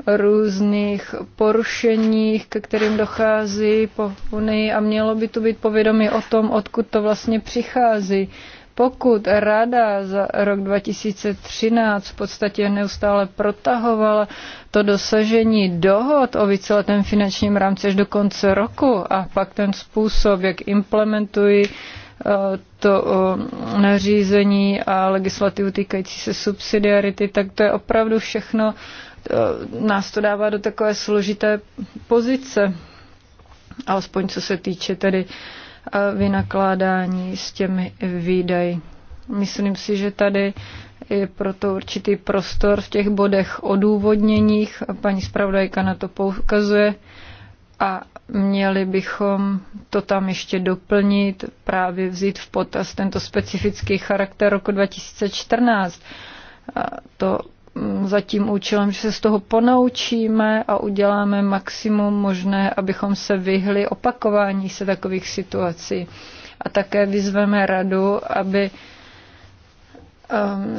různých porušeních, ke kterým dochází po Unii a mělo by tu být povědomí o tom, odkud to vlastně přichází. Pokud rada za rok 2013 v podstatě neustále protahovala to dosažení dohod o víceletém finančním rámci až do konce roku a pak ten způsob, jak implementují eh, to eh, nařízení a legislativu týkající se subsidiarity, tak to je opravdu všechno, eh, nás to dává do takové složité pozice, alespoň co se týče tedy uh, vynakládání s těmi výdaji. Myslím si, že tady je proto určitý prostor v těch bodech odůvodněních. Paní zpravodajka na to poukazuje a měli bychom to tam ještě doplnit, právě vzít v potaz tento specifický charakter roku 2014. A to za tím účelem, že se z toho ponaučíme a uděláme maximum možné, abychom se vyhli opakování se takových situací. A také vyzveme radu, aby um,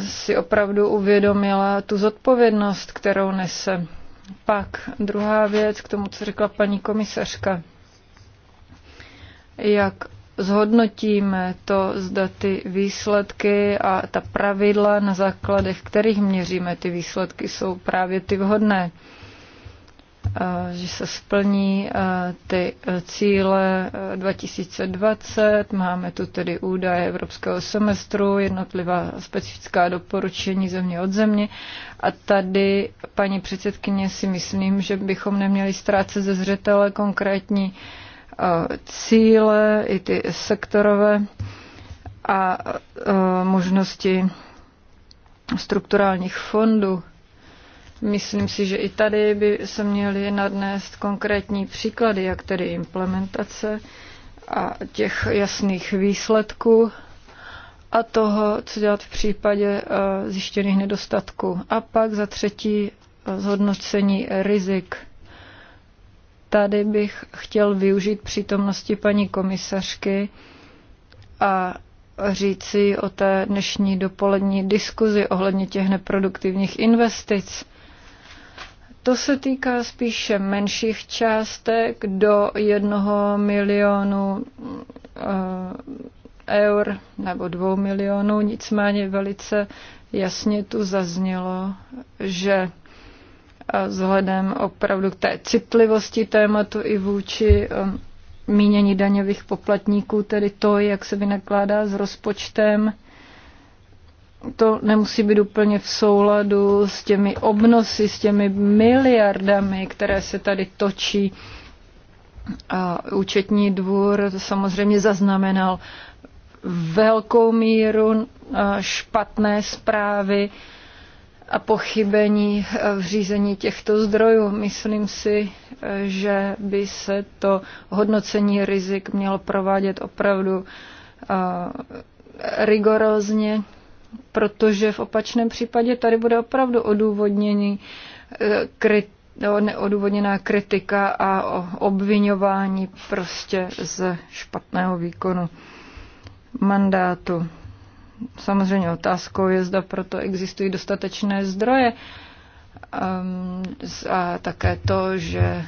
si opravdu uvědomila tu zodpovědnost, kterou nese. Pak druhá věc k tomu, co řekla paní komisařka. Jak zhodnotíme to, zda ty výsledky a ta pravidla, na základech kterých měříme ty výsledky, jsou právě ty vhodné. Že se splní ty cíle 2020, máme tu tedy údaje evropského semestru, jednotlivá specifická doporučení země od země. A tady, paní předsedkyně, si myslím, že bychom neměli ztrácet ze zřetele konkrétní uh, Eh, cíle, i ty sektorové a eh, možnosti strukturálních fondů. Myslím si, že i tady by se měly nadnést konkrétní příklady, jak tedy implementace a těch jasných výsledků a toho, co dělat v případě eh, zjištěných nedostatků. A pak za třetí zhodnocení rizik. Tady bych chtěl využít přítomnosti paní komisařky a říci o té dnešní dopolední diskuzi ohledně těch neproduktivních investic. To se týká spíše menších částek do jednoho milionu eh, eur nebo dvou milionů, nicméně velice jasně tu zaznělo, že vzhledem opravdu k té citlivosti tématu i vůči um, mínění daňových poplatníků, tedy to, jak se vynakládá s rozpočtem, to nemusí být úplně v souladu s těmi obnosy, s těmi miliardami, které se tady točí. A účetní dvůr samozřejmě zaznamenal velkou míru špatné zprávy, a pochybení eh, v řízení těchto zdrojů. Myslím si, eh, že by se to hodnocení rizik mělo provádět opravdu eh, rigorózně, protože v opačném případě tady bude opravdu odůvodnění krit, no, neodůvodněná kritika a obvinování prostě z špatného výkonu mandátu. Samozřejmě otázkou je, zda proto existují dostatečné zdroje ehm, a také to, že e,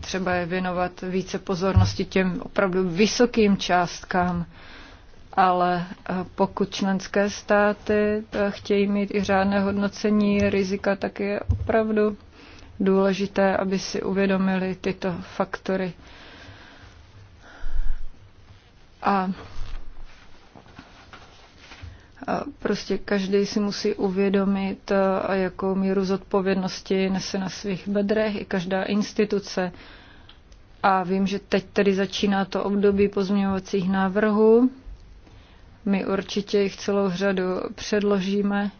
třeba je věnovat více pozornosti těm opravdu vysokým částkám, ale e, pokud členské státy e, chtějí mít i řádné hodnocení rizika, tak je opravdu důležité, aby si uvědomili tyto faktory. A Prostě každý si musí uvědomit, eh, jakou míru zodpovědnosti nese na svých bedrech i každá instituce. A vím, že teď tedy začíná to období pozměňovacích návrhů. My určitě jich celou řadu předložíme.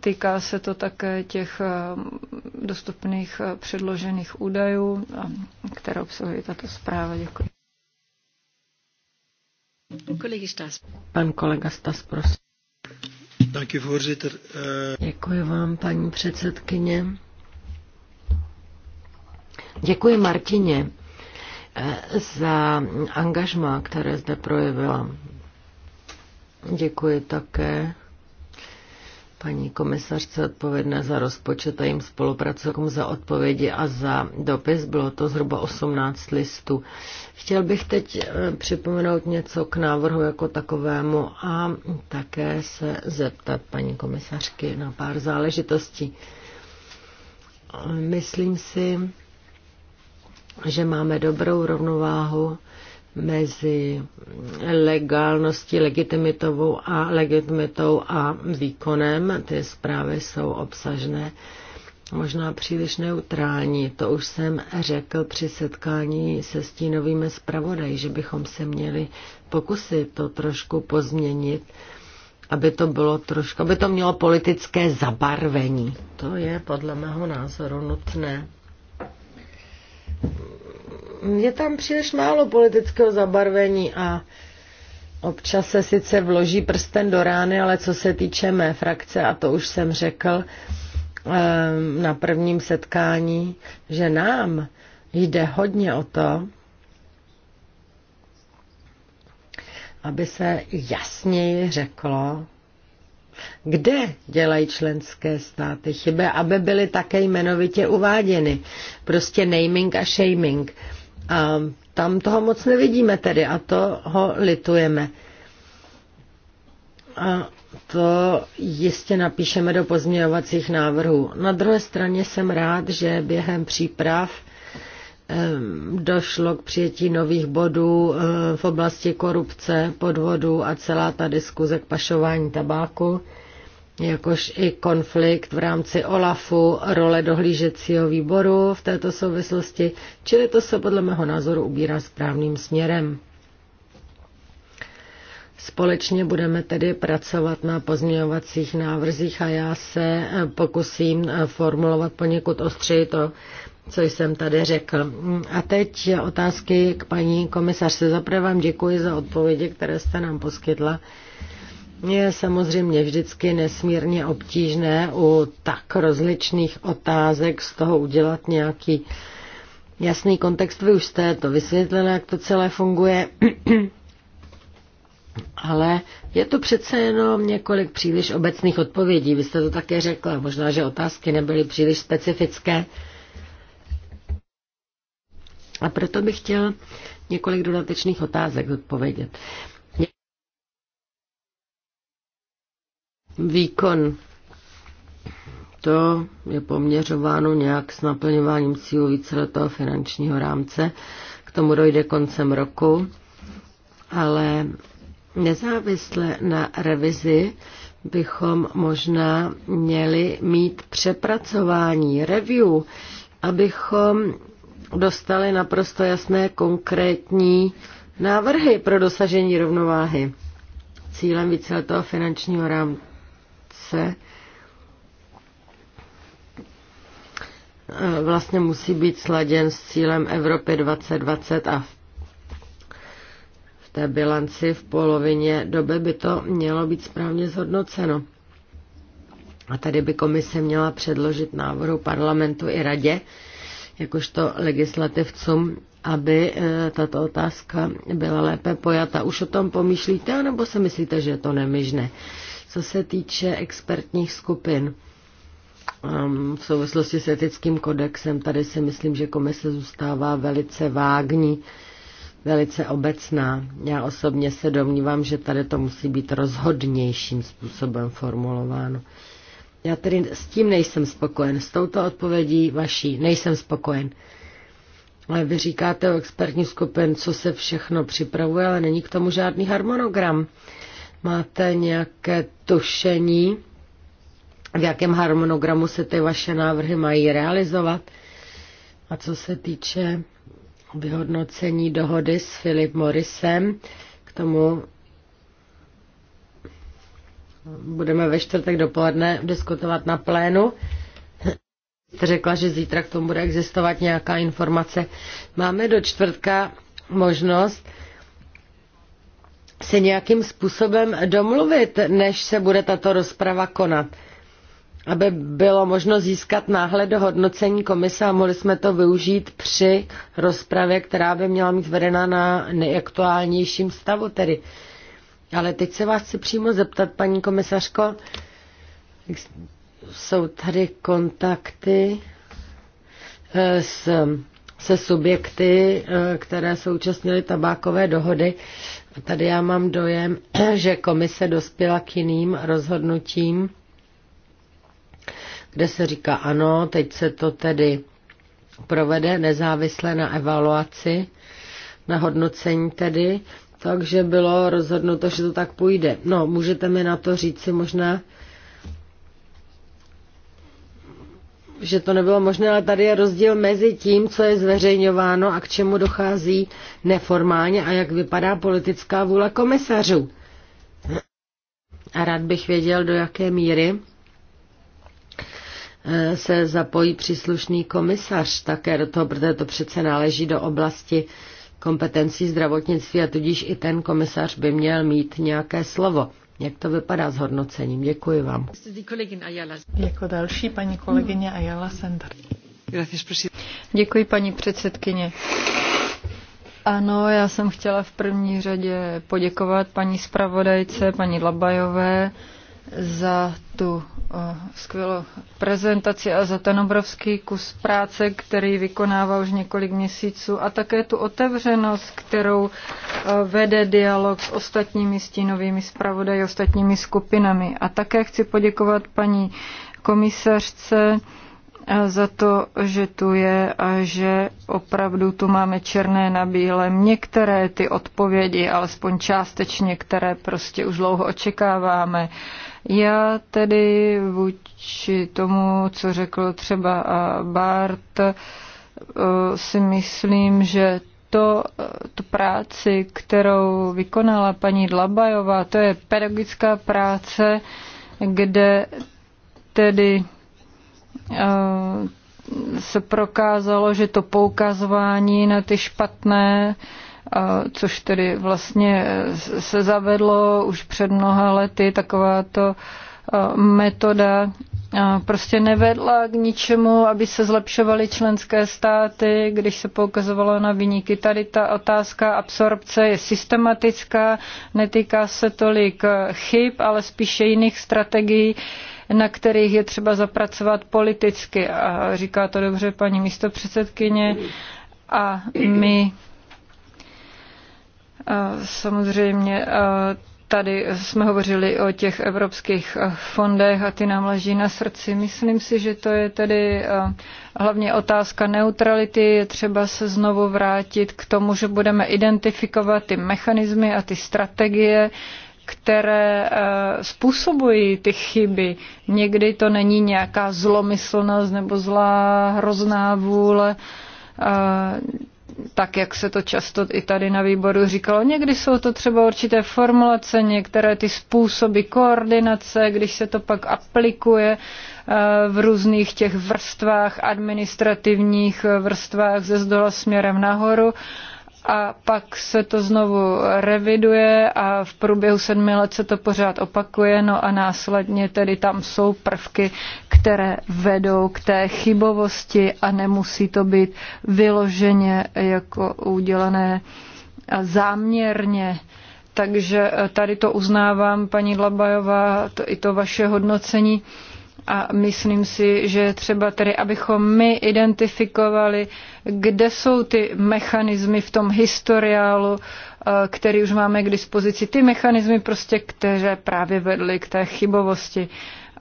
Týká se to také těch eh, dostupných eh, předložených údajů, které obsahuje tato zpráva. Děkuji. Pan kolega Stas, prosím. Uh, Děkuji vám, paní předsedkyně. Děkuji Martině eh, za angažma, které zde projevila. Děkuji také paní komisařce odpovědné za rozpočet a jim spolupracovkům za odpovědi a za dopis. Bylo to zhruba 18 listů. Chtěl bych teď eh, připomenout něco k návrhu jako takovému a také se zeptat paní komisařky na pár záležitostí. Myslím si, že máme dobrou rovnováhu mezi legálností, legitimitou a, legitimitou a výkonem. Ty zprávy jsou obsažné možná příliš neutrální. To už jsem řekl při setkání se stínovými zpravodaji, že bychom se měli pokusit to trošku pozměnit, aby to bylo trošku, aby to mělo politické zabarvení. To je podle mého názoru nutné je tam příliš málo politického zabarvení a občas se sice vloží prsten do rány, ale co se týče mé frakce, a to už jsem řekl ehm, na prvním setkání, že nám jde hodně o to, aby se jasněji řeklo, kde dělají členské státy chyby, aby byly také jmenovitě uváděny. Prostě naming a shaming. A tam toho moc nevidíme tedy a to ho litujeme. A to jistě napíšeme do pozměňovacích návrhů. Na druhé straně jsem rád, že během příprav došlo k přijetí nových bodů v oblasti korupce, podvodu a celá ta diskuze k pašování tabáku jakož i konflikt v rámci OLAFu, role dohlížecího výboru v této souvislosti, čili to se podle mého názoru ubírá správným směrem. Společně budeme tedy pracovat na pozměňovacích návrzích a já se pokusím formulovat poněkud ostřeji to, co jsem tady řekl. A teď otázky k paní komisařce. Zaprvé vám děkuji za odpovědi, které jste nám poskytla. Je samozřejmě vždycky nesmírně obtížné u tak rozličných otázek z toho udělat nějaký jasný kontext. Vy už jste to vysvětlili, jak to celé funguje, [CLEARS THROAT] ale je to přece jenom několik příliš obecných odpovědí. Vy jste to také řekla, možná, že otázky nebyly příliš specifické. A proto bych chtěl několik dodatečných otázek odpovědět. Výkon. To je poměřováno nějak s naplňováním cílů víceletého finančního rámce. K tomu dojde koncem roku, ale nezávisle na revizi bychom možná měli mít přepracování, review, abychom dostali naprosto jasné konkrétní návrhy pro dosažení rovnováhy. Cílem víceletého finančního rámce komise eh, vlastně musí být sladěn s cílem Evropy 2020 a v té bilanci v polovině doby by to mělo být správně zhodnoceno. A tady by komise měla předložit návrhu parlamentu i radě, jakožto legislativcům, aby eh, tato otázka byla lépe pojata. Už o tom pomýšlíte, anebo si myslíte, že je to nemyžné? Co se týče expertních skupin, um, v souvislosti s etickým kodexem, tady si myslím, že komise zůstává velice vágní, velice obecná. Já osobně se domnívám, že tady to musí být rozhodnějším způsobem formulováno. Já tedy s tím nejsem spokojen, s touto odpovědí vaší nejsem spokojen. Ale vy říkáte o expertní skupin, co se všechno připravuje, ale není k tomu žádný harmonogram. Máte nějaké tušení, v jakém harmonogramu se ty vaše návrhy mají realizovat? A co se týče vyhodnocení dohody s Philip Morrisem, k tomu budeme ve čtvrtek dopoledne diskutovat na plénu. Jste řekla, že zítra k tomu bude existovat nějaká informace. Máme do čtvrtka možnost se nějakým způsobem domluvit, než se bude tato rozprava konat, aby bylo možno získat náhled do hodnocení komise a mohli jsme to využít při rozpravě, která by měla mít vedena na nejaktuálnějším stavu tedy. Ale teď se vás chci přímo zeptat, paní komisařko, jsou tady kontakty eh, s, se subjekty, eh, které účastnily tabákové dohody. Tady já mám dojem, [CLEARS THROAT] že komise dospěla k jiným rozhodnutím, kde se říká ano, teď se to tedy provede nezávisle na evaluaci, na hodnocení tedy, takže bylo rozhodnuto, že to tak půjde. No, můžete mi na to říci možná, že to nebylo možné, ale tady je rozdíl mezi tím, co je zveřejňováno a k čemu dochází neformálně a jak vypadá politická vůle komisařů. A rád bych věděl, do jaké míry eh, se zapojí příslušný komisař také do toho, protože to přece náleží do oblasti kompetencí zdravotnictví a tudíž i ten komisař by měl mít nějaké slovo jak to vypadá s hodnocením. Děkuji vám. Jako další paní kolegyně Ayala Sender. Děkuji paní předsedkyně. Ano, já jsem chtěla v první řadě poděkovat paní zpravodajce, paní Labajové, za tu eh, skvělou prezentaci a za ten obrovský kus práce, který vykonává už několik měsíců a také tu otevřenost, kterou eh, vede dialog s ostatními stínovými zpravodaji, ostatními skupinami. A také chci poděkovat paní komisařce za to, že tu je a že opravdu tu máme černé na bílém některé ty odpovědi, alespoň částečně, které prostě už dlouho očekáváme. Já tedy vůči tomu, co řekl třeba Bart, eh, si myslím, že to, eh, tu práci, kterou vykonala paní Dlabajová, to je pedagogická práce, kde tedy Eh, se prokázalo, že to poukazování na ty špatné, eh, což tedy vlastně se zavedlo už před mnoha lety, taková to eh, metoda prostě nevedla k ničemu, aby se zlepšovaly členské státy, když se poukazovalo na vyniky. Tady ta otázka absorpce je systematická, netýká se tolik chyb, ale spíše jiných strategií, na kterých je třeba zapracovat politicky. A říká to dobře paní místopředsedkyně. A my samozřejmě tady jsme hovořili o těch evropských fondech a ty nám leží na srdci. Myslím si, že to je tedy hlavně otázka neutrality. Je třeba se znovu vrátit k tomu, že budeme identifikovat ty mechanismy a ty strategie, které eh, způsobují ty chyby. Někdy to není nějaká zlomyslnost nebo zlá hrozná vůle, eh, tak jak se to často i tady na výboru říkalo. Někdy jsou to třeba určité formulace, některé ty způsoby koordinace, když se to pak aplikuje eh, v různých těch vrstvách, administrativních vrstvách ze zdola směrem nahoru a pak se to znovu reviduje a v průběhu sedmi let se to pořád opakuje, no a následně tedy tam jsou prvky, které vedou k té chybovosti a nemusí to být vyloženě jako udělané záměrně. Takže tady to uznávám, paní Dlabajová, to, i to vaše hodnocení. A myslím si, že třeba tedy, abychom my identifikovali, kde jsou ty mechanismy v tom historiálu, eh, který už máme k dispozici, ty mechanismy prostě, které právě vedly k té chybovosti.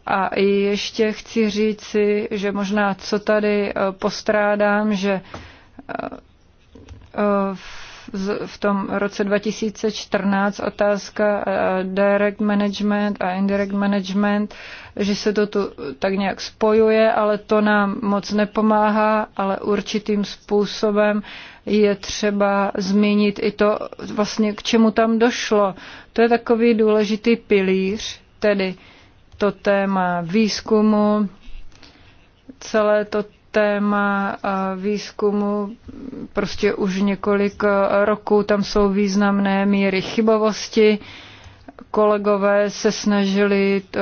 A ještě chci říci, že možná co tady eh, postrádám, že eh, v v tom roce 2014 otázka eh, direct management a indirect management, že se to tu tak nějak spojuje, ale to nám moc nepomáhá, ale určitým způsobem je třeba zmínit i to, vlastně k čemu tam došlo. To je takový důležitý pilíř, tedy to téma výzkumu, celé to téma výzkumu prostě už několik e, roků. Tam jsou významné míry chybovosti. Kolegové se snažili e,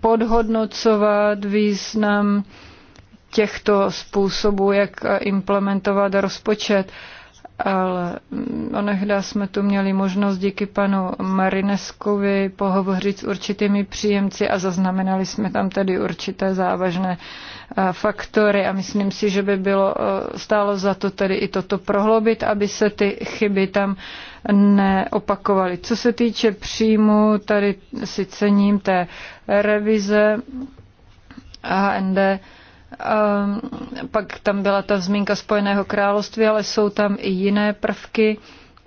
podhodnocovat význam těchto způsobů, jak e, implementovat rozpočet ale onehda jsme tu měli možnost díky panu Marineskovi pohovořit s určitými příjemci a zaznamenali jsme tam tedy určité závažné eh, faktory a myslím si, že by bylo eh, stálo za to tedy i toto prohloubit, aby se ty chyby tam neopakovaly. Co se týče příjmu, tady si cením té revize AND Ehm, pak tam byla ta zmínka Spojeného království, ale jsou tam i jiné prvky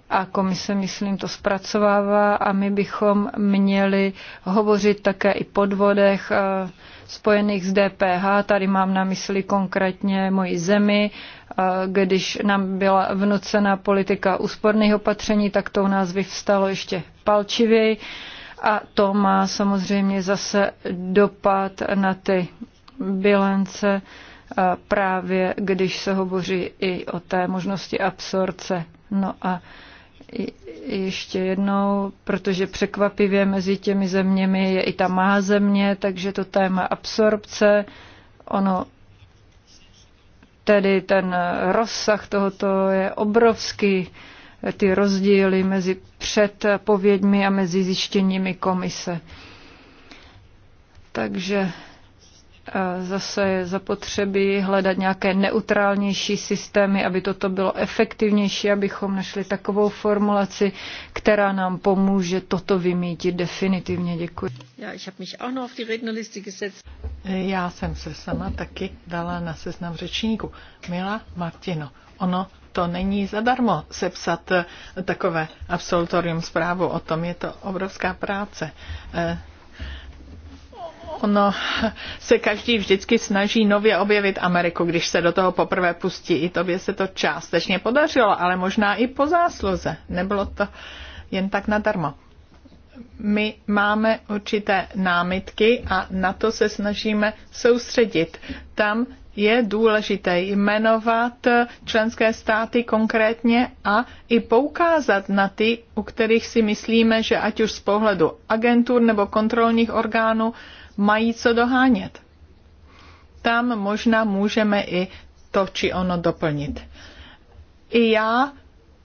a komise, myslím, to zpracovává a my bychom měli hovořit také i podvodech eh, spojených s DPH. Tady mám na mysli konkrétně moji zemi. Eh, když nám byla vnucena politika úsporných opatření, tak to u nás vyvstalo ještě palčivěji. A to má samozřejmě zase dopad na ty bilance právě, když se hovoří i o té možnosti absorce. No a ještě jednou, protože překvapivě mezi těmi zeměmi je i ta má země, takže to téma absorpce, ono tedy ten rozsah tohoto je obrovský, ty rozdíly mezi předpovědmi a mezi zjištěními komise. Takže Zase zapotřebí hledat nějaké neutrálnější systémy, aby toto bylo efektivnější, abychom našli takovou formulaci, která nám pomůže toto vymítit definitivně. Děkuji. Já jsem se sama taky dala na seznam řečníku. Mila Martino, ono to není zadarmo sepsat eh, takové absolutorium zprávu, o tom je to obrovská práce. Eh, ono se každý vždycky snaží nově objevit Ameriku, když se do toho poprvé pustí. I tobě se to částečně podařilo, ale možná i po zásluze. Nebylo to jen tak nadarmo. My máme určité námitky a na to se snažíme soustředit. Tam je důležité jmenovat členské státy konkrétně a i poukázat na ty, u kterých si myslíme, že ať už z pohledu agentur nebo kontrolních orgánů mají co dohánět. Tam možná můžeme i to či ono doplnit. I já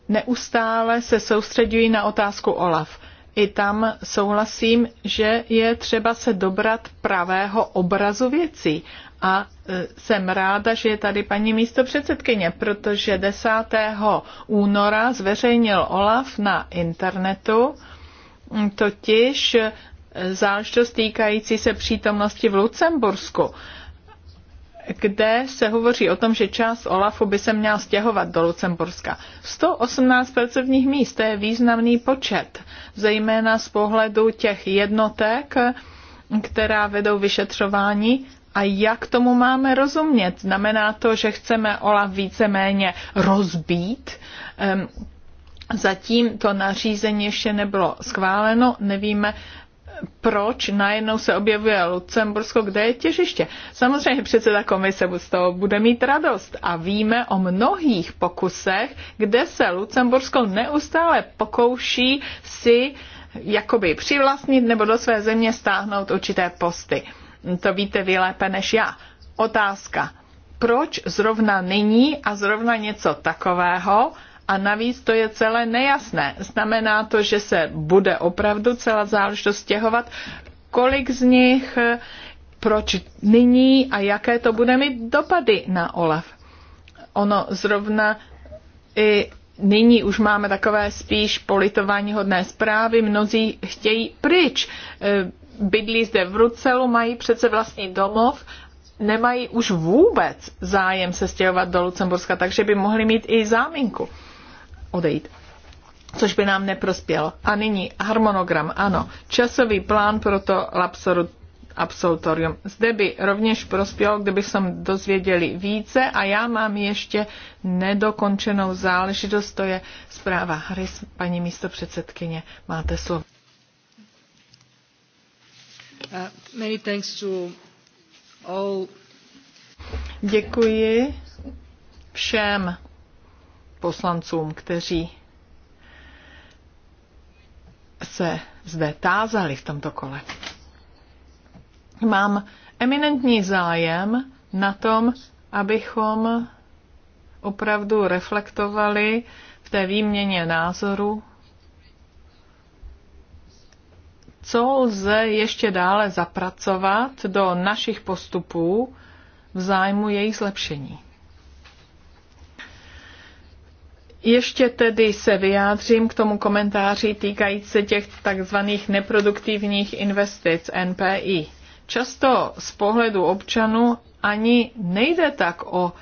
neustále se soustředuji na otázku OLAF. I tam souhlasím, že je třeba se dobrat pravého obrazu věcí. A e, jsem ráda, že je tady paní místo předsedkyně, protože 10. února zveřejnil OLAF na internetu totiž záležitost týkající se přítomnosti v Lucembursku, kde se hovoří o tom, že část OLAFu by se měla stěhovat do Lucemburska. 118 pracovních míst, to je významný počet, zejména z pohledu těch jednotek, která vedou vyšetřování, a jak tomu máme rozumět? Znamená to, že chceme OLAF víceméně rozbít? Ehm, zatím to nařízení ještě nebylo schváleno, nevíme, proč najednou se objevuje Lucembursko, kde je těžiště. Samozřejmě předseda komise z toho bude mít radost a víme o mnohých pokusech, kde se Lucembursko neustále pokouší si jakoby přivlastnit nebo do své země stáhnout určité posty. To víte vy lépe než já. Otázka. Proč zrovna nyní a zrovna něco takového a navíc to je celé nejasné. Znamená to, že se bude opravdu celá záležitost stěhovat. Kolik z nich, eh, proč nyní a jaké to bude mít dopady na OLAF? Ono zrovna i nyní už máme takové spíš politování hodné zprávy. Mnozí chtějí pryč. Eh, bydlí zde v Rucelu, mají přece vlastní domov nemají už vůbec zájem se stěhovat do Lucemburska, takže by mohli mít i záminku odejít což by nám neprospělo. A nyní harmonogram, ano. Časový plán pro to absolutorium. Zde by rovněž prospělo, kdyby jsem dozvěděli více a já mám ještě nedokončenou záležitost, to je zpráva hry, paní místo předsedkyně, máte slovo. Uh, many thanks to all. Děkuji všem poslancům, kteří se zde tázali v tomto kole. Mám eminentní zájem na tom, abychom opravdu reflektovali v té výměně názoru, co lze ještě dále zapracovat do našich postupů v zájmu jejich zlepšení. Ještě tedy se vyjádřím k tomu komentáři týkající se těch takzvaných neproduktivních investic NPI. Často z pohledu občanů ani nejde tak o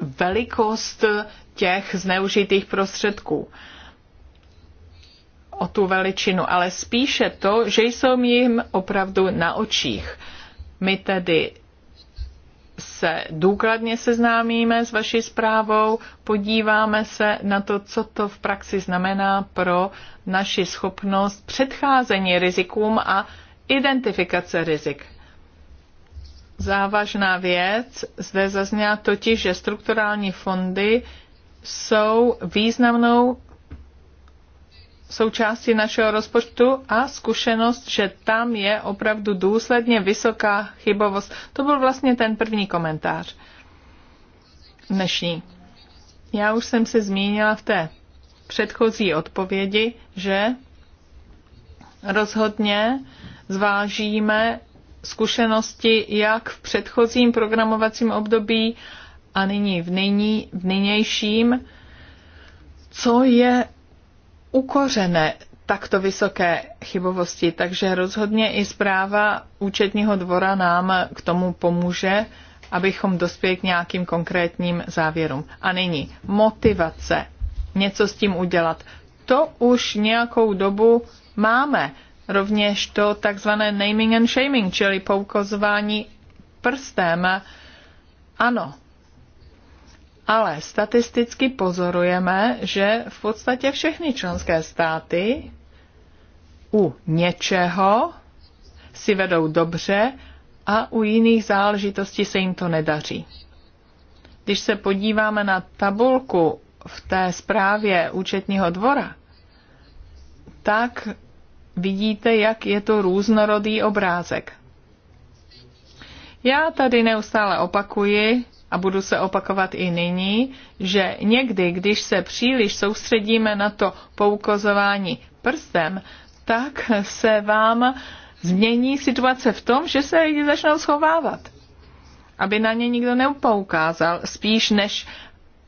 velikost těch zneužitých prostředků, o tu veličinu, ale spíše to, že jsou jim opravdu na očích. My tedy se důkladně seznámíme s vaší zprávou, podíváme se na to, co to v praxi znamená pro naši schopnost předcházení rizikům a identifikace rizik. Závažná věc, zde zazněla totiž, že strukturální fondy jsou významnou součástí našeho rozpočtu a zkušenost, že tam je opravdu důsledně vysoká chybovost. To byl vlastně ten první komentář dnešní. Já už jsem se zmínila v té předchozí odpovědi, že rozhodně zvážíme zkušenosti jak v předchozím programovacím období a nyní v, nyní, v nynějším, co je ukořené takto vysoké chybovosti, takže rozhodně i zpráva účetního dvora nám k tomu pomůže, abychom dospěli k nějakým konkrétním závěrům. A nyní motivace, něco s tím udělat. To už nějakou dobu máme. Rovněž to takzvané naming and shaming, čili poukazování prstem. Ano, ale statisticky pozorujeme, že v podstatě všechny členské státy u něčeho si vedou dobře a u jiných záležitostí se jim to nedaří. Když se podíváme na tabulku v té zprávě účetního dvora, tak vidíte, jak je to různorodý obrázek. Já tady neustále opakuji, a budu se opakovat i nyní, že někdy, když se příliš soustředíme na to poukazování prstem, tak se vám změní situace v tom, že se lidi začnou schovávat. Aby na ně nikdo neupoukázal, spíš než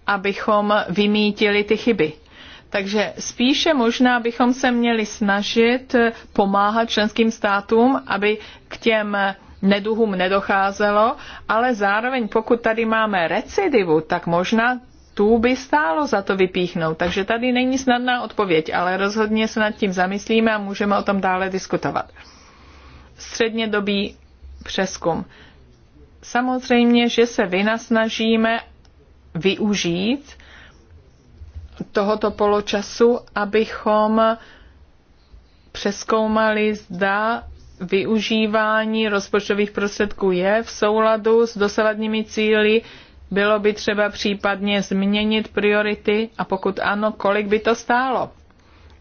abychom vymítili ty chyby. Takže spíše možná bychom se měli snažit pomáhat členským státům, aby k těm neduhům nedocházelo, ale zároveň pokud tady máme recidivu, tak možná tu by stálo za to vypíchnout. Takže tady není snadná odpověď, ale rozhodně se nad tím zamyslíme a můžeme o tom dále diskutovat. dobí přeskum. Samozřejmě, že se vynasnažíme využít tohoto poločasu, abychom přeskoumali, zda využívání rozpočtových prostředků je v souladu s dosavadními cíly, bylo by třeba případně změnit priority a pokud ano, kolik by to stálo.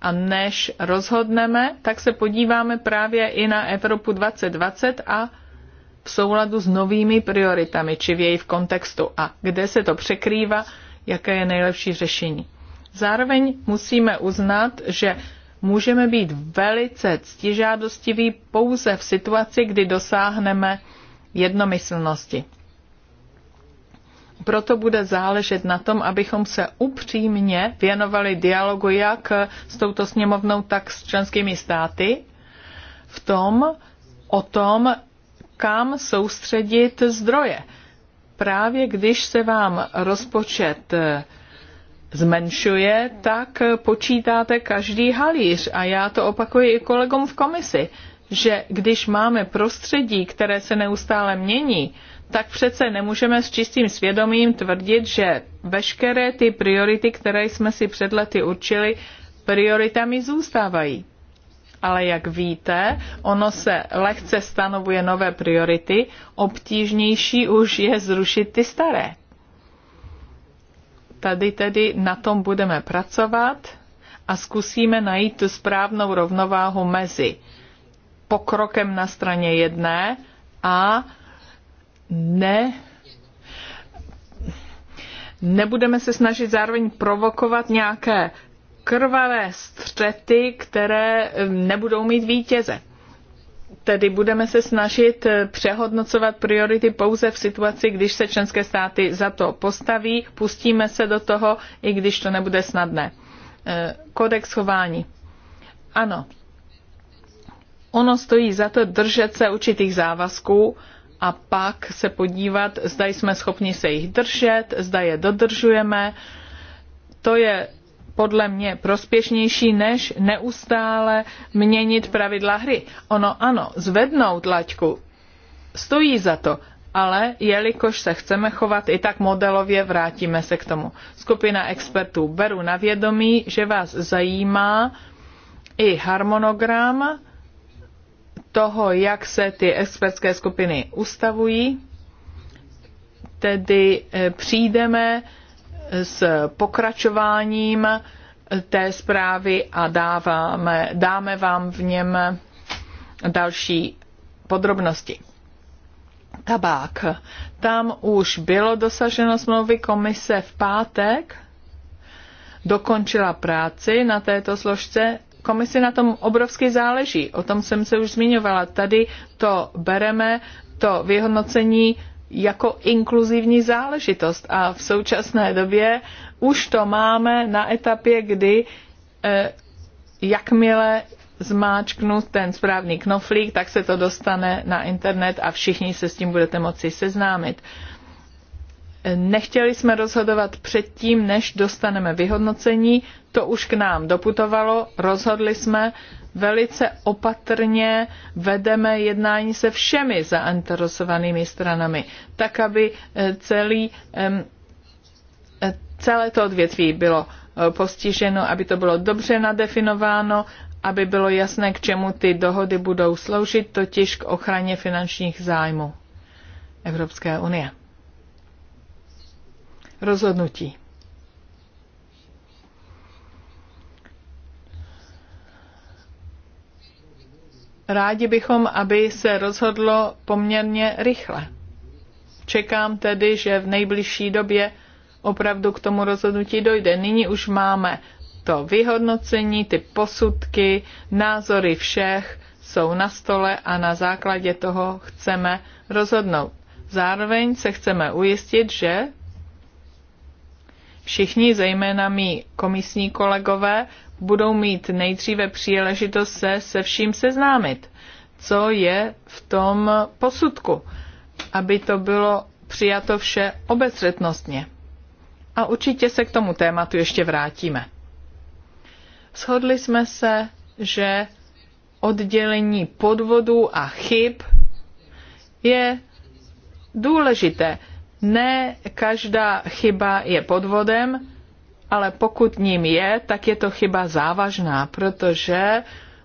A než rozhodneme, tak se podíváme právě i na Evropu 2020 a v souladu s novými prioritami, či v jejich kontextu a kde se to překrývá, jaké je nejlepší řešení. Zároveň musíme uznat, že můžeme být velice ctižádostiví pouze v situaci, kdy dosáhneme jednomyslnosti. Proto bude záležet na tom, abychom se upřímně věnovali dialogu jak s touto sněmovnou, tak s členskými státy v tom, o tom, kam soustředit zdroje. Právě když se vám rozpočet zmenšuje, tak počítáte každý halíř. A já to opakuji i kolegům v komisi, že když máme prostředí, které se neustále mění, tak přece nemůžeme s čistým svědomím tvrdit, že veškeré ty priority, které jsme si před lety určili, prioritami zůstávají. Ale jak víte, ono se lehce stanovuje nové priority, obtížnější už je zrušit ty staré. Tady tedy na tom budeme pracovat a zkusíme najít tu správnou rovnováhu mezi pokrokem na straně jedné a ne nebudeme se snažit zároveň provokovat nějaké krvavé střety, které eh, nebudou mít vítěze tedy budeme se snažit eh, přehodnocovat priority pouze v situaci, když se členské státy za to postaví, pustíme se do toho, i když to nebude snadné. Eh, kodex chování. Ano, ono stojí za to držet se určitých závazků a pak se podívat, zda jsme schopni se jich držet, zda je dodržujeme. To je podle mě prospěšnější, než neustále měnit pravidla hry. Ono ano, zvednout laťku stojí za to, ale jelikož se chceme chovat i tak modelově, vrátíme se k tomu. Skupina expertů beru na vědomí, že vás zajímá i harmonogram toho, jak se ty expertské skupiny ustavují, tedy eh, přijdeme s pokračováním té zprávy a dáváme, dáme vám v něm další podrobnosti. Tabák. Tam už bylo dosaženo smlouvy komise v pátek, dokončila práci na této složce. Komisi na tom obrovsky záleží, o tom jsem se už zmiňovala. Tady to bereme, to vyhodnocení jako inkluzivní záležitost. A v současné době už to máme na etapě, kdy eh, jakmile zmáčknu ten správný knoflík, tak se to dostane na internet a všichni se s tím budete moci seznámit. Nechtěli jsme rozhodovat předtím, než dostaneme vyhodnocení, to už k nám doputovalo, rozhodli jsme velice opatrně vedeme jednání se všemi zainteresovanými stranami, tak aby eh, celý, eh, celé to odvětví bylo eh, postiženo, aby to bylo dobře nadefinováno, aby bylo jasné, k čemu ty dohody budou sloužit, totiž k ochraně finančních zájmů Evropské unie. Rozhodnutí. Rádi bychom, aby se rozhodlo poměrně rychle. Čekám tedy, že v nejbližší době opravdu k tomu rozhodnutí dojde. Nyní už máme to vyhodnocení, ty posudky, názory všech jsou na stole a na základě toho chceme rozhodnout. Zároveň se chceme ujistit, že všichni, zejména mý komisní kolegové, budou mít nejdříve příležitost se se vším seznámit, co je v tom posudku, aby to bylo přijato vše obezřetnostně. A určitě se k tomu tématu ještě vrátíme. Shodli jsme se, že oddělení podvodů a chyb je důležité. Ne každá chyba je podvodem, ale pokud ním je, tak je to chyba závažná, protože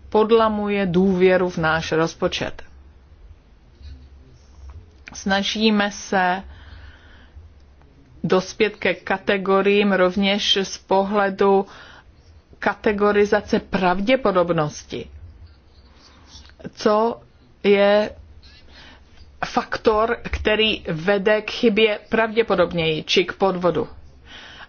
podlamuje důvěru v náš rozpočet. Snažíme se dospět ke kategoriím rovněž z pohledu kategorizace pravděpodobnosti. Co je faktor, který vede k chybě pravděpodobněji či k podvodu.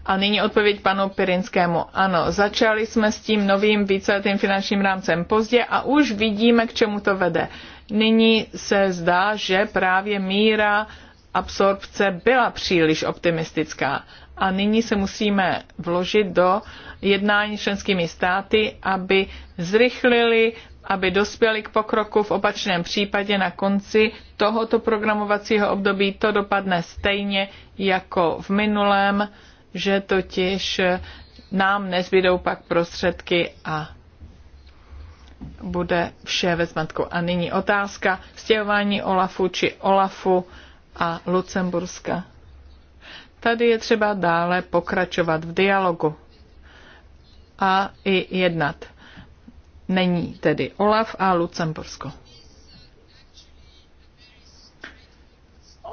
A nyní odpověď panu Pirinskému. Ano, začali jsme s tím novým víceletým finančním rámcem pozdě a už vidíme, k čemu to vede. Nyní se zdá, že právě míra absorpce byla příliš optimistická. A nyní se musíme vložit do jednání s členskými státy, aby zrychlili, aby dospěli k pokroku. V opačném případě na konci tohoto programovacího období to dopadne stejně jako v minulém že totiž nám nezbydou pak prostředky a bude vše ve zmatku. A nyní otázka stěhování Olafu či Olafu a Lucemburska. Tady je třeba dále pokračovat v dialogu a i jednat. Není tedy Olaf a Lucembursko.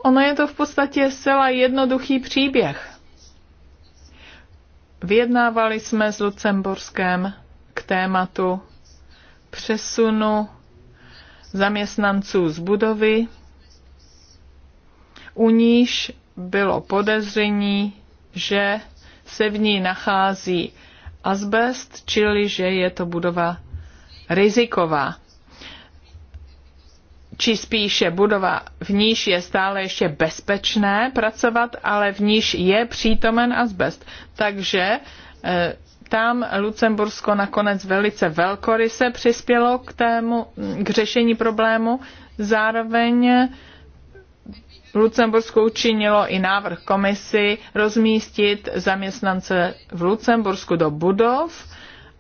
Ono je to v podstatě zcela jednoduchý příběh. Vyjednávali jsme s Lucemburskem k tématu přesunu zaměstnanců z budovy, u níž bylo podezření, že se v ní nachází asbest, čili že je to budova riziková či spíše budova, v níž je stále ještě bezpečné pracovat, ale v níž je přítomen asbest. Takže e, tam Lucembursko nakonec velice velkoryse přispělo k, tému, k řešení problému. Zároveň Lucembursko učinilo i návrh komisi rozmístit zaměstnance v Lucembursku do budov,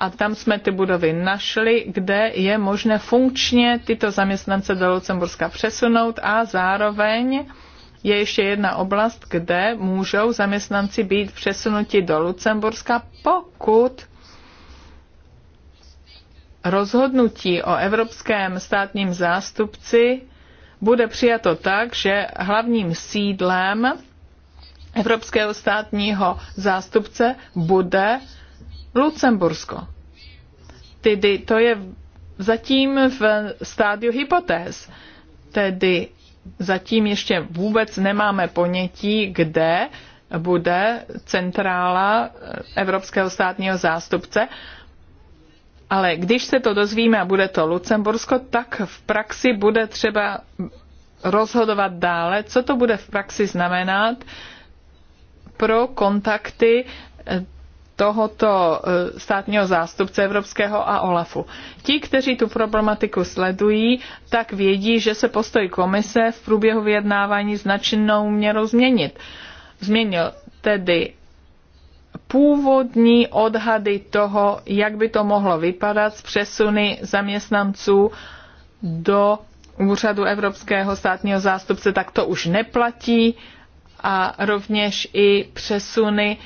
a tam jsme ty budovy našli, kde je možné funkčně tyto zaměstnance do Lucemburska přesunout a zároveň je ještě jedna oblast, kde můžou zaměstnanci být přesunuti do Lucemburska, pokud rozhodnutí o evropském státním zástupci bude přijato tak, že hlavním sídlem evropského státního zástupce bude Lucembursko. Tedy to je zatím v stádiu hypotéz. Tedy zatím ještě vůbec nemáme ponětí, kde bude centrála eh, Evropského státního zástupce. Ale když se to dozvíme a bude to Lucembursko, tak v praxi bude třeba rozhodovat dále, co to bude v praxi znamenat pro kontakty eh, tohoto eh, státního zástupce evropského a OLAFu. Ti, kteří tu problematiku sledují, tak vědí, že se postoj komise v průběhu vyjednávání značnou měrou změnit. Změnil tedy původní odhady toho, jak by to mohlo vypadat s přesuny zaměstnanců do úřadu Evropského státního zástupce, tak to už neplatí a rovněž i přesuny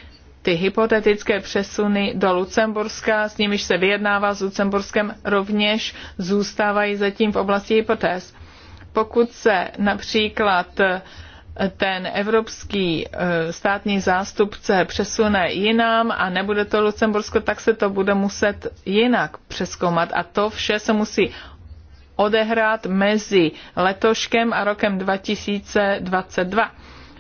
ty hypotetické přesuny do Lucemburska, s nimiž se vyjednává s Lucemburskem, rovněž zůstávají zatím v oblasti hypotéz. Pokud se například eh, ten evropský eh, státní zástupce přesune jinam a nebude to Lucembursko, tak se to bude muset jinak přeskoumat. A to vše se musí odehrát mezi letoškem a rokem 2022.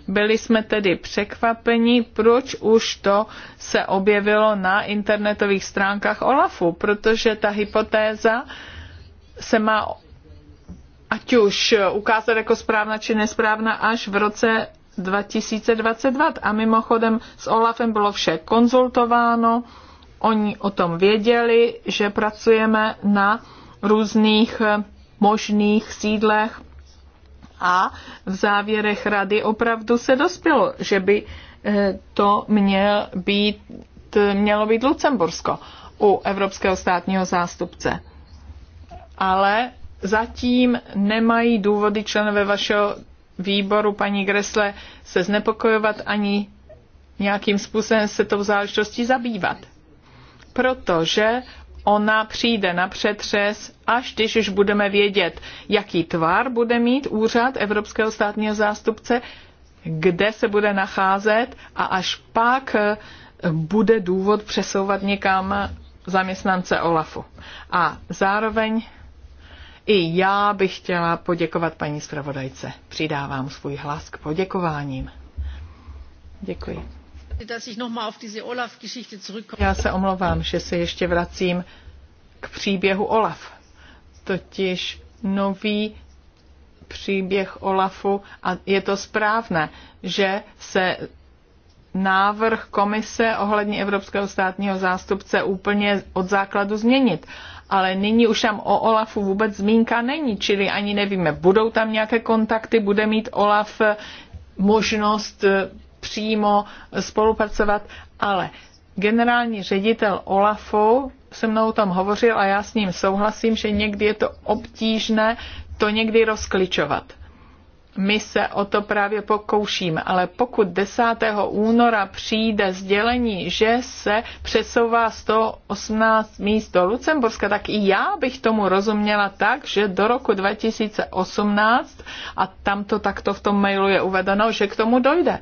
Byli jsme tedy překvapeni, proč už to se objevilo na internetových stránkách OLAFu, protože ta hypotéza se má ať už ukázat jako správná či nesprávná až v roce 2022. A mimochodem s OLAFem bylo vše konzultováno, oni o tom věděli, že pracujeme na různých možných sídlech a v závěrech rady opravdu se dospělo, že by eh, to měl být, mělo být Lucembursko u evropského státního zástupce. Ale zatím nemají důvody členové vašeho výboru, paní Gresle, se znepokojovat ani nějakým způsobem se tou záležitostí zabývat. Protože ona přijde na přetřes, až když už budeme vědět, jaký tvar bude mít úřad Evropského státního zástupce, kde se bude nacházet a až pak eh, bude důvod přesouvat někam zaměstnance OLAFu. A zároveň i já bych chtěla poděkovat paní zpravodajce. Přidávám svůj hlas k poděkováním. Děkuji. Já se omlouvám, že se ještě vracím k příběhu Olaf. Totiž nový příběh Olafu a je to správné, že se návrh komise ohledně Evropského státního zástupce úplně od základu změnit. Ale nyní už tam o Olafu vůbec zmínka není, čili ani nevíme, budou tam nějaké kontakty, bude mít Olaf možnost eh, přímo spolupracovat, ale generální ředitel OLAFu se mnou tam hovořil a já s ním souhlasím, že někdy je to obtížné to někdy rozkličovat. My se o to právě pokoušíme, ale pokud 10. února přijde sdělení, že se přesouvá 118 míst do Lucemburska, tak i já bych tomu rozuměla tak, že do roku 2018, a tam to takto v tom mailu je uvedeno, že k tomu dojde.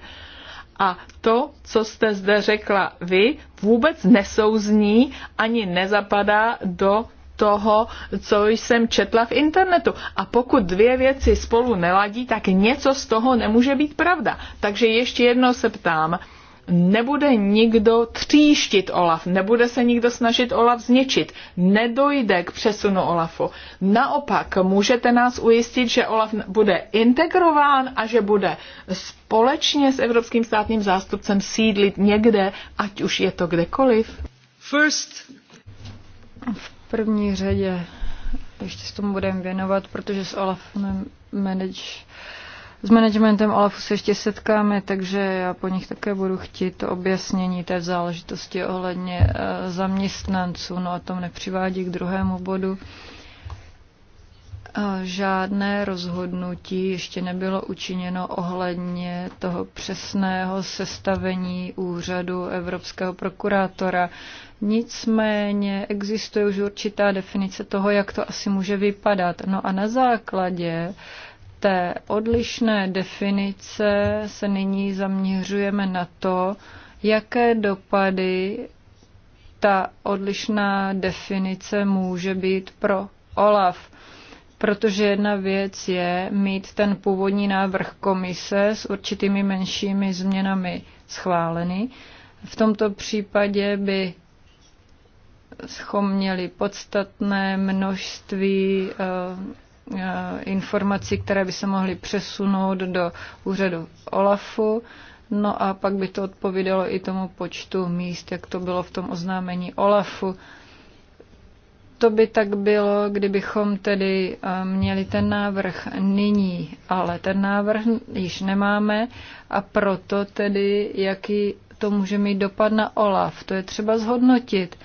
A to, co jste zde řekla vy, vůbec nesouzní ani nezapadá do toho, co jsem četla v internetu. A pokud dvě věci spolu neladí, tak něco z toho nemůže být pravda. Takže ještě jednou se ptám, nebude nikdo tříštit Olaf, nebude se nikdo snažit Olaf zničit, nedojde k přesunu Olafu. Naopak, můžete nás ujistit, že Olaf bude integrován a že bude společně s Evropským státním zástupcem sídlit někde, ať už je to kdekoliv. First. V první řadě ještě s tomu budeme věnovat, protože s Olafem manage s managementem Olafu se ještě setkáme, takže já po nich také budu chtít to objasnění té záležitosti ohledně eh, zaměstnanců. No a to nepřivádí přivádí k druhému bodu. Eh, žádné rozhodnutí ještě nebylo učiněno ohledně toho přesného sestavení úřadu Evropského prokurátora. Nicméně existuje už určitá definice toho, jak to asi může vypadat. No a na základě té odlišné definice se nyní zaměřujeme na to, jaké dopady ta odlišná definice může být pro OLAF. Protože jedna věc je mít ten původní návrh komise s určitými menšími změnami schválený. V tomto případě by schom měli podstatné množství eh, Eh, informací, které by se mohly přesunout do úřadu OLAFu. No a pak by to odpovídalo i tomu počtu míst, jak to bylo v tom oznámení OLAFu. To by tak bylo, kdybychom tedy eh, měli ten návrh nyní, ale ten návrh již nemáme a proto tedy, jaký to může mít dopad na OLAF, to je třeba zhodnotit.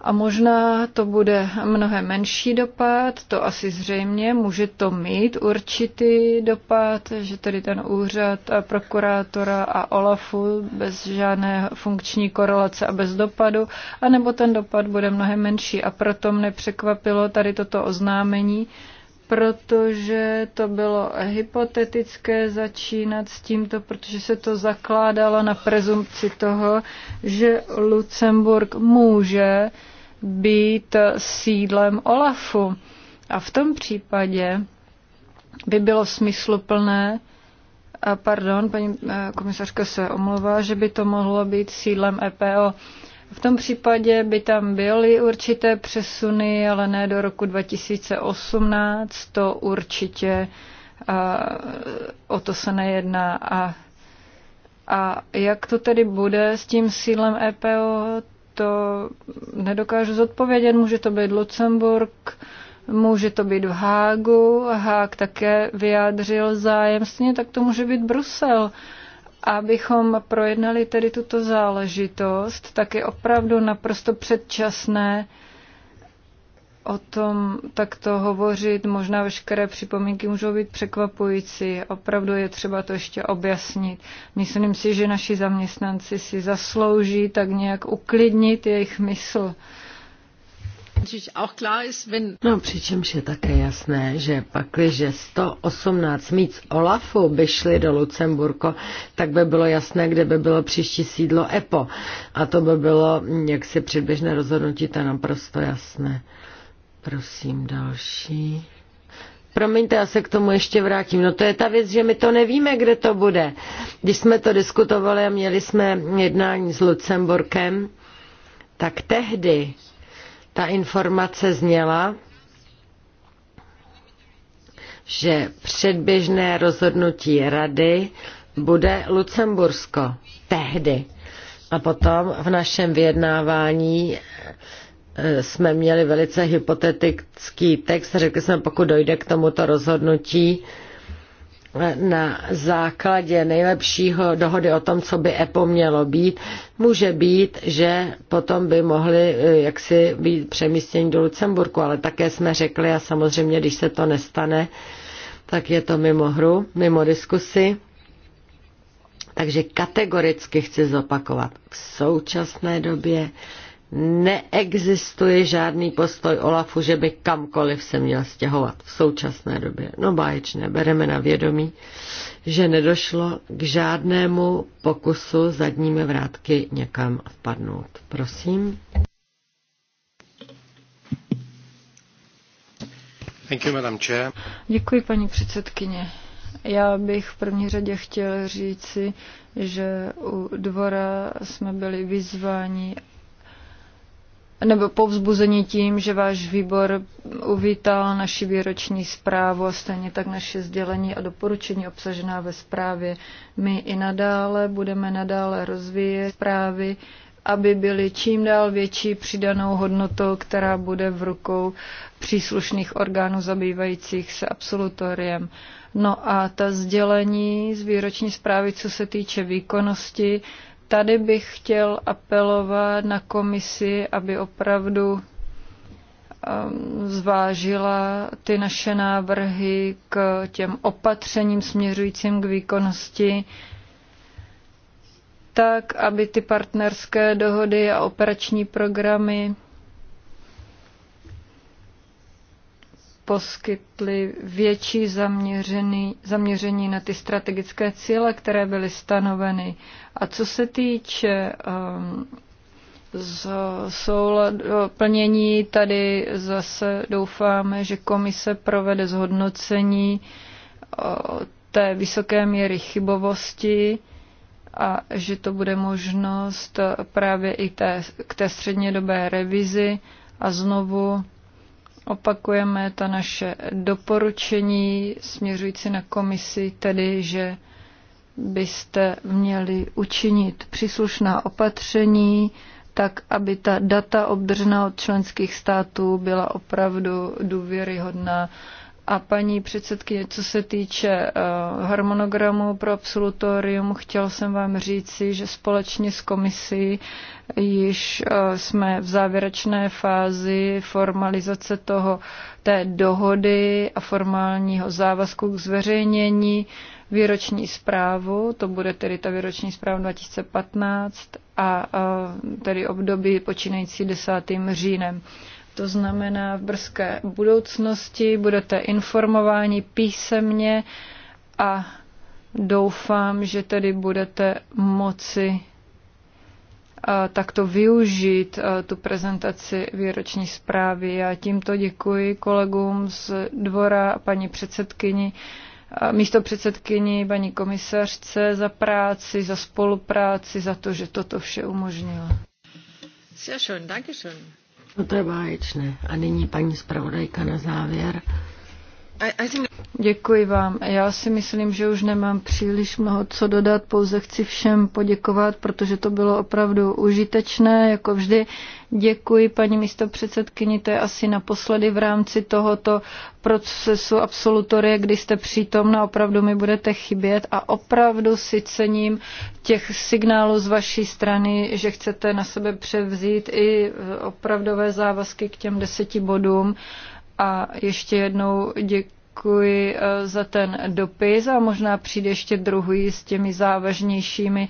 A možná to bude mnohem menší dopad, to asi zřejmě může to mít určitý dopad, že tedy ten úřad prokurátora a OLAFu bez žádné funkční korelace a bez dopadu, anebo ten dopad bude mnohem menší. A proto mne překvapilo tady toto oznámení, protože to bylo hypotetické začínat s tímto, protože se to zakládalo na prezumpci toho, že Lucemburg může být sídlem Olafu. A v tom případě by bylo smysluplné, a pardon, paní eh, komisařka se omlouvá, že by to mohlo být sídlem EPO. V tom případě by tam byly určité přesuny, ale ne do roku 2018, to určitě a, o to se nejedná. A, a jak to tedy bude s tím sílem EPO, to nedokážu zodpovědět. Může to být Lucemburg, může to být v Hágu, Hág také vyjádřil zájem, stejně tak to může být Brusel abychom projednali tedy tuto záležitost, tak je opravdu naprosto předčasné o tom takto hovořit. Možná veškeré připomínky můžou být překvapující. Opravdu je třeba to ještě objasnit. Myslím si, že naši zaměstnanci si zaslouží tak nějak uklidnit jejich mysl. No přičemž je také jasné, že pakliže 118 míc Olafu by šli do Lucemburko, tak by bylo jasné, kde by bylo příští sídlo EPO. A to by bylo jaksi předběžné rozhodnutí, to je naprosto jasné. Prosím další. Promiňte, já se k tomu ještě vrátím. No to je ta věc, že my to nevíme, kde to bude. Když jsme to diskutovali a měli jsme jednání s Lucemburkem, tak tehdy ta informace zněla, že předběžné rozhodnutí rady bude Lucembursko tehdy. A potom v našem vyjednávání eh, jsme měli velice hypotetický text. Řekli jsme, pokud dojde k tomuto rozhodnutí, na základě nejlepšího dohody o tom, co by EPO mělo být, může být, že potom by mohli eh, jaksi být přemístěni do Lucemburku, ale také jsme řekli a samozřejmě, když se to nestane, tak je to mimo hru, mimo diskusi. Takže kategoricky chci zopakovat. V současné době neexistuje žádný postoj Olafu, že by kamkoliv se měl stěhovat v současné době. No báječné, bereme na vědomí, že nedošlo k žádnému pokusu zadními vrátky někam vpadnout. Prosím. Thank you, Madam Chair. Děkuji, paní předsedkyně. Já bych v první řadě chtěl říci, že u dvora jsme byli vyzváni, nebo vzbuzení tím, že váš výbor uvítal naši výroční zprávu a stejně tak naše sdělení a doporučení obsažená ve zprávě. My i nadále budeme nadále rozvíjet zprávy, aby byly čím dál větší přidanou hodnotou, která bude v rukou příslušných orgánů zabývajících se absolutoriem. No a ta sdělení z výroční zprávy, co se týče výkonnosti, tady bych chtěl apelovat na komisi, aby opravdu um, zvážila ty naše návrhy k těm opatřením směřujícím k výkonnosti, tak, aby ty partnerské dohody a operační programy poskytli větší zaměřený, zaměření na ty strategické cíle, které byly stanoveny. A co se týče um, z soulad, plnění, tady zase doufáme, že komise provede zhodnocení té vysoké míry chybovosti a že to bude možnost právě i té, k té střednědobé revizi a znovu Opakujeme ta naše doporučení směřující na komisi, tedy že byste měli učinit příslušná opatření, tak aby ta data obdržená od členských států byla opravdu důvěryhodná a paní předsedkyně, co se týče eh, harmonogramu pro absolutorium, chtěl jsem vám říci, že společně s komisí již eh, jsme v závěrečné fázi formalizace toho, té dohody a formálního závazku k zveřejnění výroční zprávu, to bude tedy ta výroční zpráva 2015 a eh, tedy období počínající 10. říjnem. To znamená, v brzké budoucnosti budete informováni písemně a doufám, že tedy budete moci takto využít tu prezentaci výroční zprávy. Já tímto děkuji kolegům z dvora a paní předsedkyni, místo předsedkyni, paní komisařce za práci, za spolupráci, za to, že toto vše umožnila. Sehr schön, danke schön. No to je báječné. A nyní paní zpravodajka na závěr. Děkuji vám. Já si myslím, že už nemám příliš mnoho co dodat, pouze chci všem poděkovat, protože to bylo opravdu užitečné, jako vždy. Děkuji paní předsedkyni, to je asi naposledy v rámci tohoto procesu absolutorie, kdy jste přítomna, opravdu mi budete chybět a opravdu si cením těch signálů z vaší strany, že chcete na sebe převzít i opravdové závazky k těm deseti bodům a ještě jednou děkuji eh, za ten dopis a možná přijde ještě druhý s těmi závažnějšími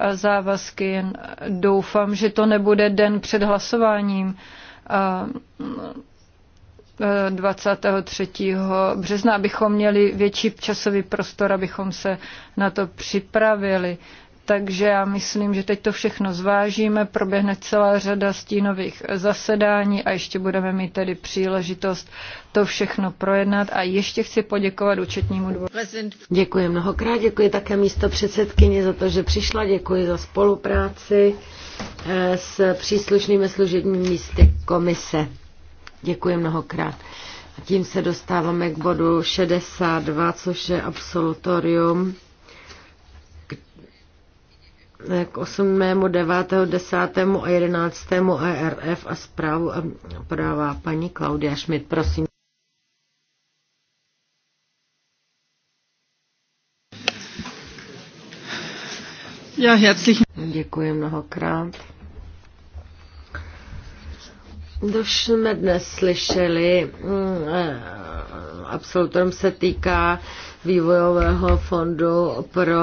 eh, závazky. Jen doufám, že to nebude den před hlasováním. 23. Eh, března, abychom měli větší časový prostor, abychom se na to připravili takže já myslím, že teď to všechno zvážíme, proběhne celá řada stínových zasedání a ještě budeme mít tedy příležitost to všechno projednat a ještě chci poděkovat účetnímu dvoru. Děkuji mnohokrát, děkuji také místo předsedkyně za to, že přišla, děkuji za spolupráci eh, s příslušnými služebními místy komise. Děkuji mnohokrát. A tím se dostáváme k bodu 62, což je absolutorium k 8., 9., 10. a 11. ERF a zprávu a podává paní Klaudia Schmidt, prosím. Já herzlich. Děkuji mnohokrát. Dož jsme dnes slyšeli, mm, e, absolutorem se týká vývojového fondu pro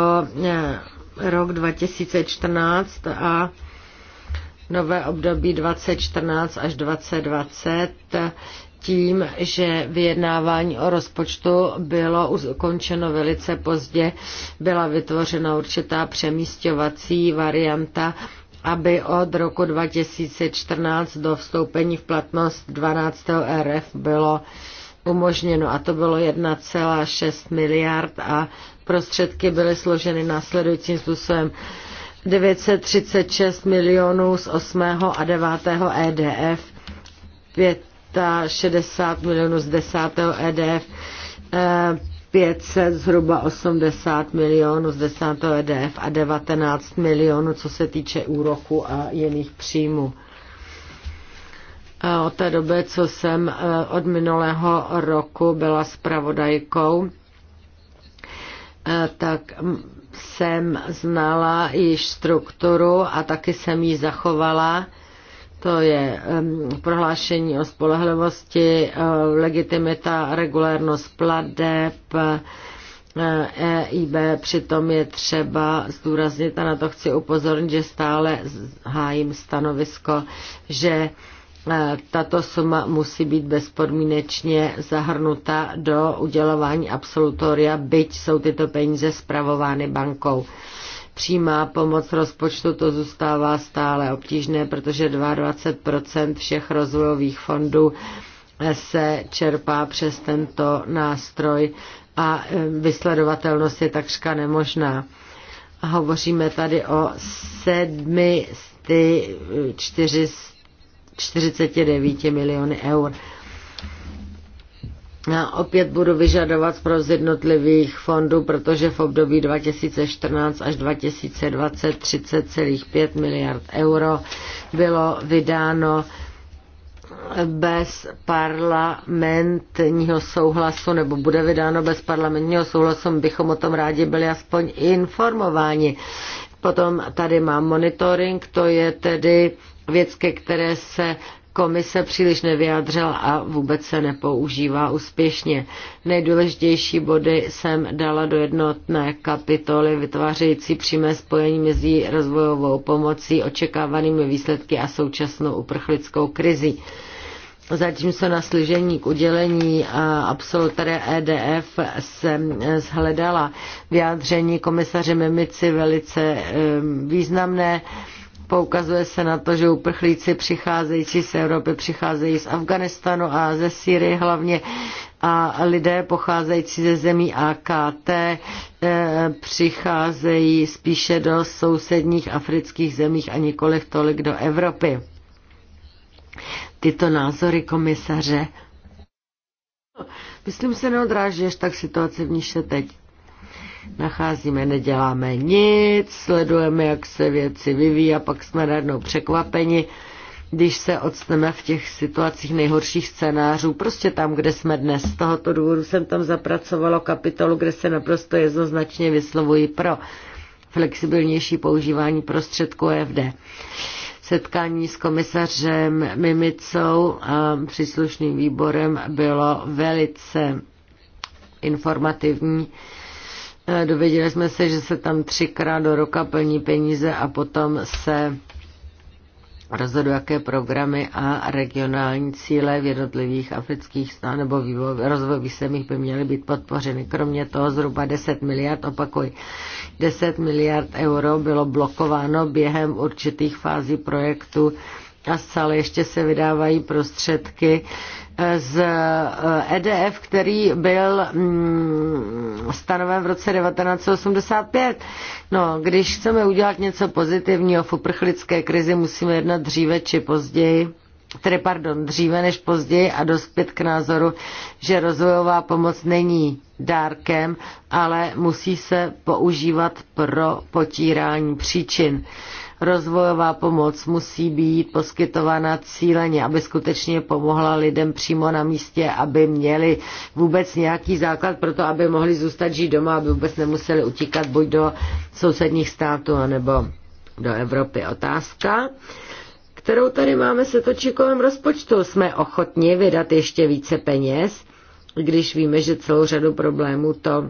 e, rok 2014 a nové období 2014 až 2020 tím, že vyjednávání o rozpočtu bylo ukončeno velice pozdě, byla vytvořena určitá přemístěvací varianta, aby od roku 2014 do vstoupení v platnost 12. RF bylo umožněno a to bylo 1,6 miliard a prostředky byly složeny následujícím způsobem. 936 milionů z 8. a 9. EDF, 65 milionů z 10. EDF, 500 zhruba 80 milionů z 10. EDF a 19 milionů, co se týče úroku a jiných příjmů. Eh, od té doby, co jsem eh, od minulého roku byla spravodajkou, tak jsem znala již strukturu a taky jsem ji zachovala. To je um, prohlášení o spolehlivosti, uh, legitimita, regulérnost pladeb, uh, eh, EIB, přitom je třeba zdůraznit, a na to chci upozornit, že stále hájím stanovisko, že uh, tato suma musí být bezpodmínečně zahrnuta do udělování absolutoria, byť jsou tyto peníze spravovány bankou. Přímá pomoc rozpočtu to zůstává stále obtížné, protože 22% všech rozvojových fondů se čerpá přes tento nástroj a e, vysledovatelnost je takřka nemožná. Hovoříme tady o sedmi 400 49 miliony eur. Já opět budu vyžadovat pro z jednotlivých fondů, protože v období 2014 až 2020 30,5 miliard euro bylo vydáno bez parlamentního souhlasu, nebo bude vydáno bez parlamentního souhlasu, bychom o tom rádi byli aspoň informováni. Potom tady mám monitoring, to je tedy věc, ke které se komise příliš nevyjádřila a vůbec se nepoužívá úspěšně. Nejdůležitější body jsem dala do jednotné kapitoly vytvářející přímé spojení mezi rozvojovou pomocí, očekávanými výsledky a současnou uprchlickou krizi. Zatímco na slyžení k udělení absolutoria EDF e se zhledala e, vyjádření komisaře Mimici velice e, významné, Poukazuje se na to, že uprchlíci přicházející z Evropy přicházejí z Afganistanu a ze Sýrie hlavně a lidé pocházející ze zemí AKT eh, přicházejí spíše do sousedních afrických zemích a nikoliv tolik do Evropy. Tyto názory komisaře myslím se neodráží až tak situace, v níž se teď nacházíme, neděláme nic, sledujeme, jak se věci vyvíjí a pak jsme najednou překvapeni, když se odstneme v těch situacích nejhorších scénářů, prostě tam, kde jsme dnes. Z tohoto důvodu jsem tam zapracovala kapitolu, kde se naprosto jednoznačně vyslovuji pro flexibilnější používání prostředků EFD. Setkání s komisařem Mimicou a příslušným výborem bylo velice informativní Dověděli jsme se, že se tam třikrát do roka plní peníze a potom se rozhodují, jaké programy a regionální cíle v jednotlivých afrických stát nebo rozvojových zemích by měly být podpořeny. Kromě toho zhruba 10 miliard, opakuj, 10 miliard euro bylo blokováno během určitých fází projektu a ještě se vydávají prostředky eh, z EDF, eh, e který byl mm, stanoven v roce 1985. No, když chceme udělat něco pozitivního v uprchlické krizi, musíme jednat dříve či později tedy pardon, dříve než později a dospět k názoru, že rozvojová pomoc není dárkem, ale musí se používat pro potírání příčin. Rozvojová pomoc musí být poskytována cíleně, aby skutečně pomohla lidem přímo na místě, aby měli vůbec nějaký základ pro to, aby mohli zůstat žít doma, aby vůbec nemuseli utíkat buď do sousedních států, anebo do Evropy. Otázka kterou tady máme, se točí kolem rozpočtu. Jsme ochotni vydat ještě více peněz, když víme, že celou řadu problémů to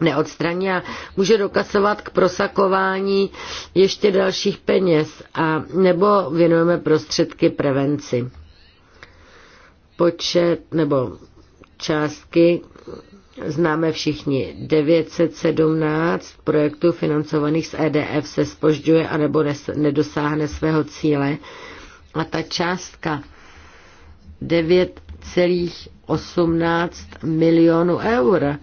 neodstraní a může dokasovat k prosakování ještě dalších peněz a nebo věnujeme prostředky prevenci. Počet nebo částky známe všichni. 917 projektů financovaných z EDF se spožďuje nebo nedosáhne svého cíle a ta částka 9,18 milionů eur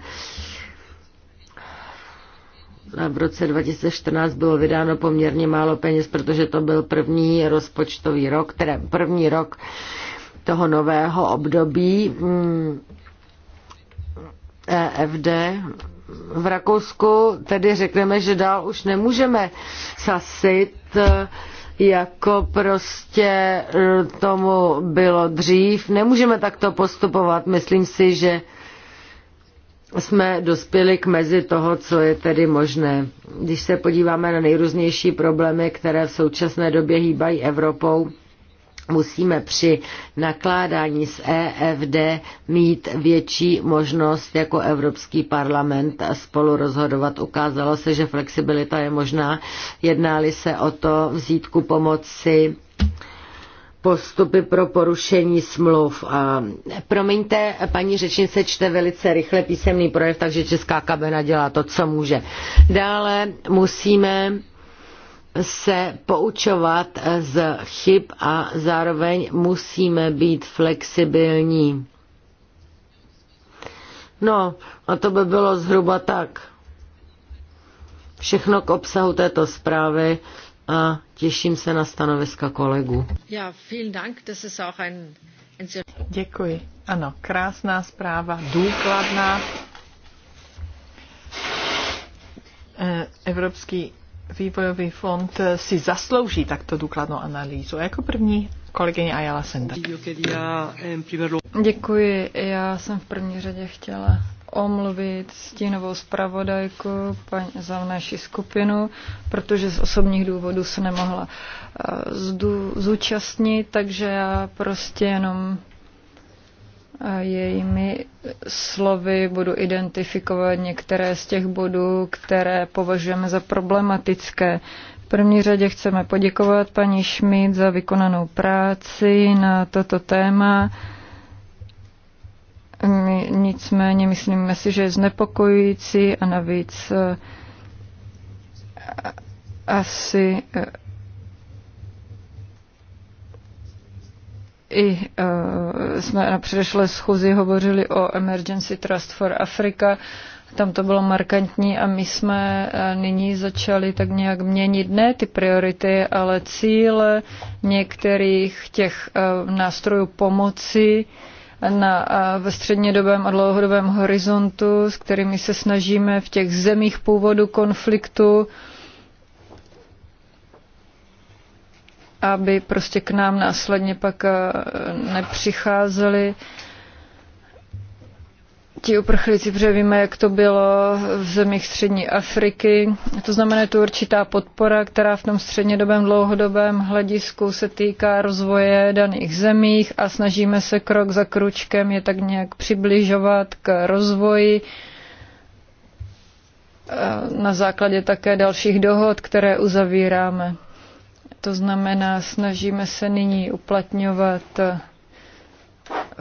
v roce 2014 bylo vydáno poměrně málo peněz, protože to byl první rozpočtový rok, teda první rok toho nového období mm, EFD. V Rakousku tedy řekneme, že dál už nemůžeme sasit jako prostě e, tomu bylo dřív. Nemůžeme takto postupovat. Myslím si, že jsme dospěli k mezi toho, co je tedy možné. Když se podíváme na nejrůznější problémy, které v současné době hýbají Evropou, musíme při nakládání s EFD mít větší možnost jako Evropský parlament spolu rozhodovat. Ukázalo se, že flexibilita je možná. Jednáli se o to vzít ku pomoci postupy pro porušení smluv. promiňte, paní řečnice čte velice rychle písemný projev, takže Česká kabina dělá to, co může. Dále musíme se poučovat z chyb a zároveň musíme být flexibilní. No, a to by bylo zhruba tak. Všechno k obsahu této zprávy a Těším se na stanoviska kolegu. Ja, vielen Dank, das ist auch ein, ein sehr... Děkuji. Ano, krásná zpráva, důkladná. Eh, Evropský vývojový fond si zaslouží takto důkladnou analýzu. A jako první kolegyně Ayala Senda. Eh, Děkuji. Já jsem v první řadě chtěla omluvit stínovou zpravodajku, za naši skupinu, protože z osobních důvodů se nemohla eh, zúčastnit, takže já prostě jenom eh, jejími slovy budu identifikovat některé z těch bodů, které považujeme za problematické. V první řadě chceme poděkovat paní Schmidt za vykonanou práci na toto téma. Nicméně myslíme si, že je znepokojující a navíc eh, asi eh, i uh, jsme na předešlé schůzi hovořili o Emergency Trust for Africa. Tam to bylo markantní a my jsme nyní začali tak nějak měnit ne ty priority, ale cíle některých těch uh, nástrojů pomoci uh, na, ve střednědobém a dlouhodobém horizontu, s kterými se snažíme v těch zemích původu konfliktu, aby prostě k nám následně pak nepřicházeli ti uprchlíci, protože víme, jak to bylo v zemích střední Afriky. To znamená, je to určitá podpora, která v tom střednědobém dlouhodobém hledisku se týká rozvoje daných zemích a snažíme se krok za kručkem je tak nějak přibližovat k rozvoji eh, na základě také dalších dohod, které uzavíráme. To znamená, snažíme se nyní uplatňovat eh,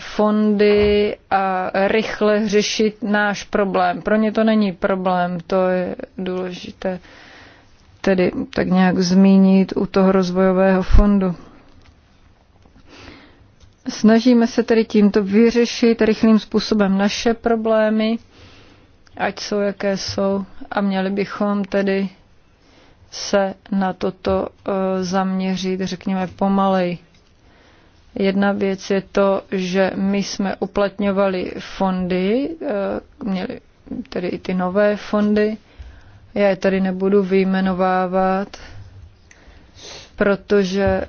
fondy a rychle řešit náš problém. Pro ně to není problém, to je důležité tedy tak nějak zmínit u toho rozvojového fondu. Snažíme se tedy tímto vyřešit rychlým způsobem naše problémy, ať jsou jaké jsou, a měli bychom tedy se na toto eh, zaměřit, řekněme, pomalej. Jedna věc je to, že my jsme uplatňovali fondy, eh, měli tedy i ty nové fondy. Já je tady nebudu vyjmenovávat, protože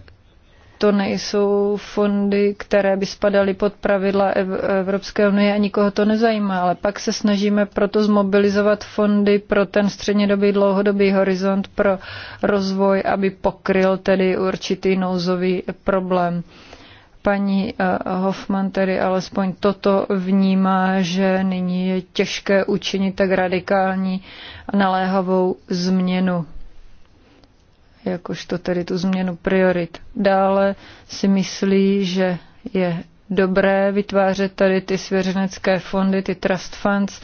to nejsou fondy, které by spadaly pod pravidla Evropské unie a nikoho to nezajímá, ale pak se snažíme proto zmobilizovat fondy pro ten střednědobý dlouhodobý horizont pro rozvoj, aby pokryl tedy určitý nouzový problém paní eh, Hoffman tedy alespoň toto vnímá, že nyní je těžké učinit tak radikální a naléhavou změnu jakožto tedy tu změnu priorit. Dále si myslí, že je dobré vytvářet tady ty svěřenecké fondy, ty trust funds,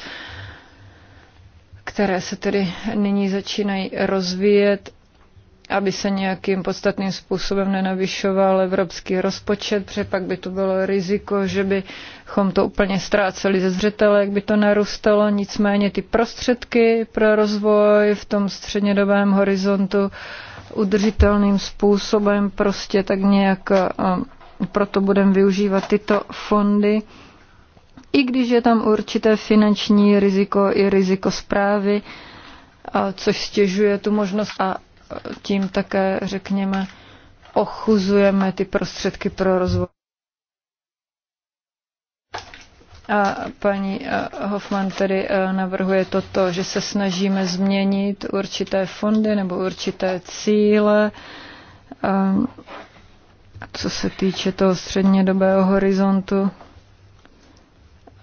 které se tedy nyní začínají rozvíjet aby se nějakým podstatným způsobem nenavyšoval evropský rozpočet, protože pak by to bylo riziko, že bychom to úplně ztráceli ze zřetele, jak by to narůstalo. Nicméně ty prostředky pro rozvoj v tom střednědobém horizontu udržitelným způsobem prostě tak nějak um, proto budeme využívat tyto fondy i když je tam určité finanční riziko i riziko zprávy, což stěžuje tu možnost a tím také, řekněme, ochuzujeme ty prostředky pro rozvoj. A paní eh, Hoffman tedy eh, navrhuje toto, že se snažíme změnit určité fondy nebo určité cíle, eh, co se týče toho střednědobého horizontu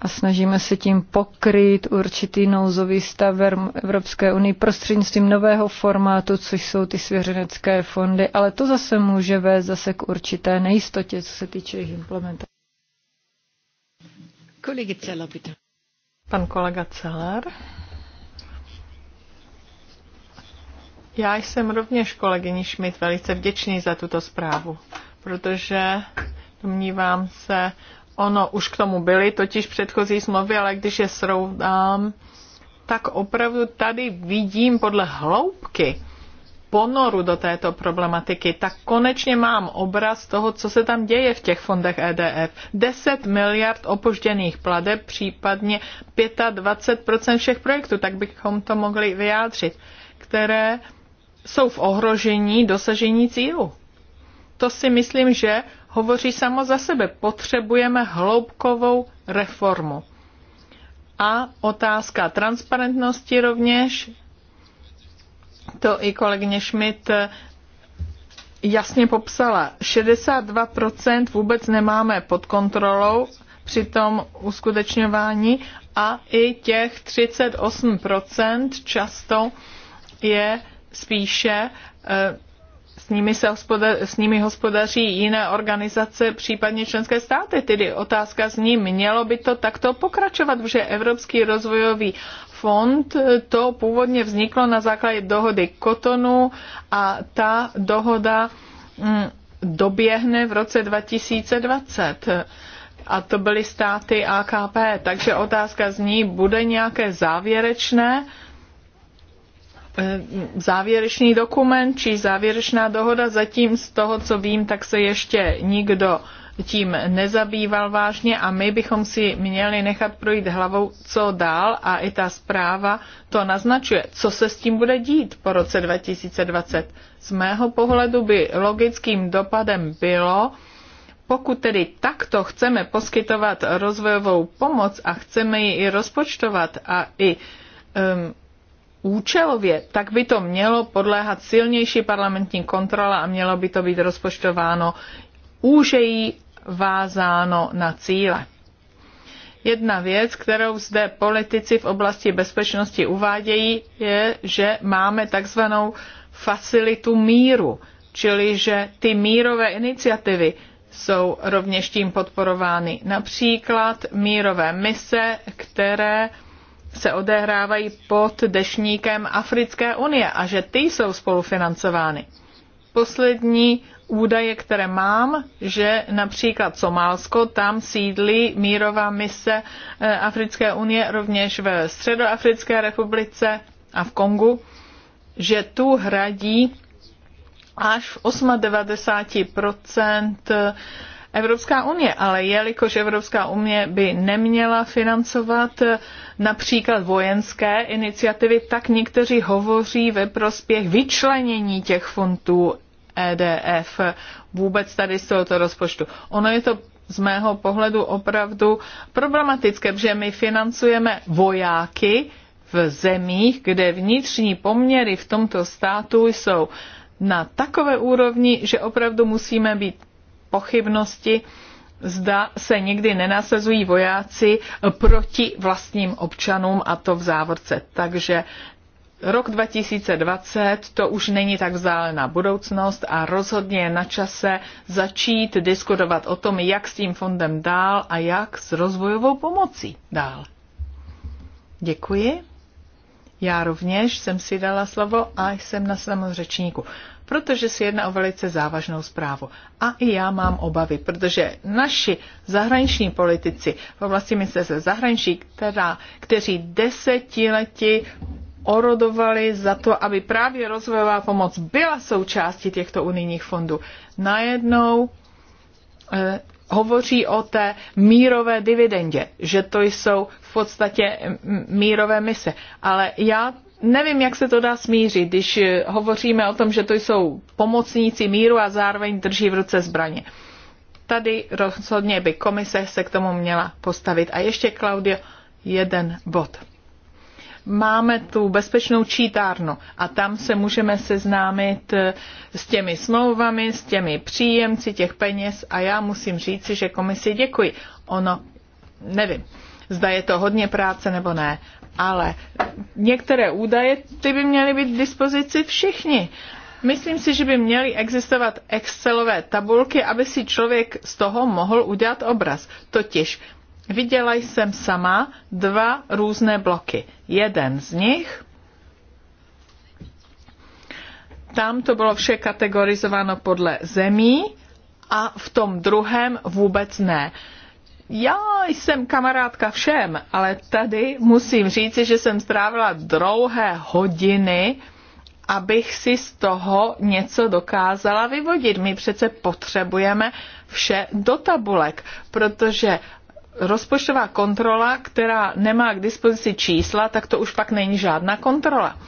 a snažíme se tím pokryt určitý nouzový stav Evropské unii prostřednictvím nového formátu, což jsou ty svěřenecké fondy, ale to zase může vést zase k určité nejistotě, co se týče jejich implementace. Pan kolega Celer. Já jsem rovněž kolegyni Schmidt velice vděčný za tuto zprávu, protože domnívám se, ono už k tomu byly, totiž předchozí smlouvy, ale když je srovnám, tak opravdu tady vidím podle hloubky ponoru do této problematiky, tak konečně mám obraz toho, co se tam děje v těch fondech EDF. 10 miliard opožděných pladeb, případně 25% všech projektů, tak bychom to mohli vyjádřit, které jsou v ohrožení dosažení cílu. To si myslím, že hovoří samo za sebe. Potřebujeme hloubkovou reformu. A otázka transparentnosti rovněž, to i kolegyně Schmidt eh, jasně popsala. 62% vůbec nemáme pod kontrolou při tom uskutečňování a i těch 38% často je spíše eh, s nimi, se hospodař, s nimi hospodaří jiné organizace, případně členské státy. Tedy otázka ní mělo by to takto pokračovat, protože Evropský rozvojový fond e, to původně vzniklo na základě dohody Kotonu a ta dohoda mm, doběhne v roce 2020 a to byly státy AKP. Takže otázka z ní bude nějaké závěrečné Eh, závěrečný dokument či závěrečná dohoda. Zatím z toho, co vím, tak se ještě nikdo tím nezabýval vážně a my bychom si měli nechat projít hlavou, co dál a i ta zpráva to naznačuje, co se s tím bude dít po roce 2020. Z mého pohledu by logickým dopadem bylo, pokud tedy takto chceme poskytovat rozvojovou pomoc a chceme ji i rozpočtovat a i um, účelově, tak by to mělo podléhat silnější parlamentní kontrola a mělo by to být rozpočtováno úžejí vázáno na cíle. Jedna věc, kterou zde politici v oblasti bezpečnosti uvádějí, je, že máme takzvanou facilitu míru, čili že ty mírové iniciativy jsou rovněž tím podporovány. Například mírové mise, které se odehrávají pod dešníkem Africké unie a že ty jsou spolufinancovány. Poslední údaje, které mám, že například Somálsko, tam sídlí mírová mise eh, Africké unie rovněž ve Středoafrické republice a v Kongu, že tu hradí až v 98 Evropská unie, ale jelikož Evropská unie by neměla financovat eh, například vojenské iniciativy, tak někteří hovoří ve prospěch vyčlenění těch fondů EDF vůbec tady z tohoto rozpočtu. Ono je to z mého pohledu opravdu problematické, protože my financujeme vojáky v zemích, kde vnitřní poměry v tomto státu jsou na takové úrovni, že opravdu musíme být pochybnosti, zda se někdy nenasazují vojáci proti vlastním občanům a to v závorce. Takže rok 2020 to už není tak vzdálená budoucnost a rozhodně je na čase začít diskutovat o tom, jak s tím fondem dál a jak s rozvojovou pomocí dál. Děkuji. Já rovněž jsem si dala slovo a jsem na samém řečníku protože se jedná o velice závažnou zprávu. A i já mám obavy, protože naši zahraniční politici v oblasti ministerstva zahraničí, která, kteří desetiletí orodovali za to, aby právě rozvojová pomoc byla součástí těchto unijních fondů. Najednou eh, hovoří o té mírové dividendě, že to jsou v podstatě mírové mise. Ale já nevím, jak se to dá smířit, když hovoříme o tom, že to jsou pomocníci míru a zároveň drží v ruce zbraně. Tady rozhodně by komise se k tomu měla postavit. A ještě, Klaudio, jeden bod. Máme tu bezpečnou čítárnu a tam se můžeme seznámit eh, s těmi smlouvami, s těmi příjemci těch peněz a já musím říci, že komisi děkuji. Ono, nevím, zda je to hodně práce nebo ne, ale některé údaje, ty by měly být k dispozici všichni. Myslím si, že by měly existovat Excelové tabulky, aby si člověk z toho mohl udělat obraz. Totiž viděla jsem sama dva různé bloky. Jeden z nich, tam to bylo vše kategorizováno podle zemí a v tom druhém vůbec ne. Uh, já jsem kamarádka všem, ale tady musím říci, že jsem strávila dlouhé hodiny, abych si z toho něco dokázala vyvodit. My přece potřebujeme vše do tabulek, protože rozpočtová kontrola, která nemá k dispozici čísla, tak to už pak není žádná kontrola.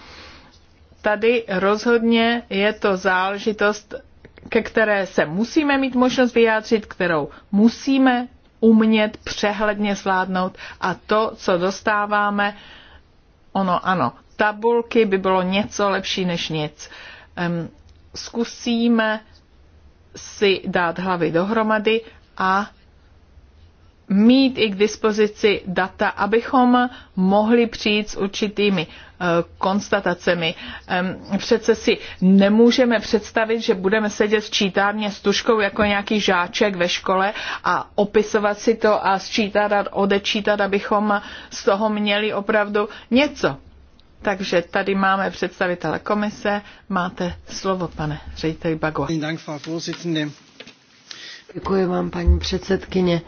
Tady rozhodně je to záležitost, ke které se musíme mít možnost vyjádřit, kterou musíme umět přehledně zvládnout a to, co dostáváme, ono ano, tabulky by bylo něco lepší než nic. Um, zkusíme si dát hlavy dohromady a mít i k dispozici data, abychom mohli přijít s určitými eh, konstatacemi. Přece si nemůžeme představit, že budeme sedět v čítárně s tuškou jako nějaký žáček ve škole a opisovat si to a sčítat a odečítat, abychom z toho měli opravdu něco. Takže tady máme představitele komise. Máte slovo, pane řediteli Bagua. Děkuji vám, paní předsedkyně.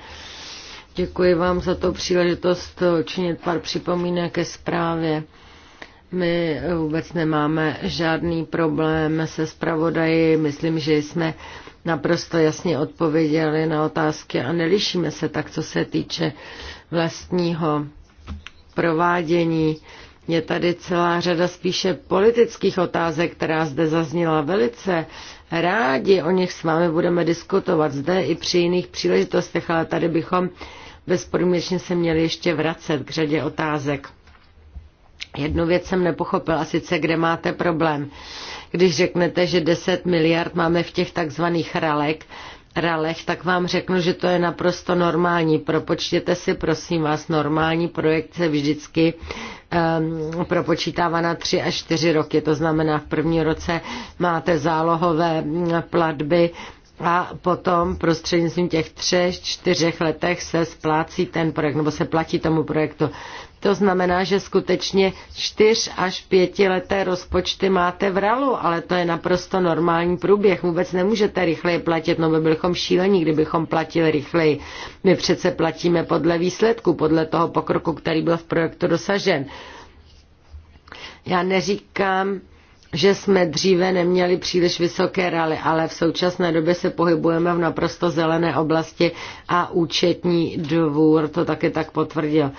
Děkuji vám za to příležitost činit pár připomínek ke zprávě. My vůbec nemáme žádný problém se zpravodaji. Myslím, že jsme naprosto jasně odpověděli na otázky a nelišíme se tak, co se týče vlastního provádění. Je tady celá řada spíše politických otázek, která zde zazněla velice. Rádi o nich s vámi budeme diskutovat zde i při jiných příležitostech, ale tady bychom bezpodmínečně se měli ještě vracet k řadě otázek. Jednu věc jsem nepochopil, sice kde máte problém. Když řeknete, že 10 miliard máme v těch takzvaných ralek, ralech, tak vám řeknu, že to je naprosto normální. Propočtěte si, prosím vás, normální projekt se vždycky um, ehm, propočítává na 3 až 4 roky. To znamená, v prvním roce máte zálohové platby, a potom prostřednictvím těch třech, čtyřech letech se splácí ten projekt, nebo se platí tomu projektu. To znamená, že skutečně čtyř až pětileté rozpočty máte v ralu, ale to je naprosto normální průběh. Vůbec nemůžete rychleji platit, no my bychom šílení, kdybychom platili rychleji. My přece platíme podle výsledku, podle toho pokroku, který byl v projektu dosažen. Já neříkám, že jsme dříve neměli příliš vysoké rally, ale v současné době se pohybujeme v naprosto zelené oblasti a účetní dvůr to taky tak potvrdil.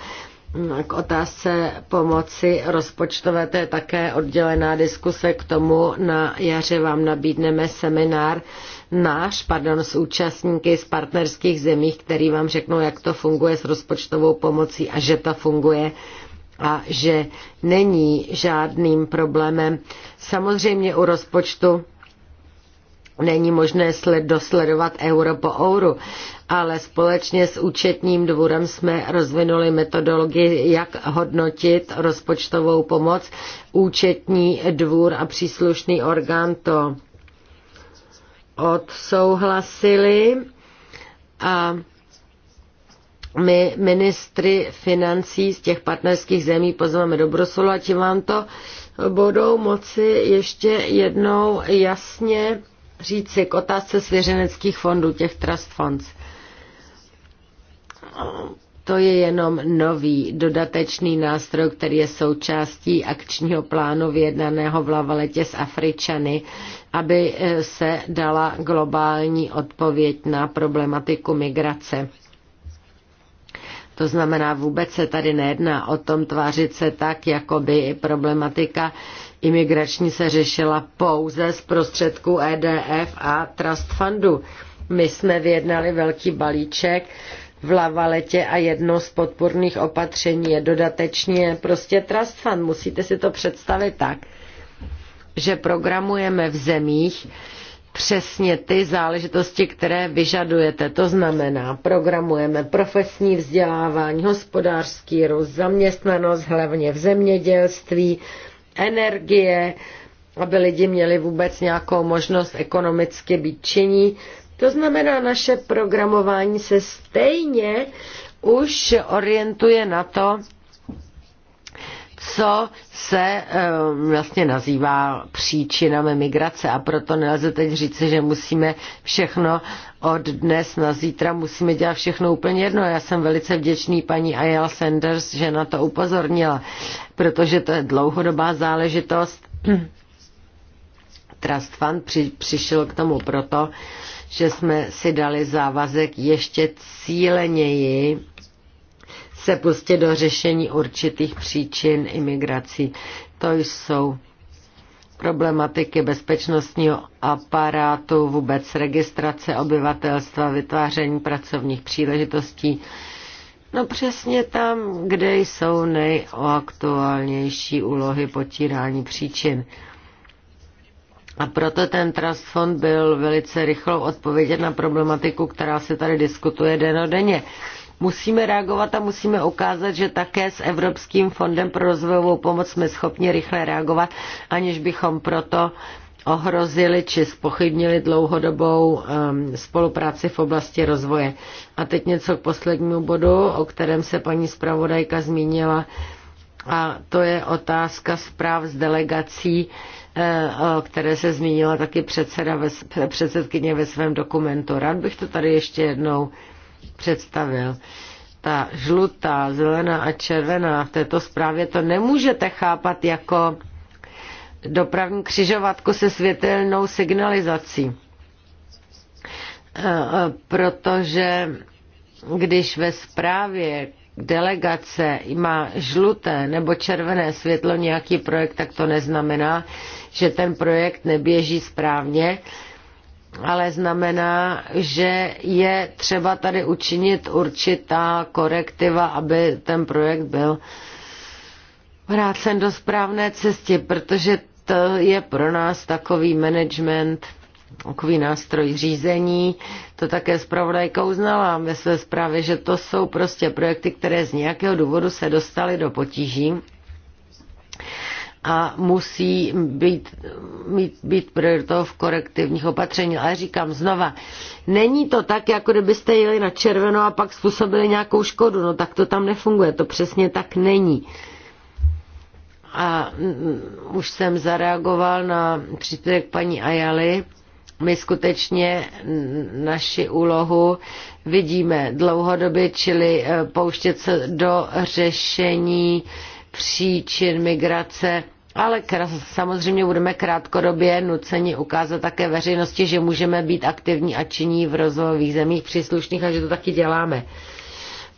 K otázce pomoci rozpočtové, to je také oddělená diskuse. K tomu na jaře vám nabídneme seminár náš, pardon, s účastníky z partnerských zemí, který vám řeknou, jak to funguje s rozpočtovou pomocí a že to funguje a že není žádným problémem. Samozřejmě u rozpočtu není možné sled, dosledovat euro po euro, ale společně s účetním dvorem jsme rozvinuli metodologii, jak hodnotit rozpočtovou pomoc. Účetní dvůr a příslušný orgán to odsouhlasili a my ministry financí z těch partnerských zemí pozveme do Bruselu a ti vám to budou moci ještě jednou jasně říci k otázce svěřeneckých fondů, těch trust funds. To je jenom nový dodatečný nástroj, který je součástí akčního plánu vyjednaného v Lavaletě s Afričany, aby eh, se dala globální odpověď na problematiku migrace to znamená, vůbec se tady nejedná o tom tvářit se tak, jako by problematika imigrační se řešila pouze z prostředků EDF a Trust Fundu. My jsme vyjednali velký balíček v lavaletě a jedno z podporných opatření je dodatečně prostě Trust Fund. Musíte si to představit tak, že programujeme v zemích, přesně ty záležitosti, které vyžadujete. To znamená, programujeme profesní vzdělávání, hospodářský růst, zaměstnanost hlavně v zemědělství, energie, aby lidi měli vůbec nějakou možnost ekonomicky být činí. To znamená, naše programování se stejně už orientuje na to, co se eh, vlastně nazývá příčinami migrace a proto nelze teď říci, že musíme všechno od dnes na zítra musíme dělat všechno úplně jedno. Já jsem velice vděčný paní Ayala Sanders, že na to upozornila, protože to je dlouhodobá záležitost. Trust Fund při, přišel k tomu proto, že jsme si dali závazek ještě cíleněji se pustit do řešení určitých příčin imigrací. To jsou problematiky bezpečnostního aparátu, vůbec registrace obyvatelstva, vytváření pracovních příležitostí. No přesně tam, kde jsou nejaktuálnější úlohy potírání příčin. A proto ten Trust Fund byl velice rychlou odpovědět na problematiku, která se tady diskutuje den o denně. Musíme reagovat a musíme ukázat, že také s Evropským fondem pro rozvojovou pomoc jsme schopni rychle reagovat, aniž bychom proto ohrozili či spochybnili dlouhodobou um, spolupráci v oblasti rozvoje. A teď něco k poslednímu bodu, o kterém se paní zpravodajka zmínila, a to je otázka zpráv z delegací, eh, o které se zmínila taky předseda ve, předsedkyně ve svém dokumentu. Rád bych to tady ještě jednou představil. Ta žlutá, zelená a červená v této zprávě to nemůžete chápat jako dopravní křižovatku se světelnou signalizací. E, e, protože když ve zprávě delegace má žluté nebo červené světlo nějaký projekt, tak to neznamená, že ten projekt neběží správně, ale znamená, že je třeba tady učinit určitá korektiva, aby ten projekt byl vrácen do správné cesty, protože to je pro nás takový management, takový nástroj řízení. To také zpravodajka uznala ve své zprávě, že to jsou prostě projekty, které z nějakého důvodu se dostaly do potíží a musí být, mít, být prioritou v korektivních opatření. Ale říkám znova, není to tak, jako kdybyste jeli na červeno a pak způsobili nějakou škodu. No tak to tam nefunguje, to přesně tak není. A mm, už jsem zareagoval na příspěvek paní Ajaly. My skutečně naši úlohu vidíme dlouhodobě, čili eh, pouštět se do řešení příčin migrace, ale samozřejmě budeme krátkodobě nuceni ukázat také veřejnosti, že můžeme být aktivní a činní v rozvojových zemích příslušných a že to taky děláme.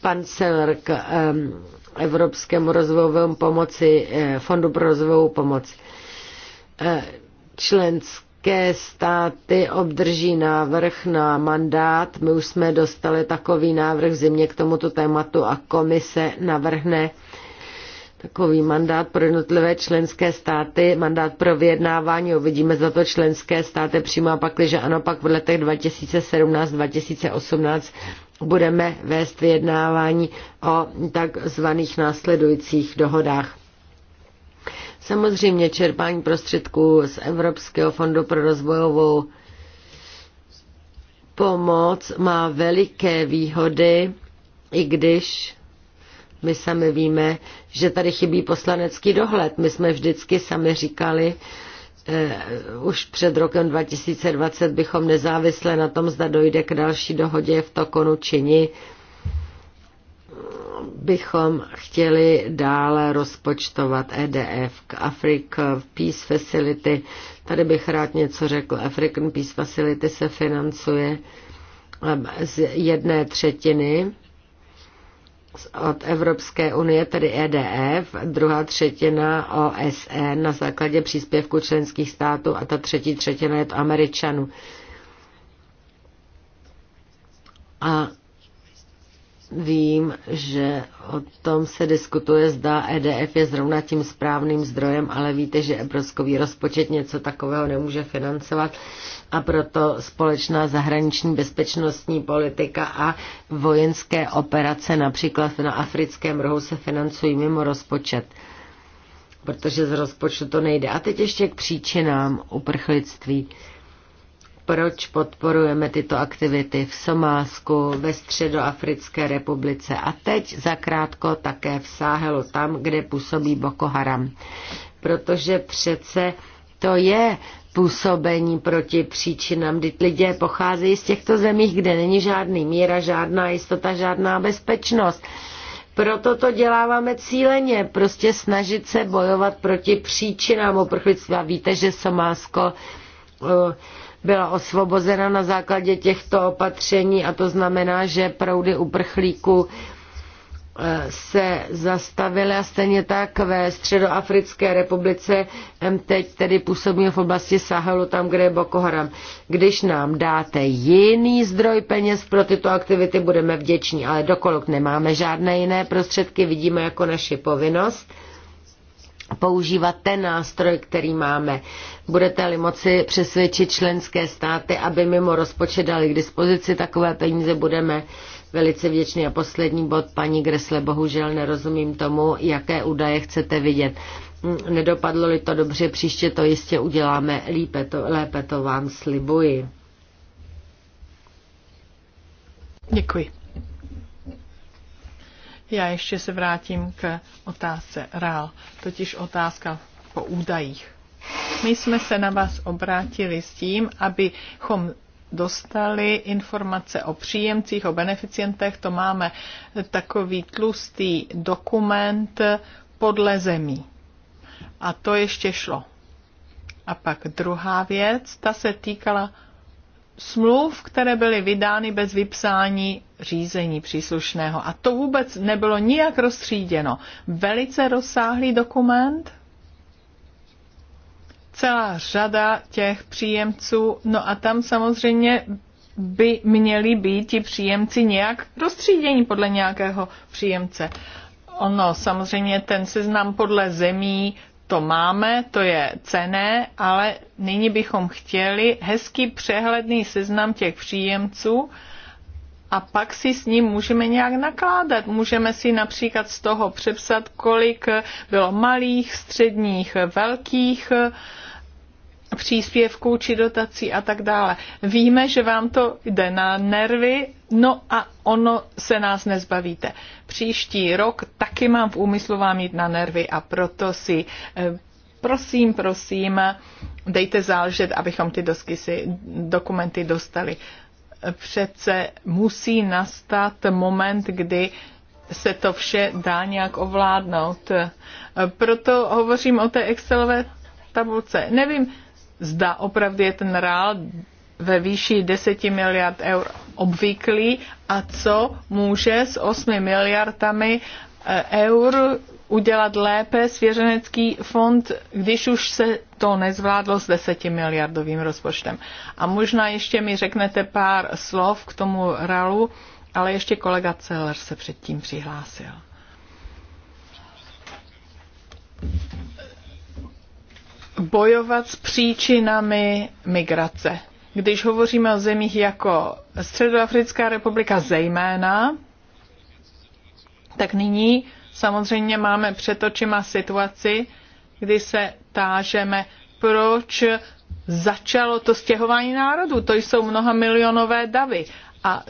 Pan Seller k um, Evropskému rozvojovému pomoci, eh, Fondu pro rozvojovou pomoc. Eh, členské státy obdrží návrh na mandát. My už jsme dostali takový návrh v zimě k tomuto tématu a komise navrhne takový mandát pro jednotlivé členské státy, mandát pro vyjednávání, uvidíme, za to členské státy přímo a pak, že ano, pak v letech 2017-2018 budeme vést vyjednávání o takzvaných následujících dohodách. Samozřejmě čerpání prostředků z Evropského fondu pro rozvojovou pomoc má veliké výhody, i když my sami víme, že tady chybí poslanecký dohled. My jsme vždycky sami říkali, eh, už před rokem 2020 bychom nezávisle na tom, zda dojde k další dohodě v Tokonu čini, bychom chtěli dále rozpočtovat EDF k Africa Peace Facility. Tady bych rád něco řekl. African Peace Facility se financuje eh, z jedné třetiny od Evropské unie, tedy EDF, druhá třetina OSN e na základě příspěvku členských států a ta třetí třetina je od Američanů. A vím, že o tom se diskutuje, zda EDF je zrovna tím správným zdrojem, ale víte, že evropský rozpočet něco takového nemůže financovat a proto společná zahraniční bezpečnostní politika a vojenské operace například na africkém rohu se financují mimo rozpočet protože z rozpočtu to nejde. A teď ještě k příčinám uprchlictví proč podporujeme tyto aktivity v Somálsku, ve Středoafrické republice a teď zakrátko také v Sáhelu, tam, kde působí Boko Haram. Protože přece to je působení proti příčinám, kdy lidé pocházejí z těchto zemí, kde není žádný míra, žádná jistota, žádná bezpečnost. Proto to děláváme cíleně, prostě snažit se bojovat proti příčinám uprchlictví. Víte, že Somálsko uh, byla osvobozena na základě těchto opatření a to znamená, že proudy uprchlíků eh, se zastavily a stejně tak ve Středoafrické republice teď tedy působíme v oblasti Sahelu, tam, kde je Boko Haram. Když nám dáte jiný zdroj peněz pro tyto aktivity, budeme vděční, ale dokolok nemáme žádné jiné prostředky, vidíme jako naši povinnost používat ten nástroj, který máme. Budete-li moci přesvědčit členské státy, aby mimo rozpočet dali k dispozici takové peníze, budeme velice vděčný. A poslední bod, paní Gresle, bohužel nerozumím tomu, jaké údaje chcete vidět. Hm, nedopadlo-li to dobře, příště to jistě uděláme lípe, to, lépe, to vám slibuji. Děkuji. Já ještě se vrátím k otázce RAL, totiž otázka po údajích. My jsme se na vás obrátili s tím, abychom dostali informace o příjemcích, o beneficientech. To máme takový tlustý dokument podle zemí. A to ještě šlo. A pak druhá věc, ta se týkala smluv, které byly vydány bez vypsání řízení příslušného. A to vůbec nebylo nijak rozstříděno. Velice rozsáhlý dokument, celá řada těch příjemců, no a tam samozřejmě by měli být ti příjemci nějak rozstřídění podle nějakého příjemce. Ono samozřejmě ten seznam podle zemí to máme, to je cené, ale nyní bychom chtěli hezký přehledný seznam těch příjemců a pak si s ním můžeme nějak nakládat. Můžeme si například z toho přepsat, kolik bylo malých, středních, velkých eh, příspěvků či dotací a tak dále. Víme, že vám to jde na nervy, No a ono se nás nezbavíte. Příští rok taky mám v úmyslu vám jít na nervy a proto si eh, prosím, prosím, dejte záležet, abychom ty dosky si, dokumenty dostali. Přece musí nastat moment, kdy se to vše dá nějak ovládnout. Proto hovořím o té Excelové tabulce. Nevím, zda opravdu je ten rál ve výši 10 miliard eur obvyklý a co může s 8 miliardami eh, eur udělat lépe svěřenecký fond, když už se to nezvládlo s desetimiliardovým rozpočtem. A možná ještě mi řeknete pár slov k tomu RALu, ale ještě kolega Celer se předtím přihlásil. Bojovat s příčinami migrace když hovoříme o zemích jako Středoafrická republika zejména, tak nyní samozřejmě máme před očima situaci, kdy se tážeme, proč začalo to stěhování národů. To jsou mnoha milionové davy. A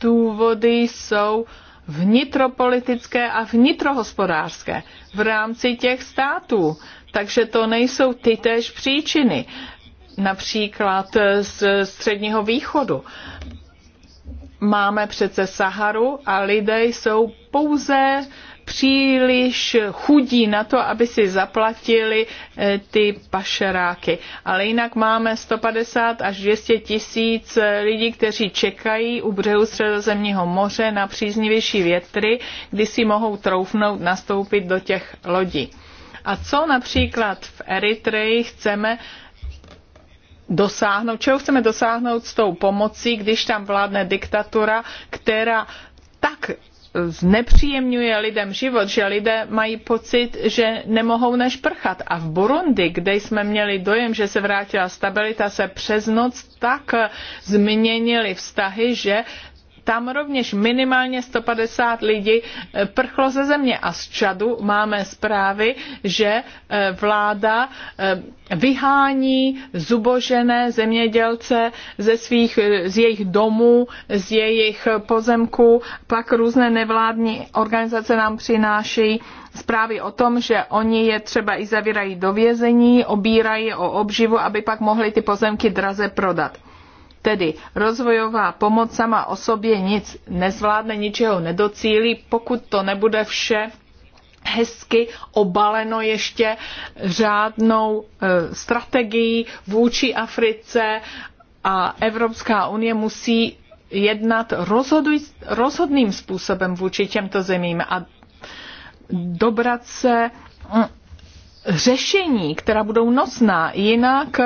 důvody jsou vnitropolitické a vnitrohospodářské v rámci těch států. Takže to nejsou ty též příčiny například z středního východu. Máme přece Saharu a lidé jsou pouze příliš chudí na to, aby si zaplatili eh, ty pašeráky. Ale jinak máme 150 až 200 tisíc eh, lidí, kteří čekají u břehu Středozemního moře na příznivější větry, kdy si mohou troufnout nastoupit do těch lodí. A co například v Eritreji chceme dosáhnout, čeho chceme dosáhnout s tou pomocí, když tam vládne diktatura, která tak znepříjemňuje lidem život, že lidé mají pocit, že nemohou než prchat. A v Burundi, kde jsme měli dojem, že se vrátila stabilita, se přes noc tak změnily vztahy, že tam rovněž minimálně 150 lidí eh, prchlo ze země a z Čadu máme zprávy, že eh, vláda eh, vyhání zubožené zemědělce ze svých, z jejich domů, z jejich pozemků. Pak různé nevládní organizace nám přináší zprávy o tom, že oni je třeba i zavírají do vězení, obírají o obživu, aby pak mohli ty pozemky draze prodat. Tedy rozvojová pomoc sama o sobě nic nezvládne, ničeho nedocílí, pokud to nebude vše hezky obaleno ještě řádnou e, strategií vůči Africe a Evropská unie musí jednat rozhoduj, rozhodným způsobem vůči těmto zemím a dobrat se mm, řešení, která budou nosná, jinak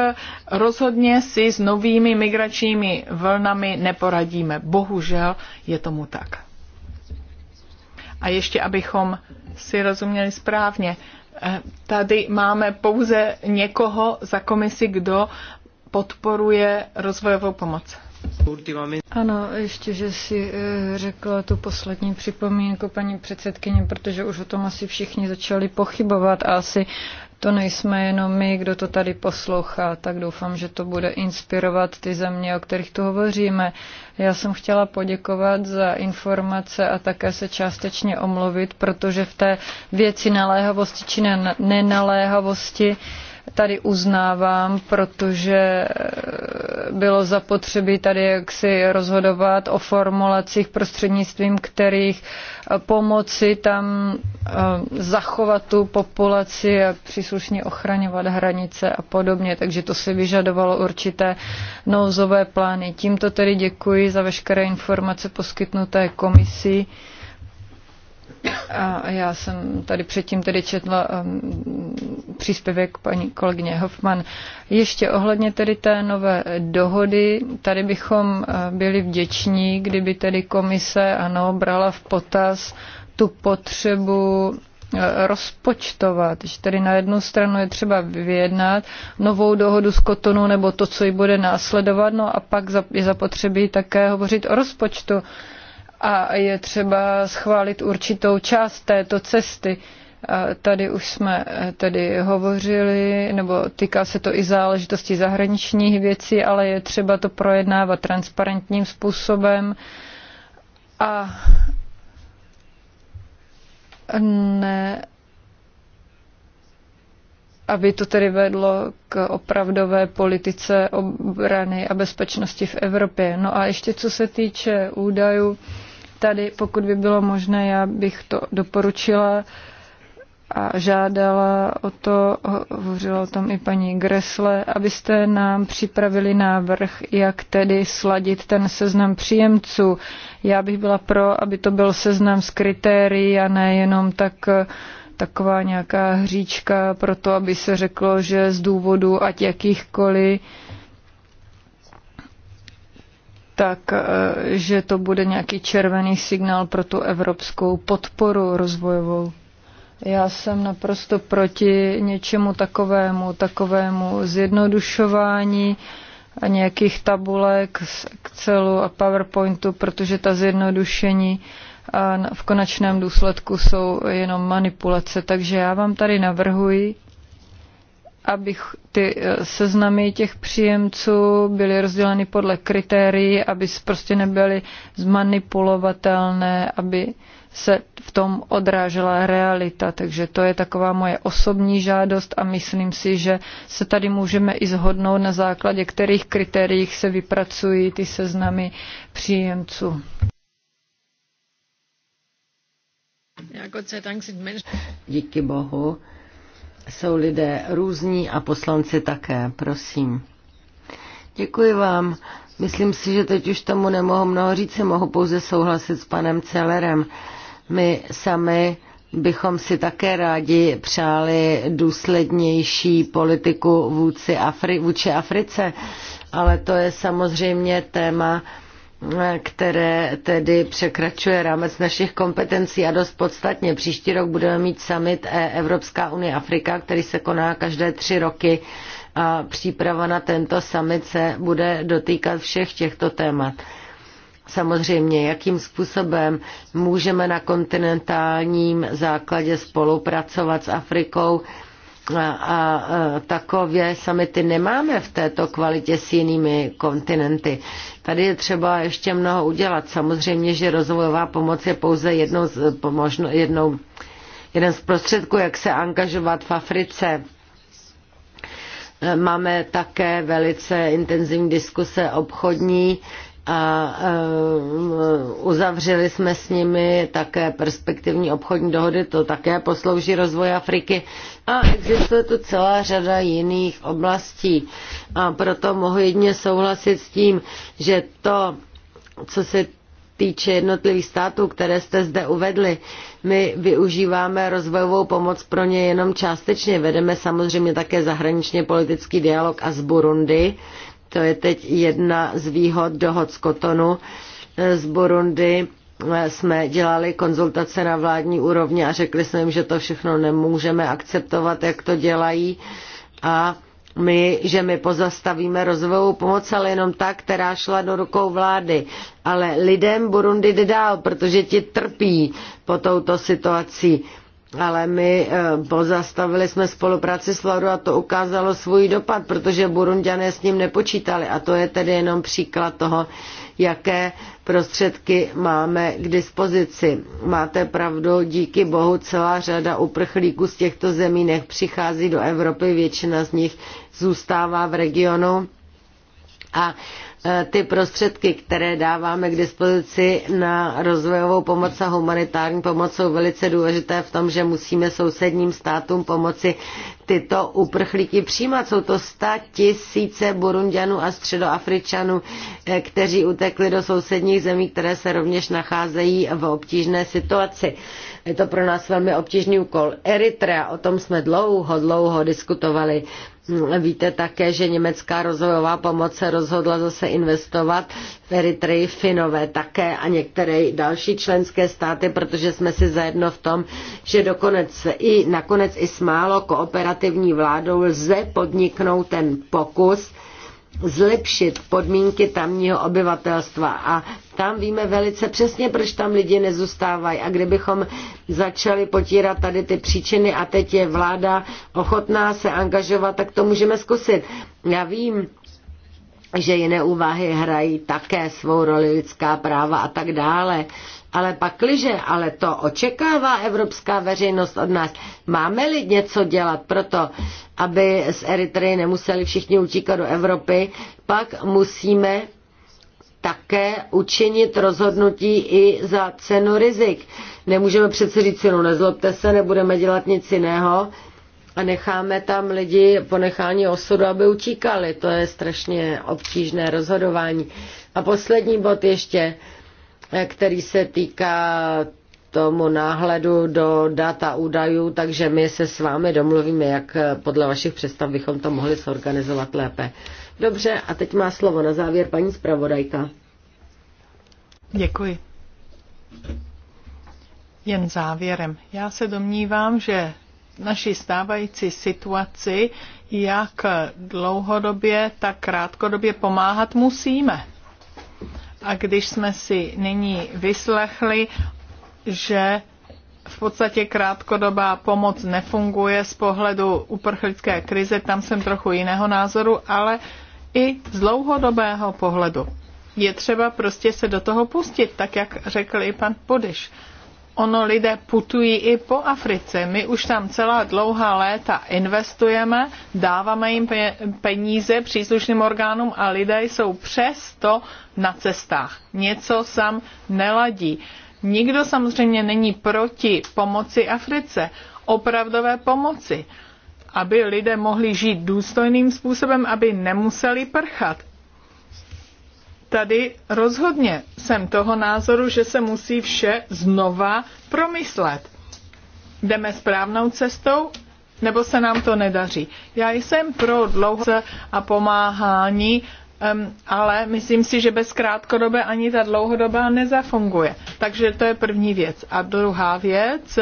rozhodně si s novými migračními vlnami neporadíme. Bohužel je tomu tak. A ještě, abychom si rozuměli správně, eh, tady máme pouze někoho za komisi, kdo podporuje rozvojovou pomoc. Ano, ještě, že si eh, řekla tu poslední připomínku paní předsedkyně, protože už o tom asi všichni začali pochybovat a asi to nejsme jenom my, kdo to tady poslouchá, tak doufám, že to bude inspirovat ty země, o kterých tu hovoříme. Já jsem chtěla poděkovat za informace a také se částečně omluvit, protože v té věci naléhavosti či nenaléhavosti tady uznávám, protože eh, bylo zapotřebí tady jaksi rozhodovat o formulacích, prostřednictvím kterých eh, pomoci tam eh, zachovat tu populaci a příslušně ochraňovat hranice a podobně. Takže to si vyžadovalo určité nouzové plány. Tímto tedy děkuji za veškeré informace poskytnuté komisí. A já jsem tady předtím tedy četla um, příspěvek paní kolegyně Hoffman. Ještě ohledně tedy té nové dohody, tady bychom uh, byli vděční, kdyby tedy komise ano brala v potaz tu potřebu uh, rozpočtovat, že tedy na jednu stranu je třeba vyjednat novou dohodu z kotonu nebo to, co ji bude následovat, no a pak je zapotřebí také hovořit o rozpočtu a je třeba schválit určitou část této cesty. tady už jsme eh, tedy hovořili, nebo týká se to i záležitosti zahraničních věcí, ale je třeba to projednávat transparentním způsobem a ne, aby to tedy vedlo k opravdové politice obrany a bezpečnosti v Evropě. No a ještě co se týče údajů, tady, pokud by bylo možné, já bych to doporučila a žádala o to, hovořila o tom i paní Gresle, abyste nám připravili návrh, jak tedy sladit ten seznam příjemců. Já bych byla pro, aby to byl seznam s kritérií a nejenom tak taková nějaká hříčka pro to, aby se řeklo, že z důvodu ať jakýchkoliv tak eh, že to bude nějaký červený signál pro tu evropskou podporu rozvojovou. Já jsem naprosto proti něčemu takovému, takovému zjednodušování a nějakých tabulek z Excelu a PowerPointu, protože ta zjednodušení v konečném důsledku jsou jenom manipulace. Takže já vám tady navrhuji, aby ty eh, seznamy těch příjemců byly rozděleny podle kritérií, aby prostě nebyly zmanipulovatelné, aby se v tom odrážela realita. Takže to je taková moje osobní žádost a myslím si, že se tady můžeme i zhodnout na základě, kterých kritériích se vypracují ty seznamy příjemců. Jako Díky Bohu jsou lidé různí a poslanci také, prosím. Děkuji vám. Myslím si, že teď už tomu nemohu mnoho říct, mohu pouze souhlasit s panem Celerem. My sami bychom si také rádi přáli důslednější politiku vůči, Afri, vůči Africe, ale to je samozřejmě téma, které tedy překračuje rámec našich kompetencí a dost podstatně. Příští rok budeme mít summit e, Evropská unie Afrika, který se koná každé tři roky a příprava na tento summit se bude dotýkat všech těchto témat. Samozřejmě, jakým způsobem můžeme na kontinentálním základě spolupracovat s Afrikou, No a takové samity nemáme v této kvalitě s jinými kontinenty. Tady je třeba ještě mnoho udělat. Samozřejmě, že rozvojová pomoc je pouze jednou, z, možno, jednou jeden z prostředků, jak se angažovat v Africe. Máme také velice intenzivní diskuse obchodní a e, uzavřeli jsme s nimi také perspektivní obchodní dohody, to také poslouží rozvoji Afriky a existuje tu celá řada jiných oblastí a proto mohu jedně souhlasit s tím, že to, co se týče jednotlivých států, které jste zde uvedli, my využíváme rozvojovou pomoc pro ně jenom částečně. Vedeme samozřejmě také zahraničně politický dialog a z Burundi to je teď jedna z výhod dohod z Kotonu z Burundi eh, jsme dělali konzultace na vládní úrovni a řekli jsme jim, že to všechno nemůžeme akceptovat, jak to dělají a my, že my pozastavíme rozvojovou pomoc, ale jenom ta, která šla do rukou vlády. Ale lidem Burundi jde dál, protože ti trpí po touto situaci ale my eh, pozastavili jsme spolupráci s Lauru a to ukázalo svůj dopad, protože Burundiané s ním nepočítali a to je tedy jenom příklad toho, jaké prostředky máme k dispozici. Máte pravdu, díky bohu celá řada uprchlíků z těchto zemí nech přichází do Evropy, většina z nich zůstává v regionu a Eh, ty prostředky, které dáváme k dispozici na rozvojovou pomoc a humanitární pomoc, jsou velice důležité v tom, že musíme sousedním státům pomoci tyto uprchlíky přijímat. Jsou to sta tisíce Burundianů a středoafričanů, eh, kteří utekli do sousedních zemí, které se rovněž nacházejí v obtížné situaci. Je to pro nás velmi obtížný úkol. Eritrea, o tom jsme dlouho, dlouho diskutovali. Víte také, že německá rozvojová pomoc se rozhodla zase investovat v Eritreji Finové také a některé další členské státy, protože jsme si zajedno v tom, že dokonec i nakonec i s málo kooperativní vládou lze podniknout ten pokus zlepšit podmínky tamního obyvatelstva. A tam víme velice přesně, proč tam lidi nezůstávají. A kdybychom začali potírat tady ty příčiny a teď je vláda ochotná se angažovat, tak to můžeme zkusit. Já vím, že jiné úvahy hrají také svou roli lidská práva a tak dále. Ale pakliže, ale to očekává evropská veřejnost od nás, máme-li něco dělat proto, aby z Eritreji nemuseli všichni utíkat do Evropy, pak musíme také učinit rozhodnutí i za cenu rizik. Nemůžeme přece říct, no nezlobte se, nebudeme dělat nic jiného a necháme tam lidi ponechání osudu, aby utíkali. To je strašně obtížné rozhodování. A poslední bod ještě který se týká tomu náhledu do data údajů, takže my se s vámi domluvíme, jak podle vašich představ bychom to mohli zorganizovat lépe. Dobře, a teď má slovo na závěr paní zpravodajka. Děkuji. Jen závěrem. Já se domnívám, že naší stávající situaci jak dlouhodobě, tak krátkodobě pomáhat musíme. A když jsme si nyní vyslechli, že v podstatě krátkodobá pomoc nefunguje z pohledu uprchlické krize, tam jsem trochu jiného názoru, ale i z dlouhodobého pohledu. Je třeba prostě se do toho pustit, tak jak řekl i pan Podyš. Ono lidé putují i po Africe. My už tam celá dlouhá léta investujeme, dáváme jim peníze příslušným orgánům a lidé jsou přesto na cestách. Něco sam neladí. Nikdo samozřejmě není proti pomoci Africe, opravdové pomoci, aby lidé mohli žít důstojným způsobem, aby nemuseli prchat tady rozhodně jsem toho názoru, že se musí vše znova promyslet. Jdeme správnou cestou, nebo se nám to nedaří. Já jsem pro dlouhodobé a pomáhání, um, ale myslím si, že bez krátkodobé ani ta dlouhodobá nezafunguje. Takže to je první věc. A druhá věc,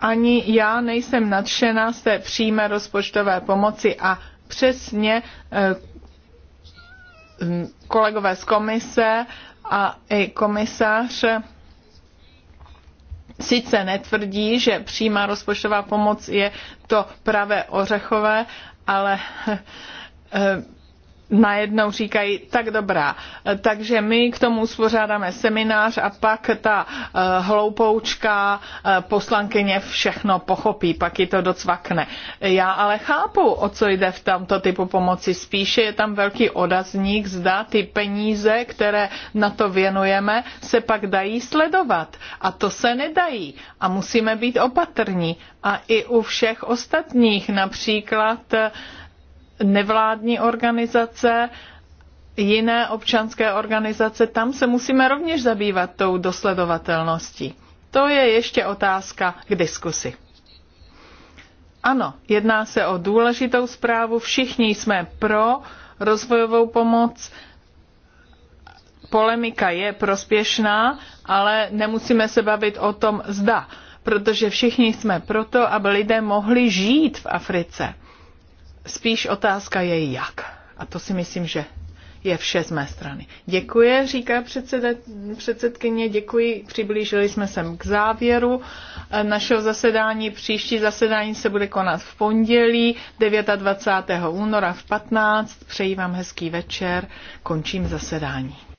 ani já nejsem nadšená z té přímé rozpočtové pomoci a přesně eh, kolegové z komise a i komisař sice netvrdí, že přímá rozpočtová pomoc je to pravé ořechové, ale eh, najednou říkají, tak dobrá, takže my k tomu uspořádáme seminář a pak ta eh, hloupoučka eh, poslankyně všechno pochopí, pak ji to docvakne. Já ale chápu, o co jde v tomto typu pomoci. Spíše je tam velký odazník, zda ty peníze, které na to věnujeme, se pak dají sledovat. A to se nedají. A musíme být opatrní. A i u všech ostatních, například eh, nevládní organizace, jiné občanské organizace, tam se musíme rovněž zabývat tou dosledovatelností. To je ještě otázka k diskusi. Ano, jedná se o důležitou zprávu, všichni jsme pro rozvojovou pomoc, polemika je prospěšná, ale nemusíme se bavit o tom zda, protože všichni jsme proto, aby lidé mohli žít v Africe. Spíš otázka je jak. A to si myslím, že je vše z mé strany. Děkuji, říká předsede, předsedkyně, děkuji, přiblížili jsme se k závěru eh, našeho zasedání. Příští zasedání se bude konat v pondělí 29. února v 15. Přeji vám hezký večer, končím zasedání.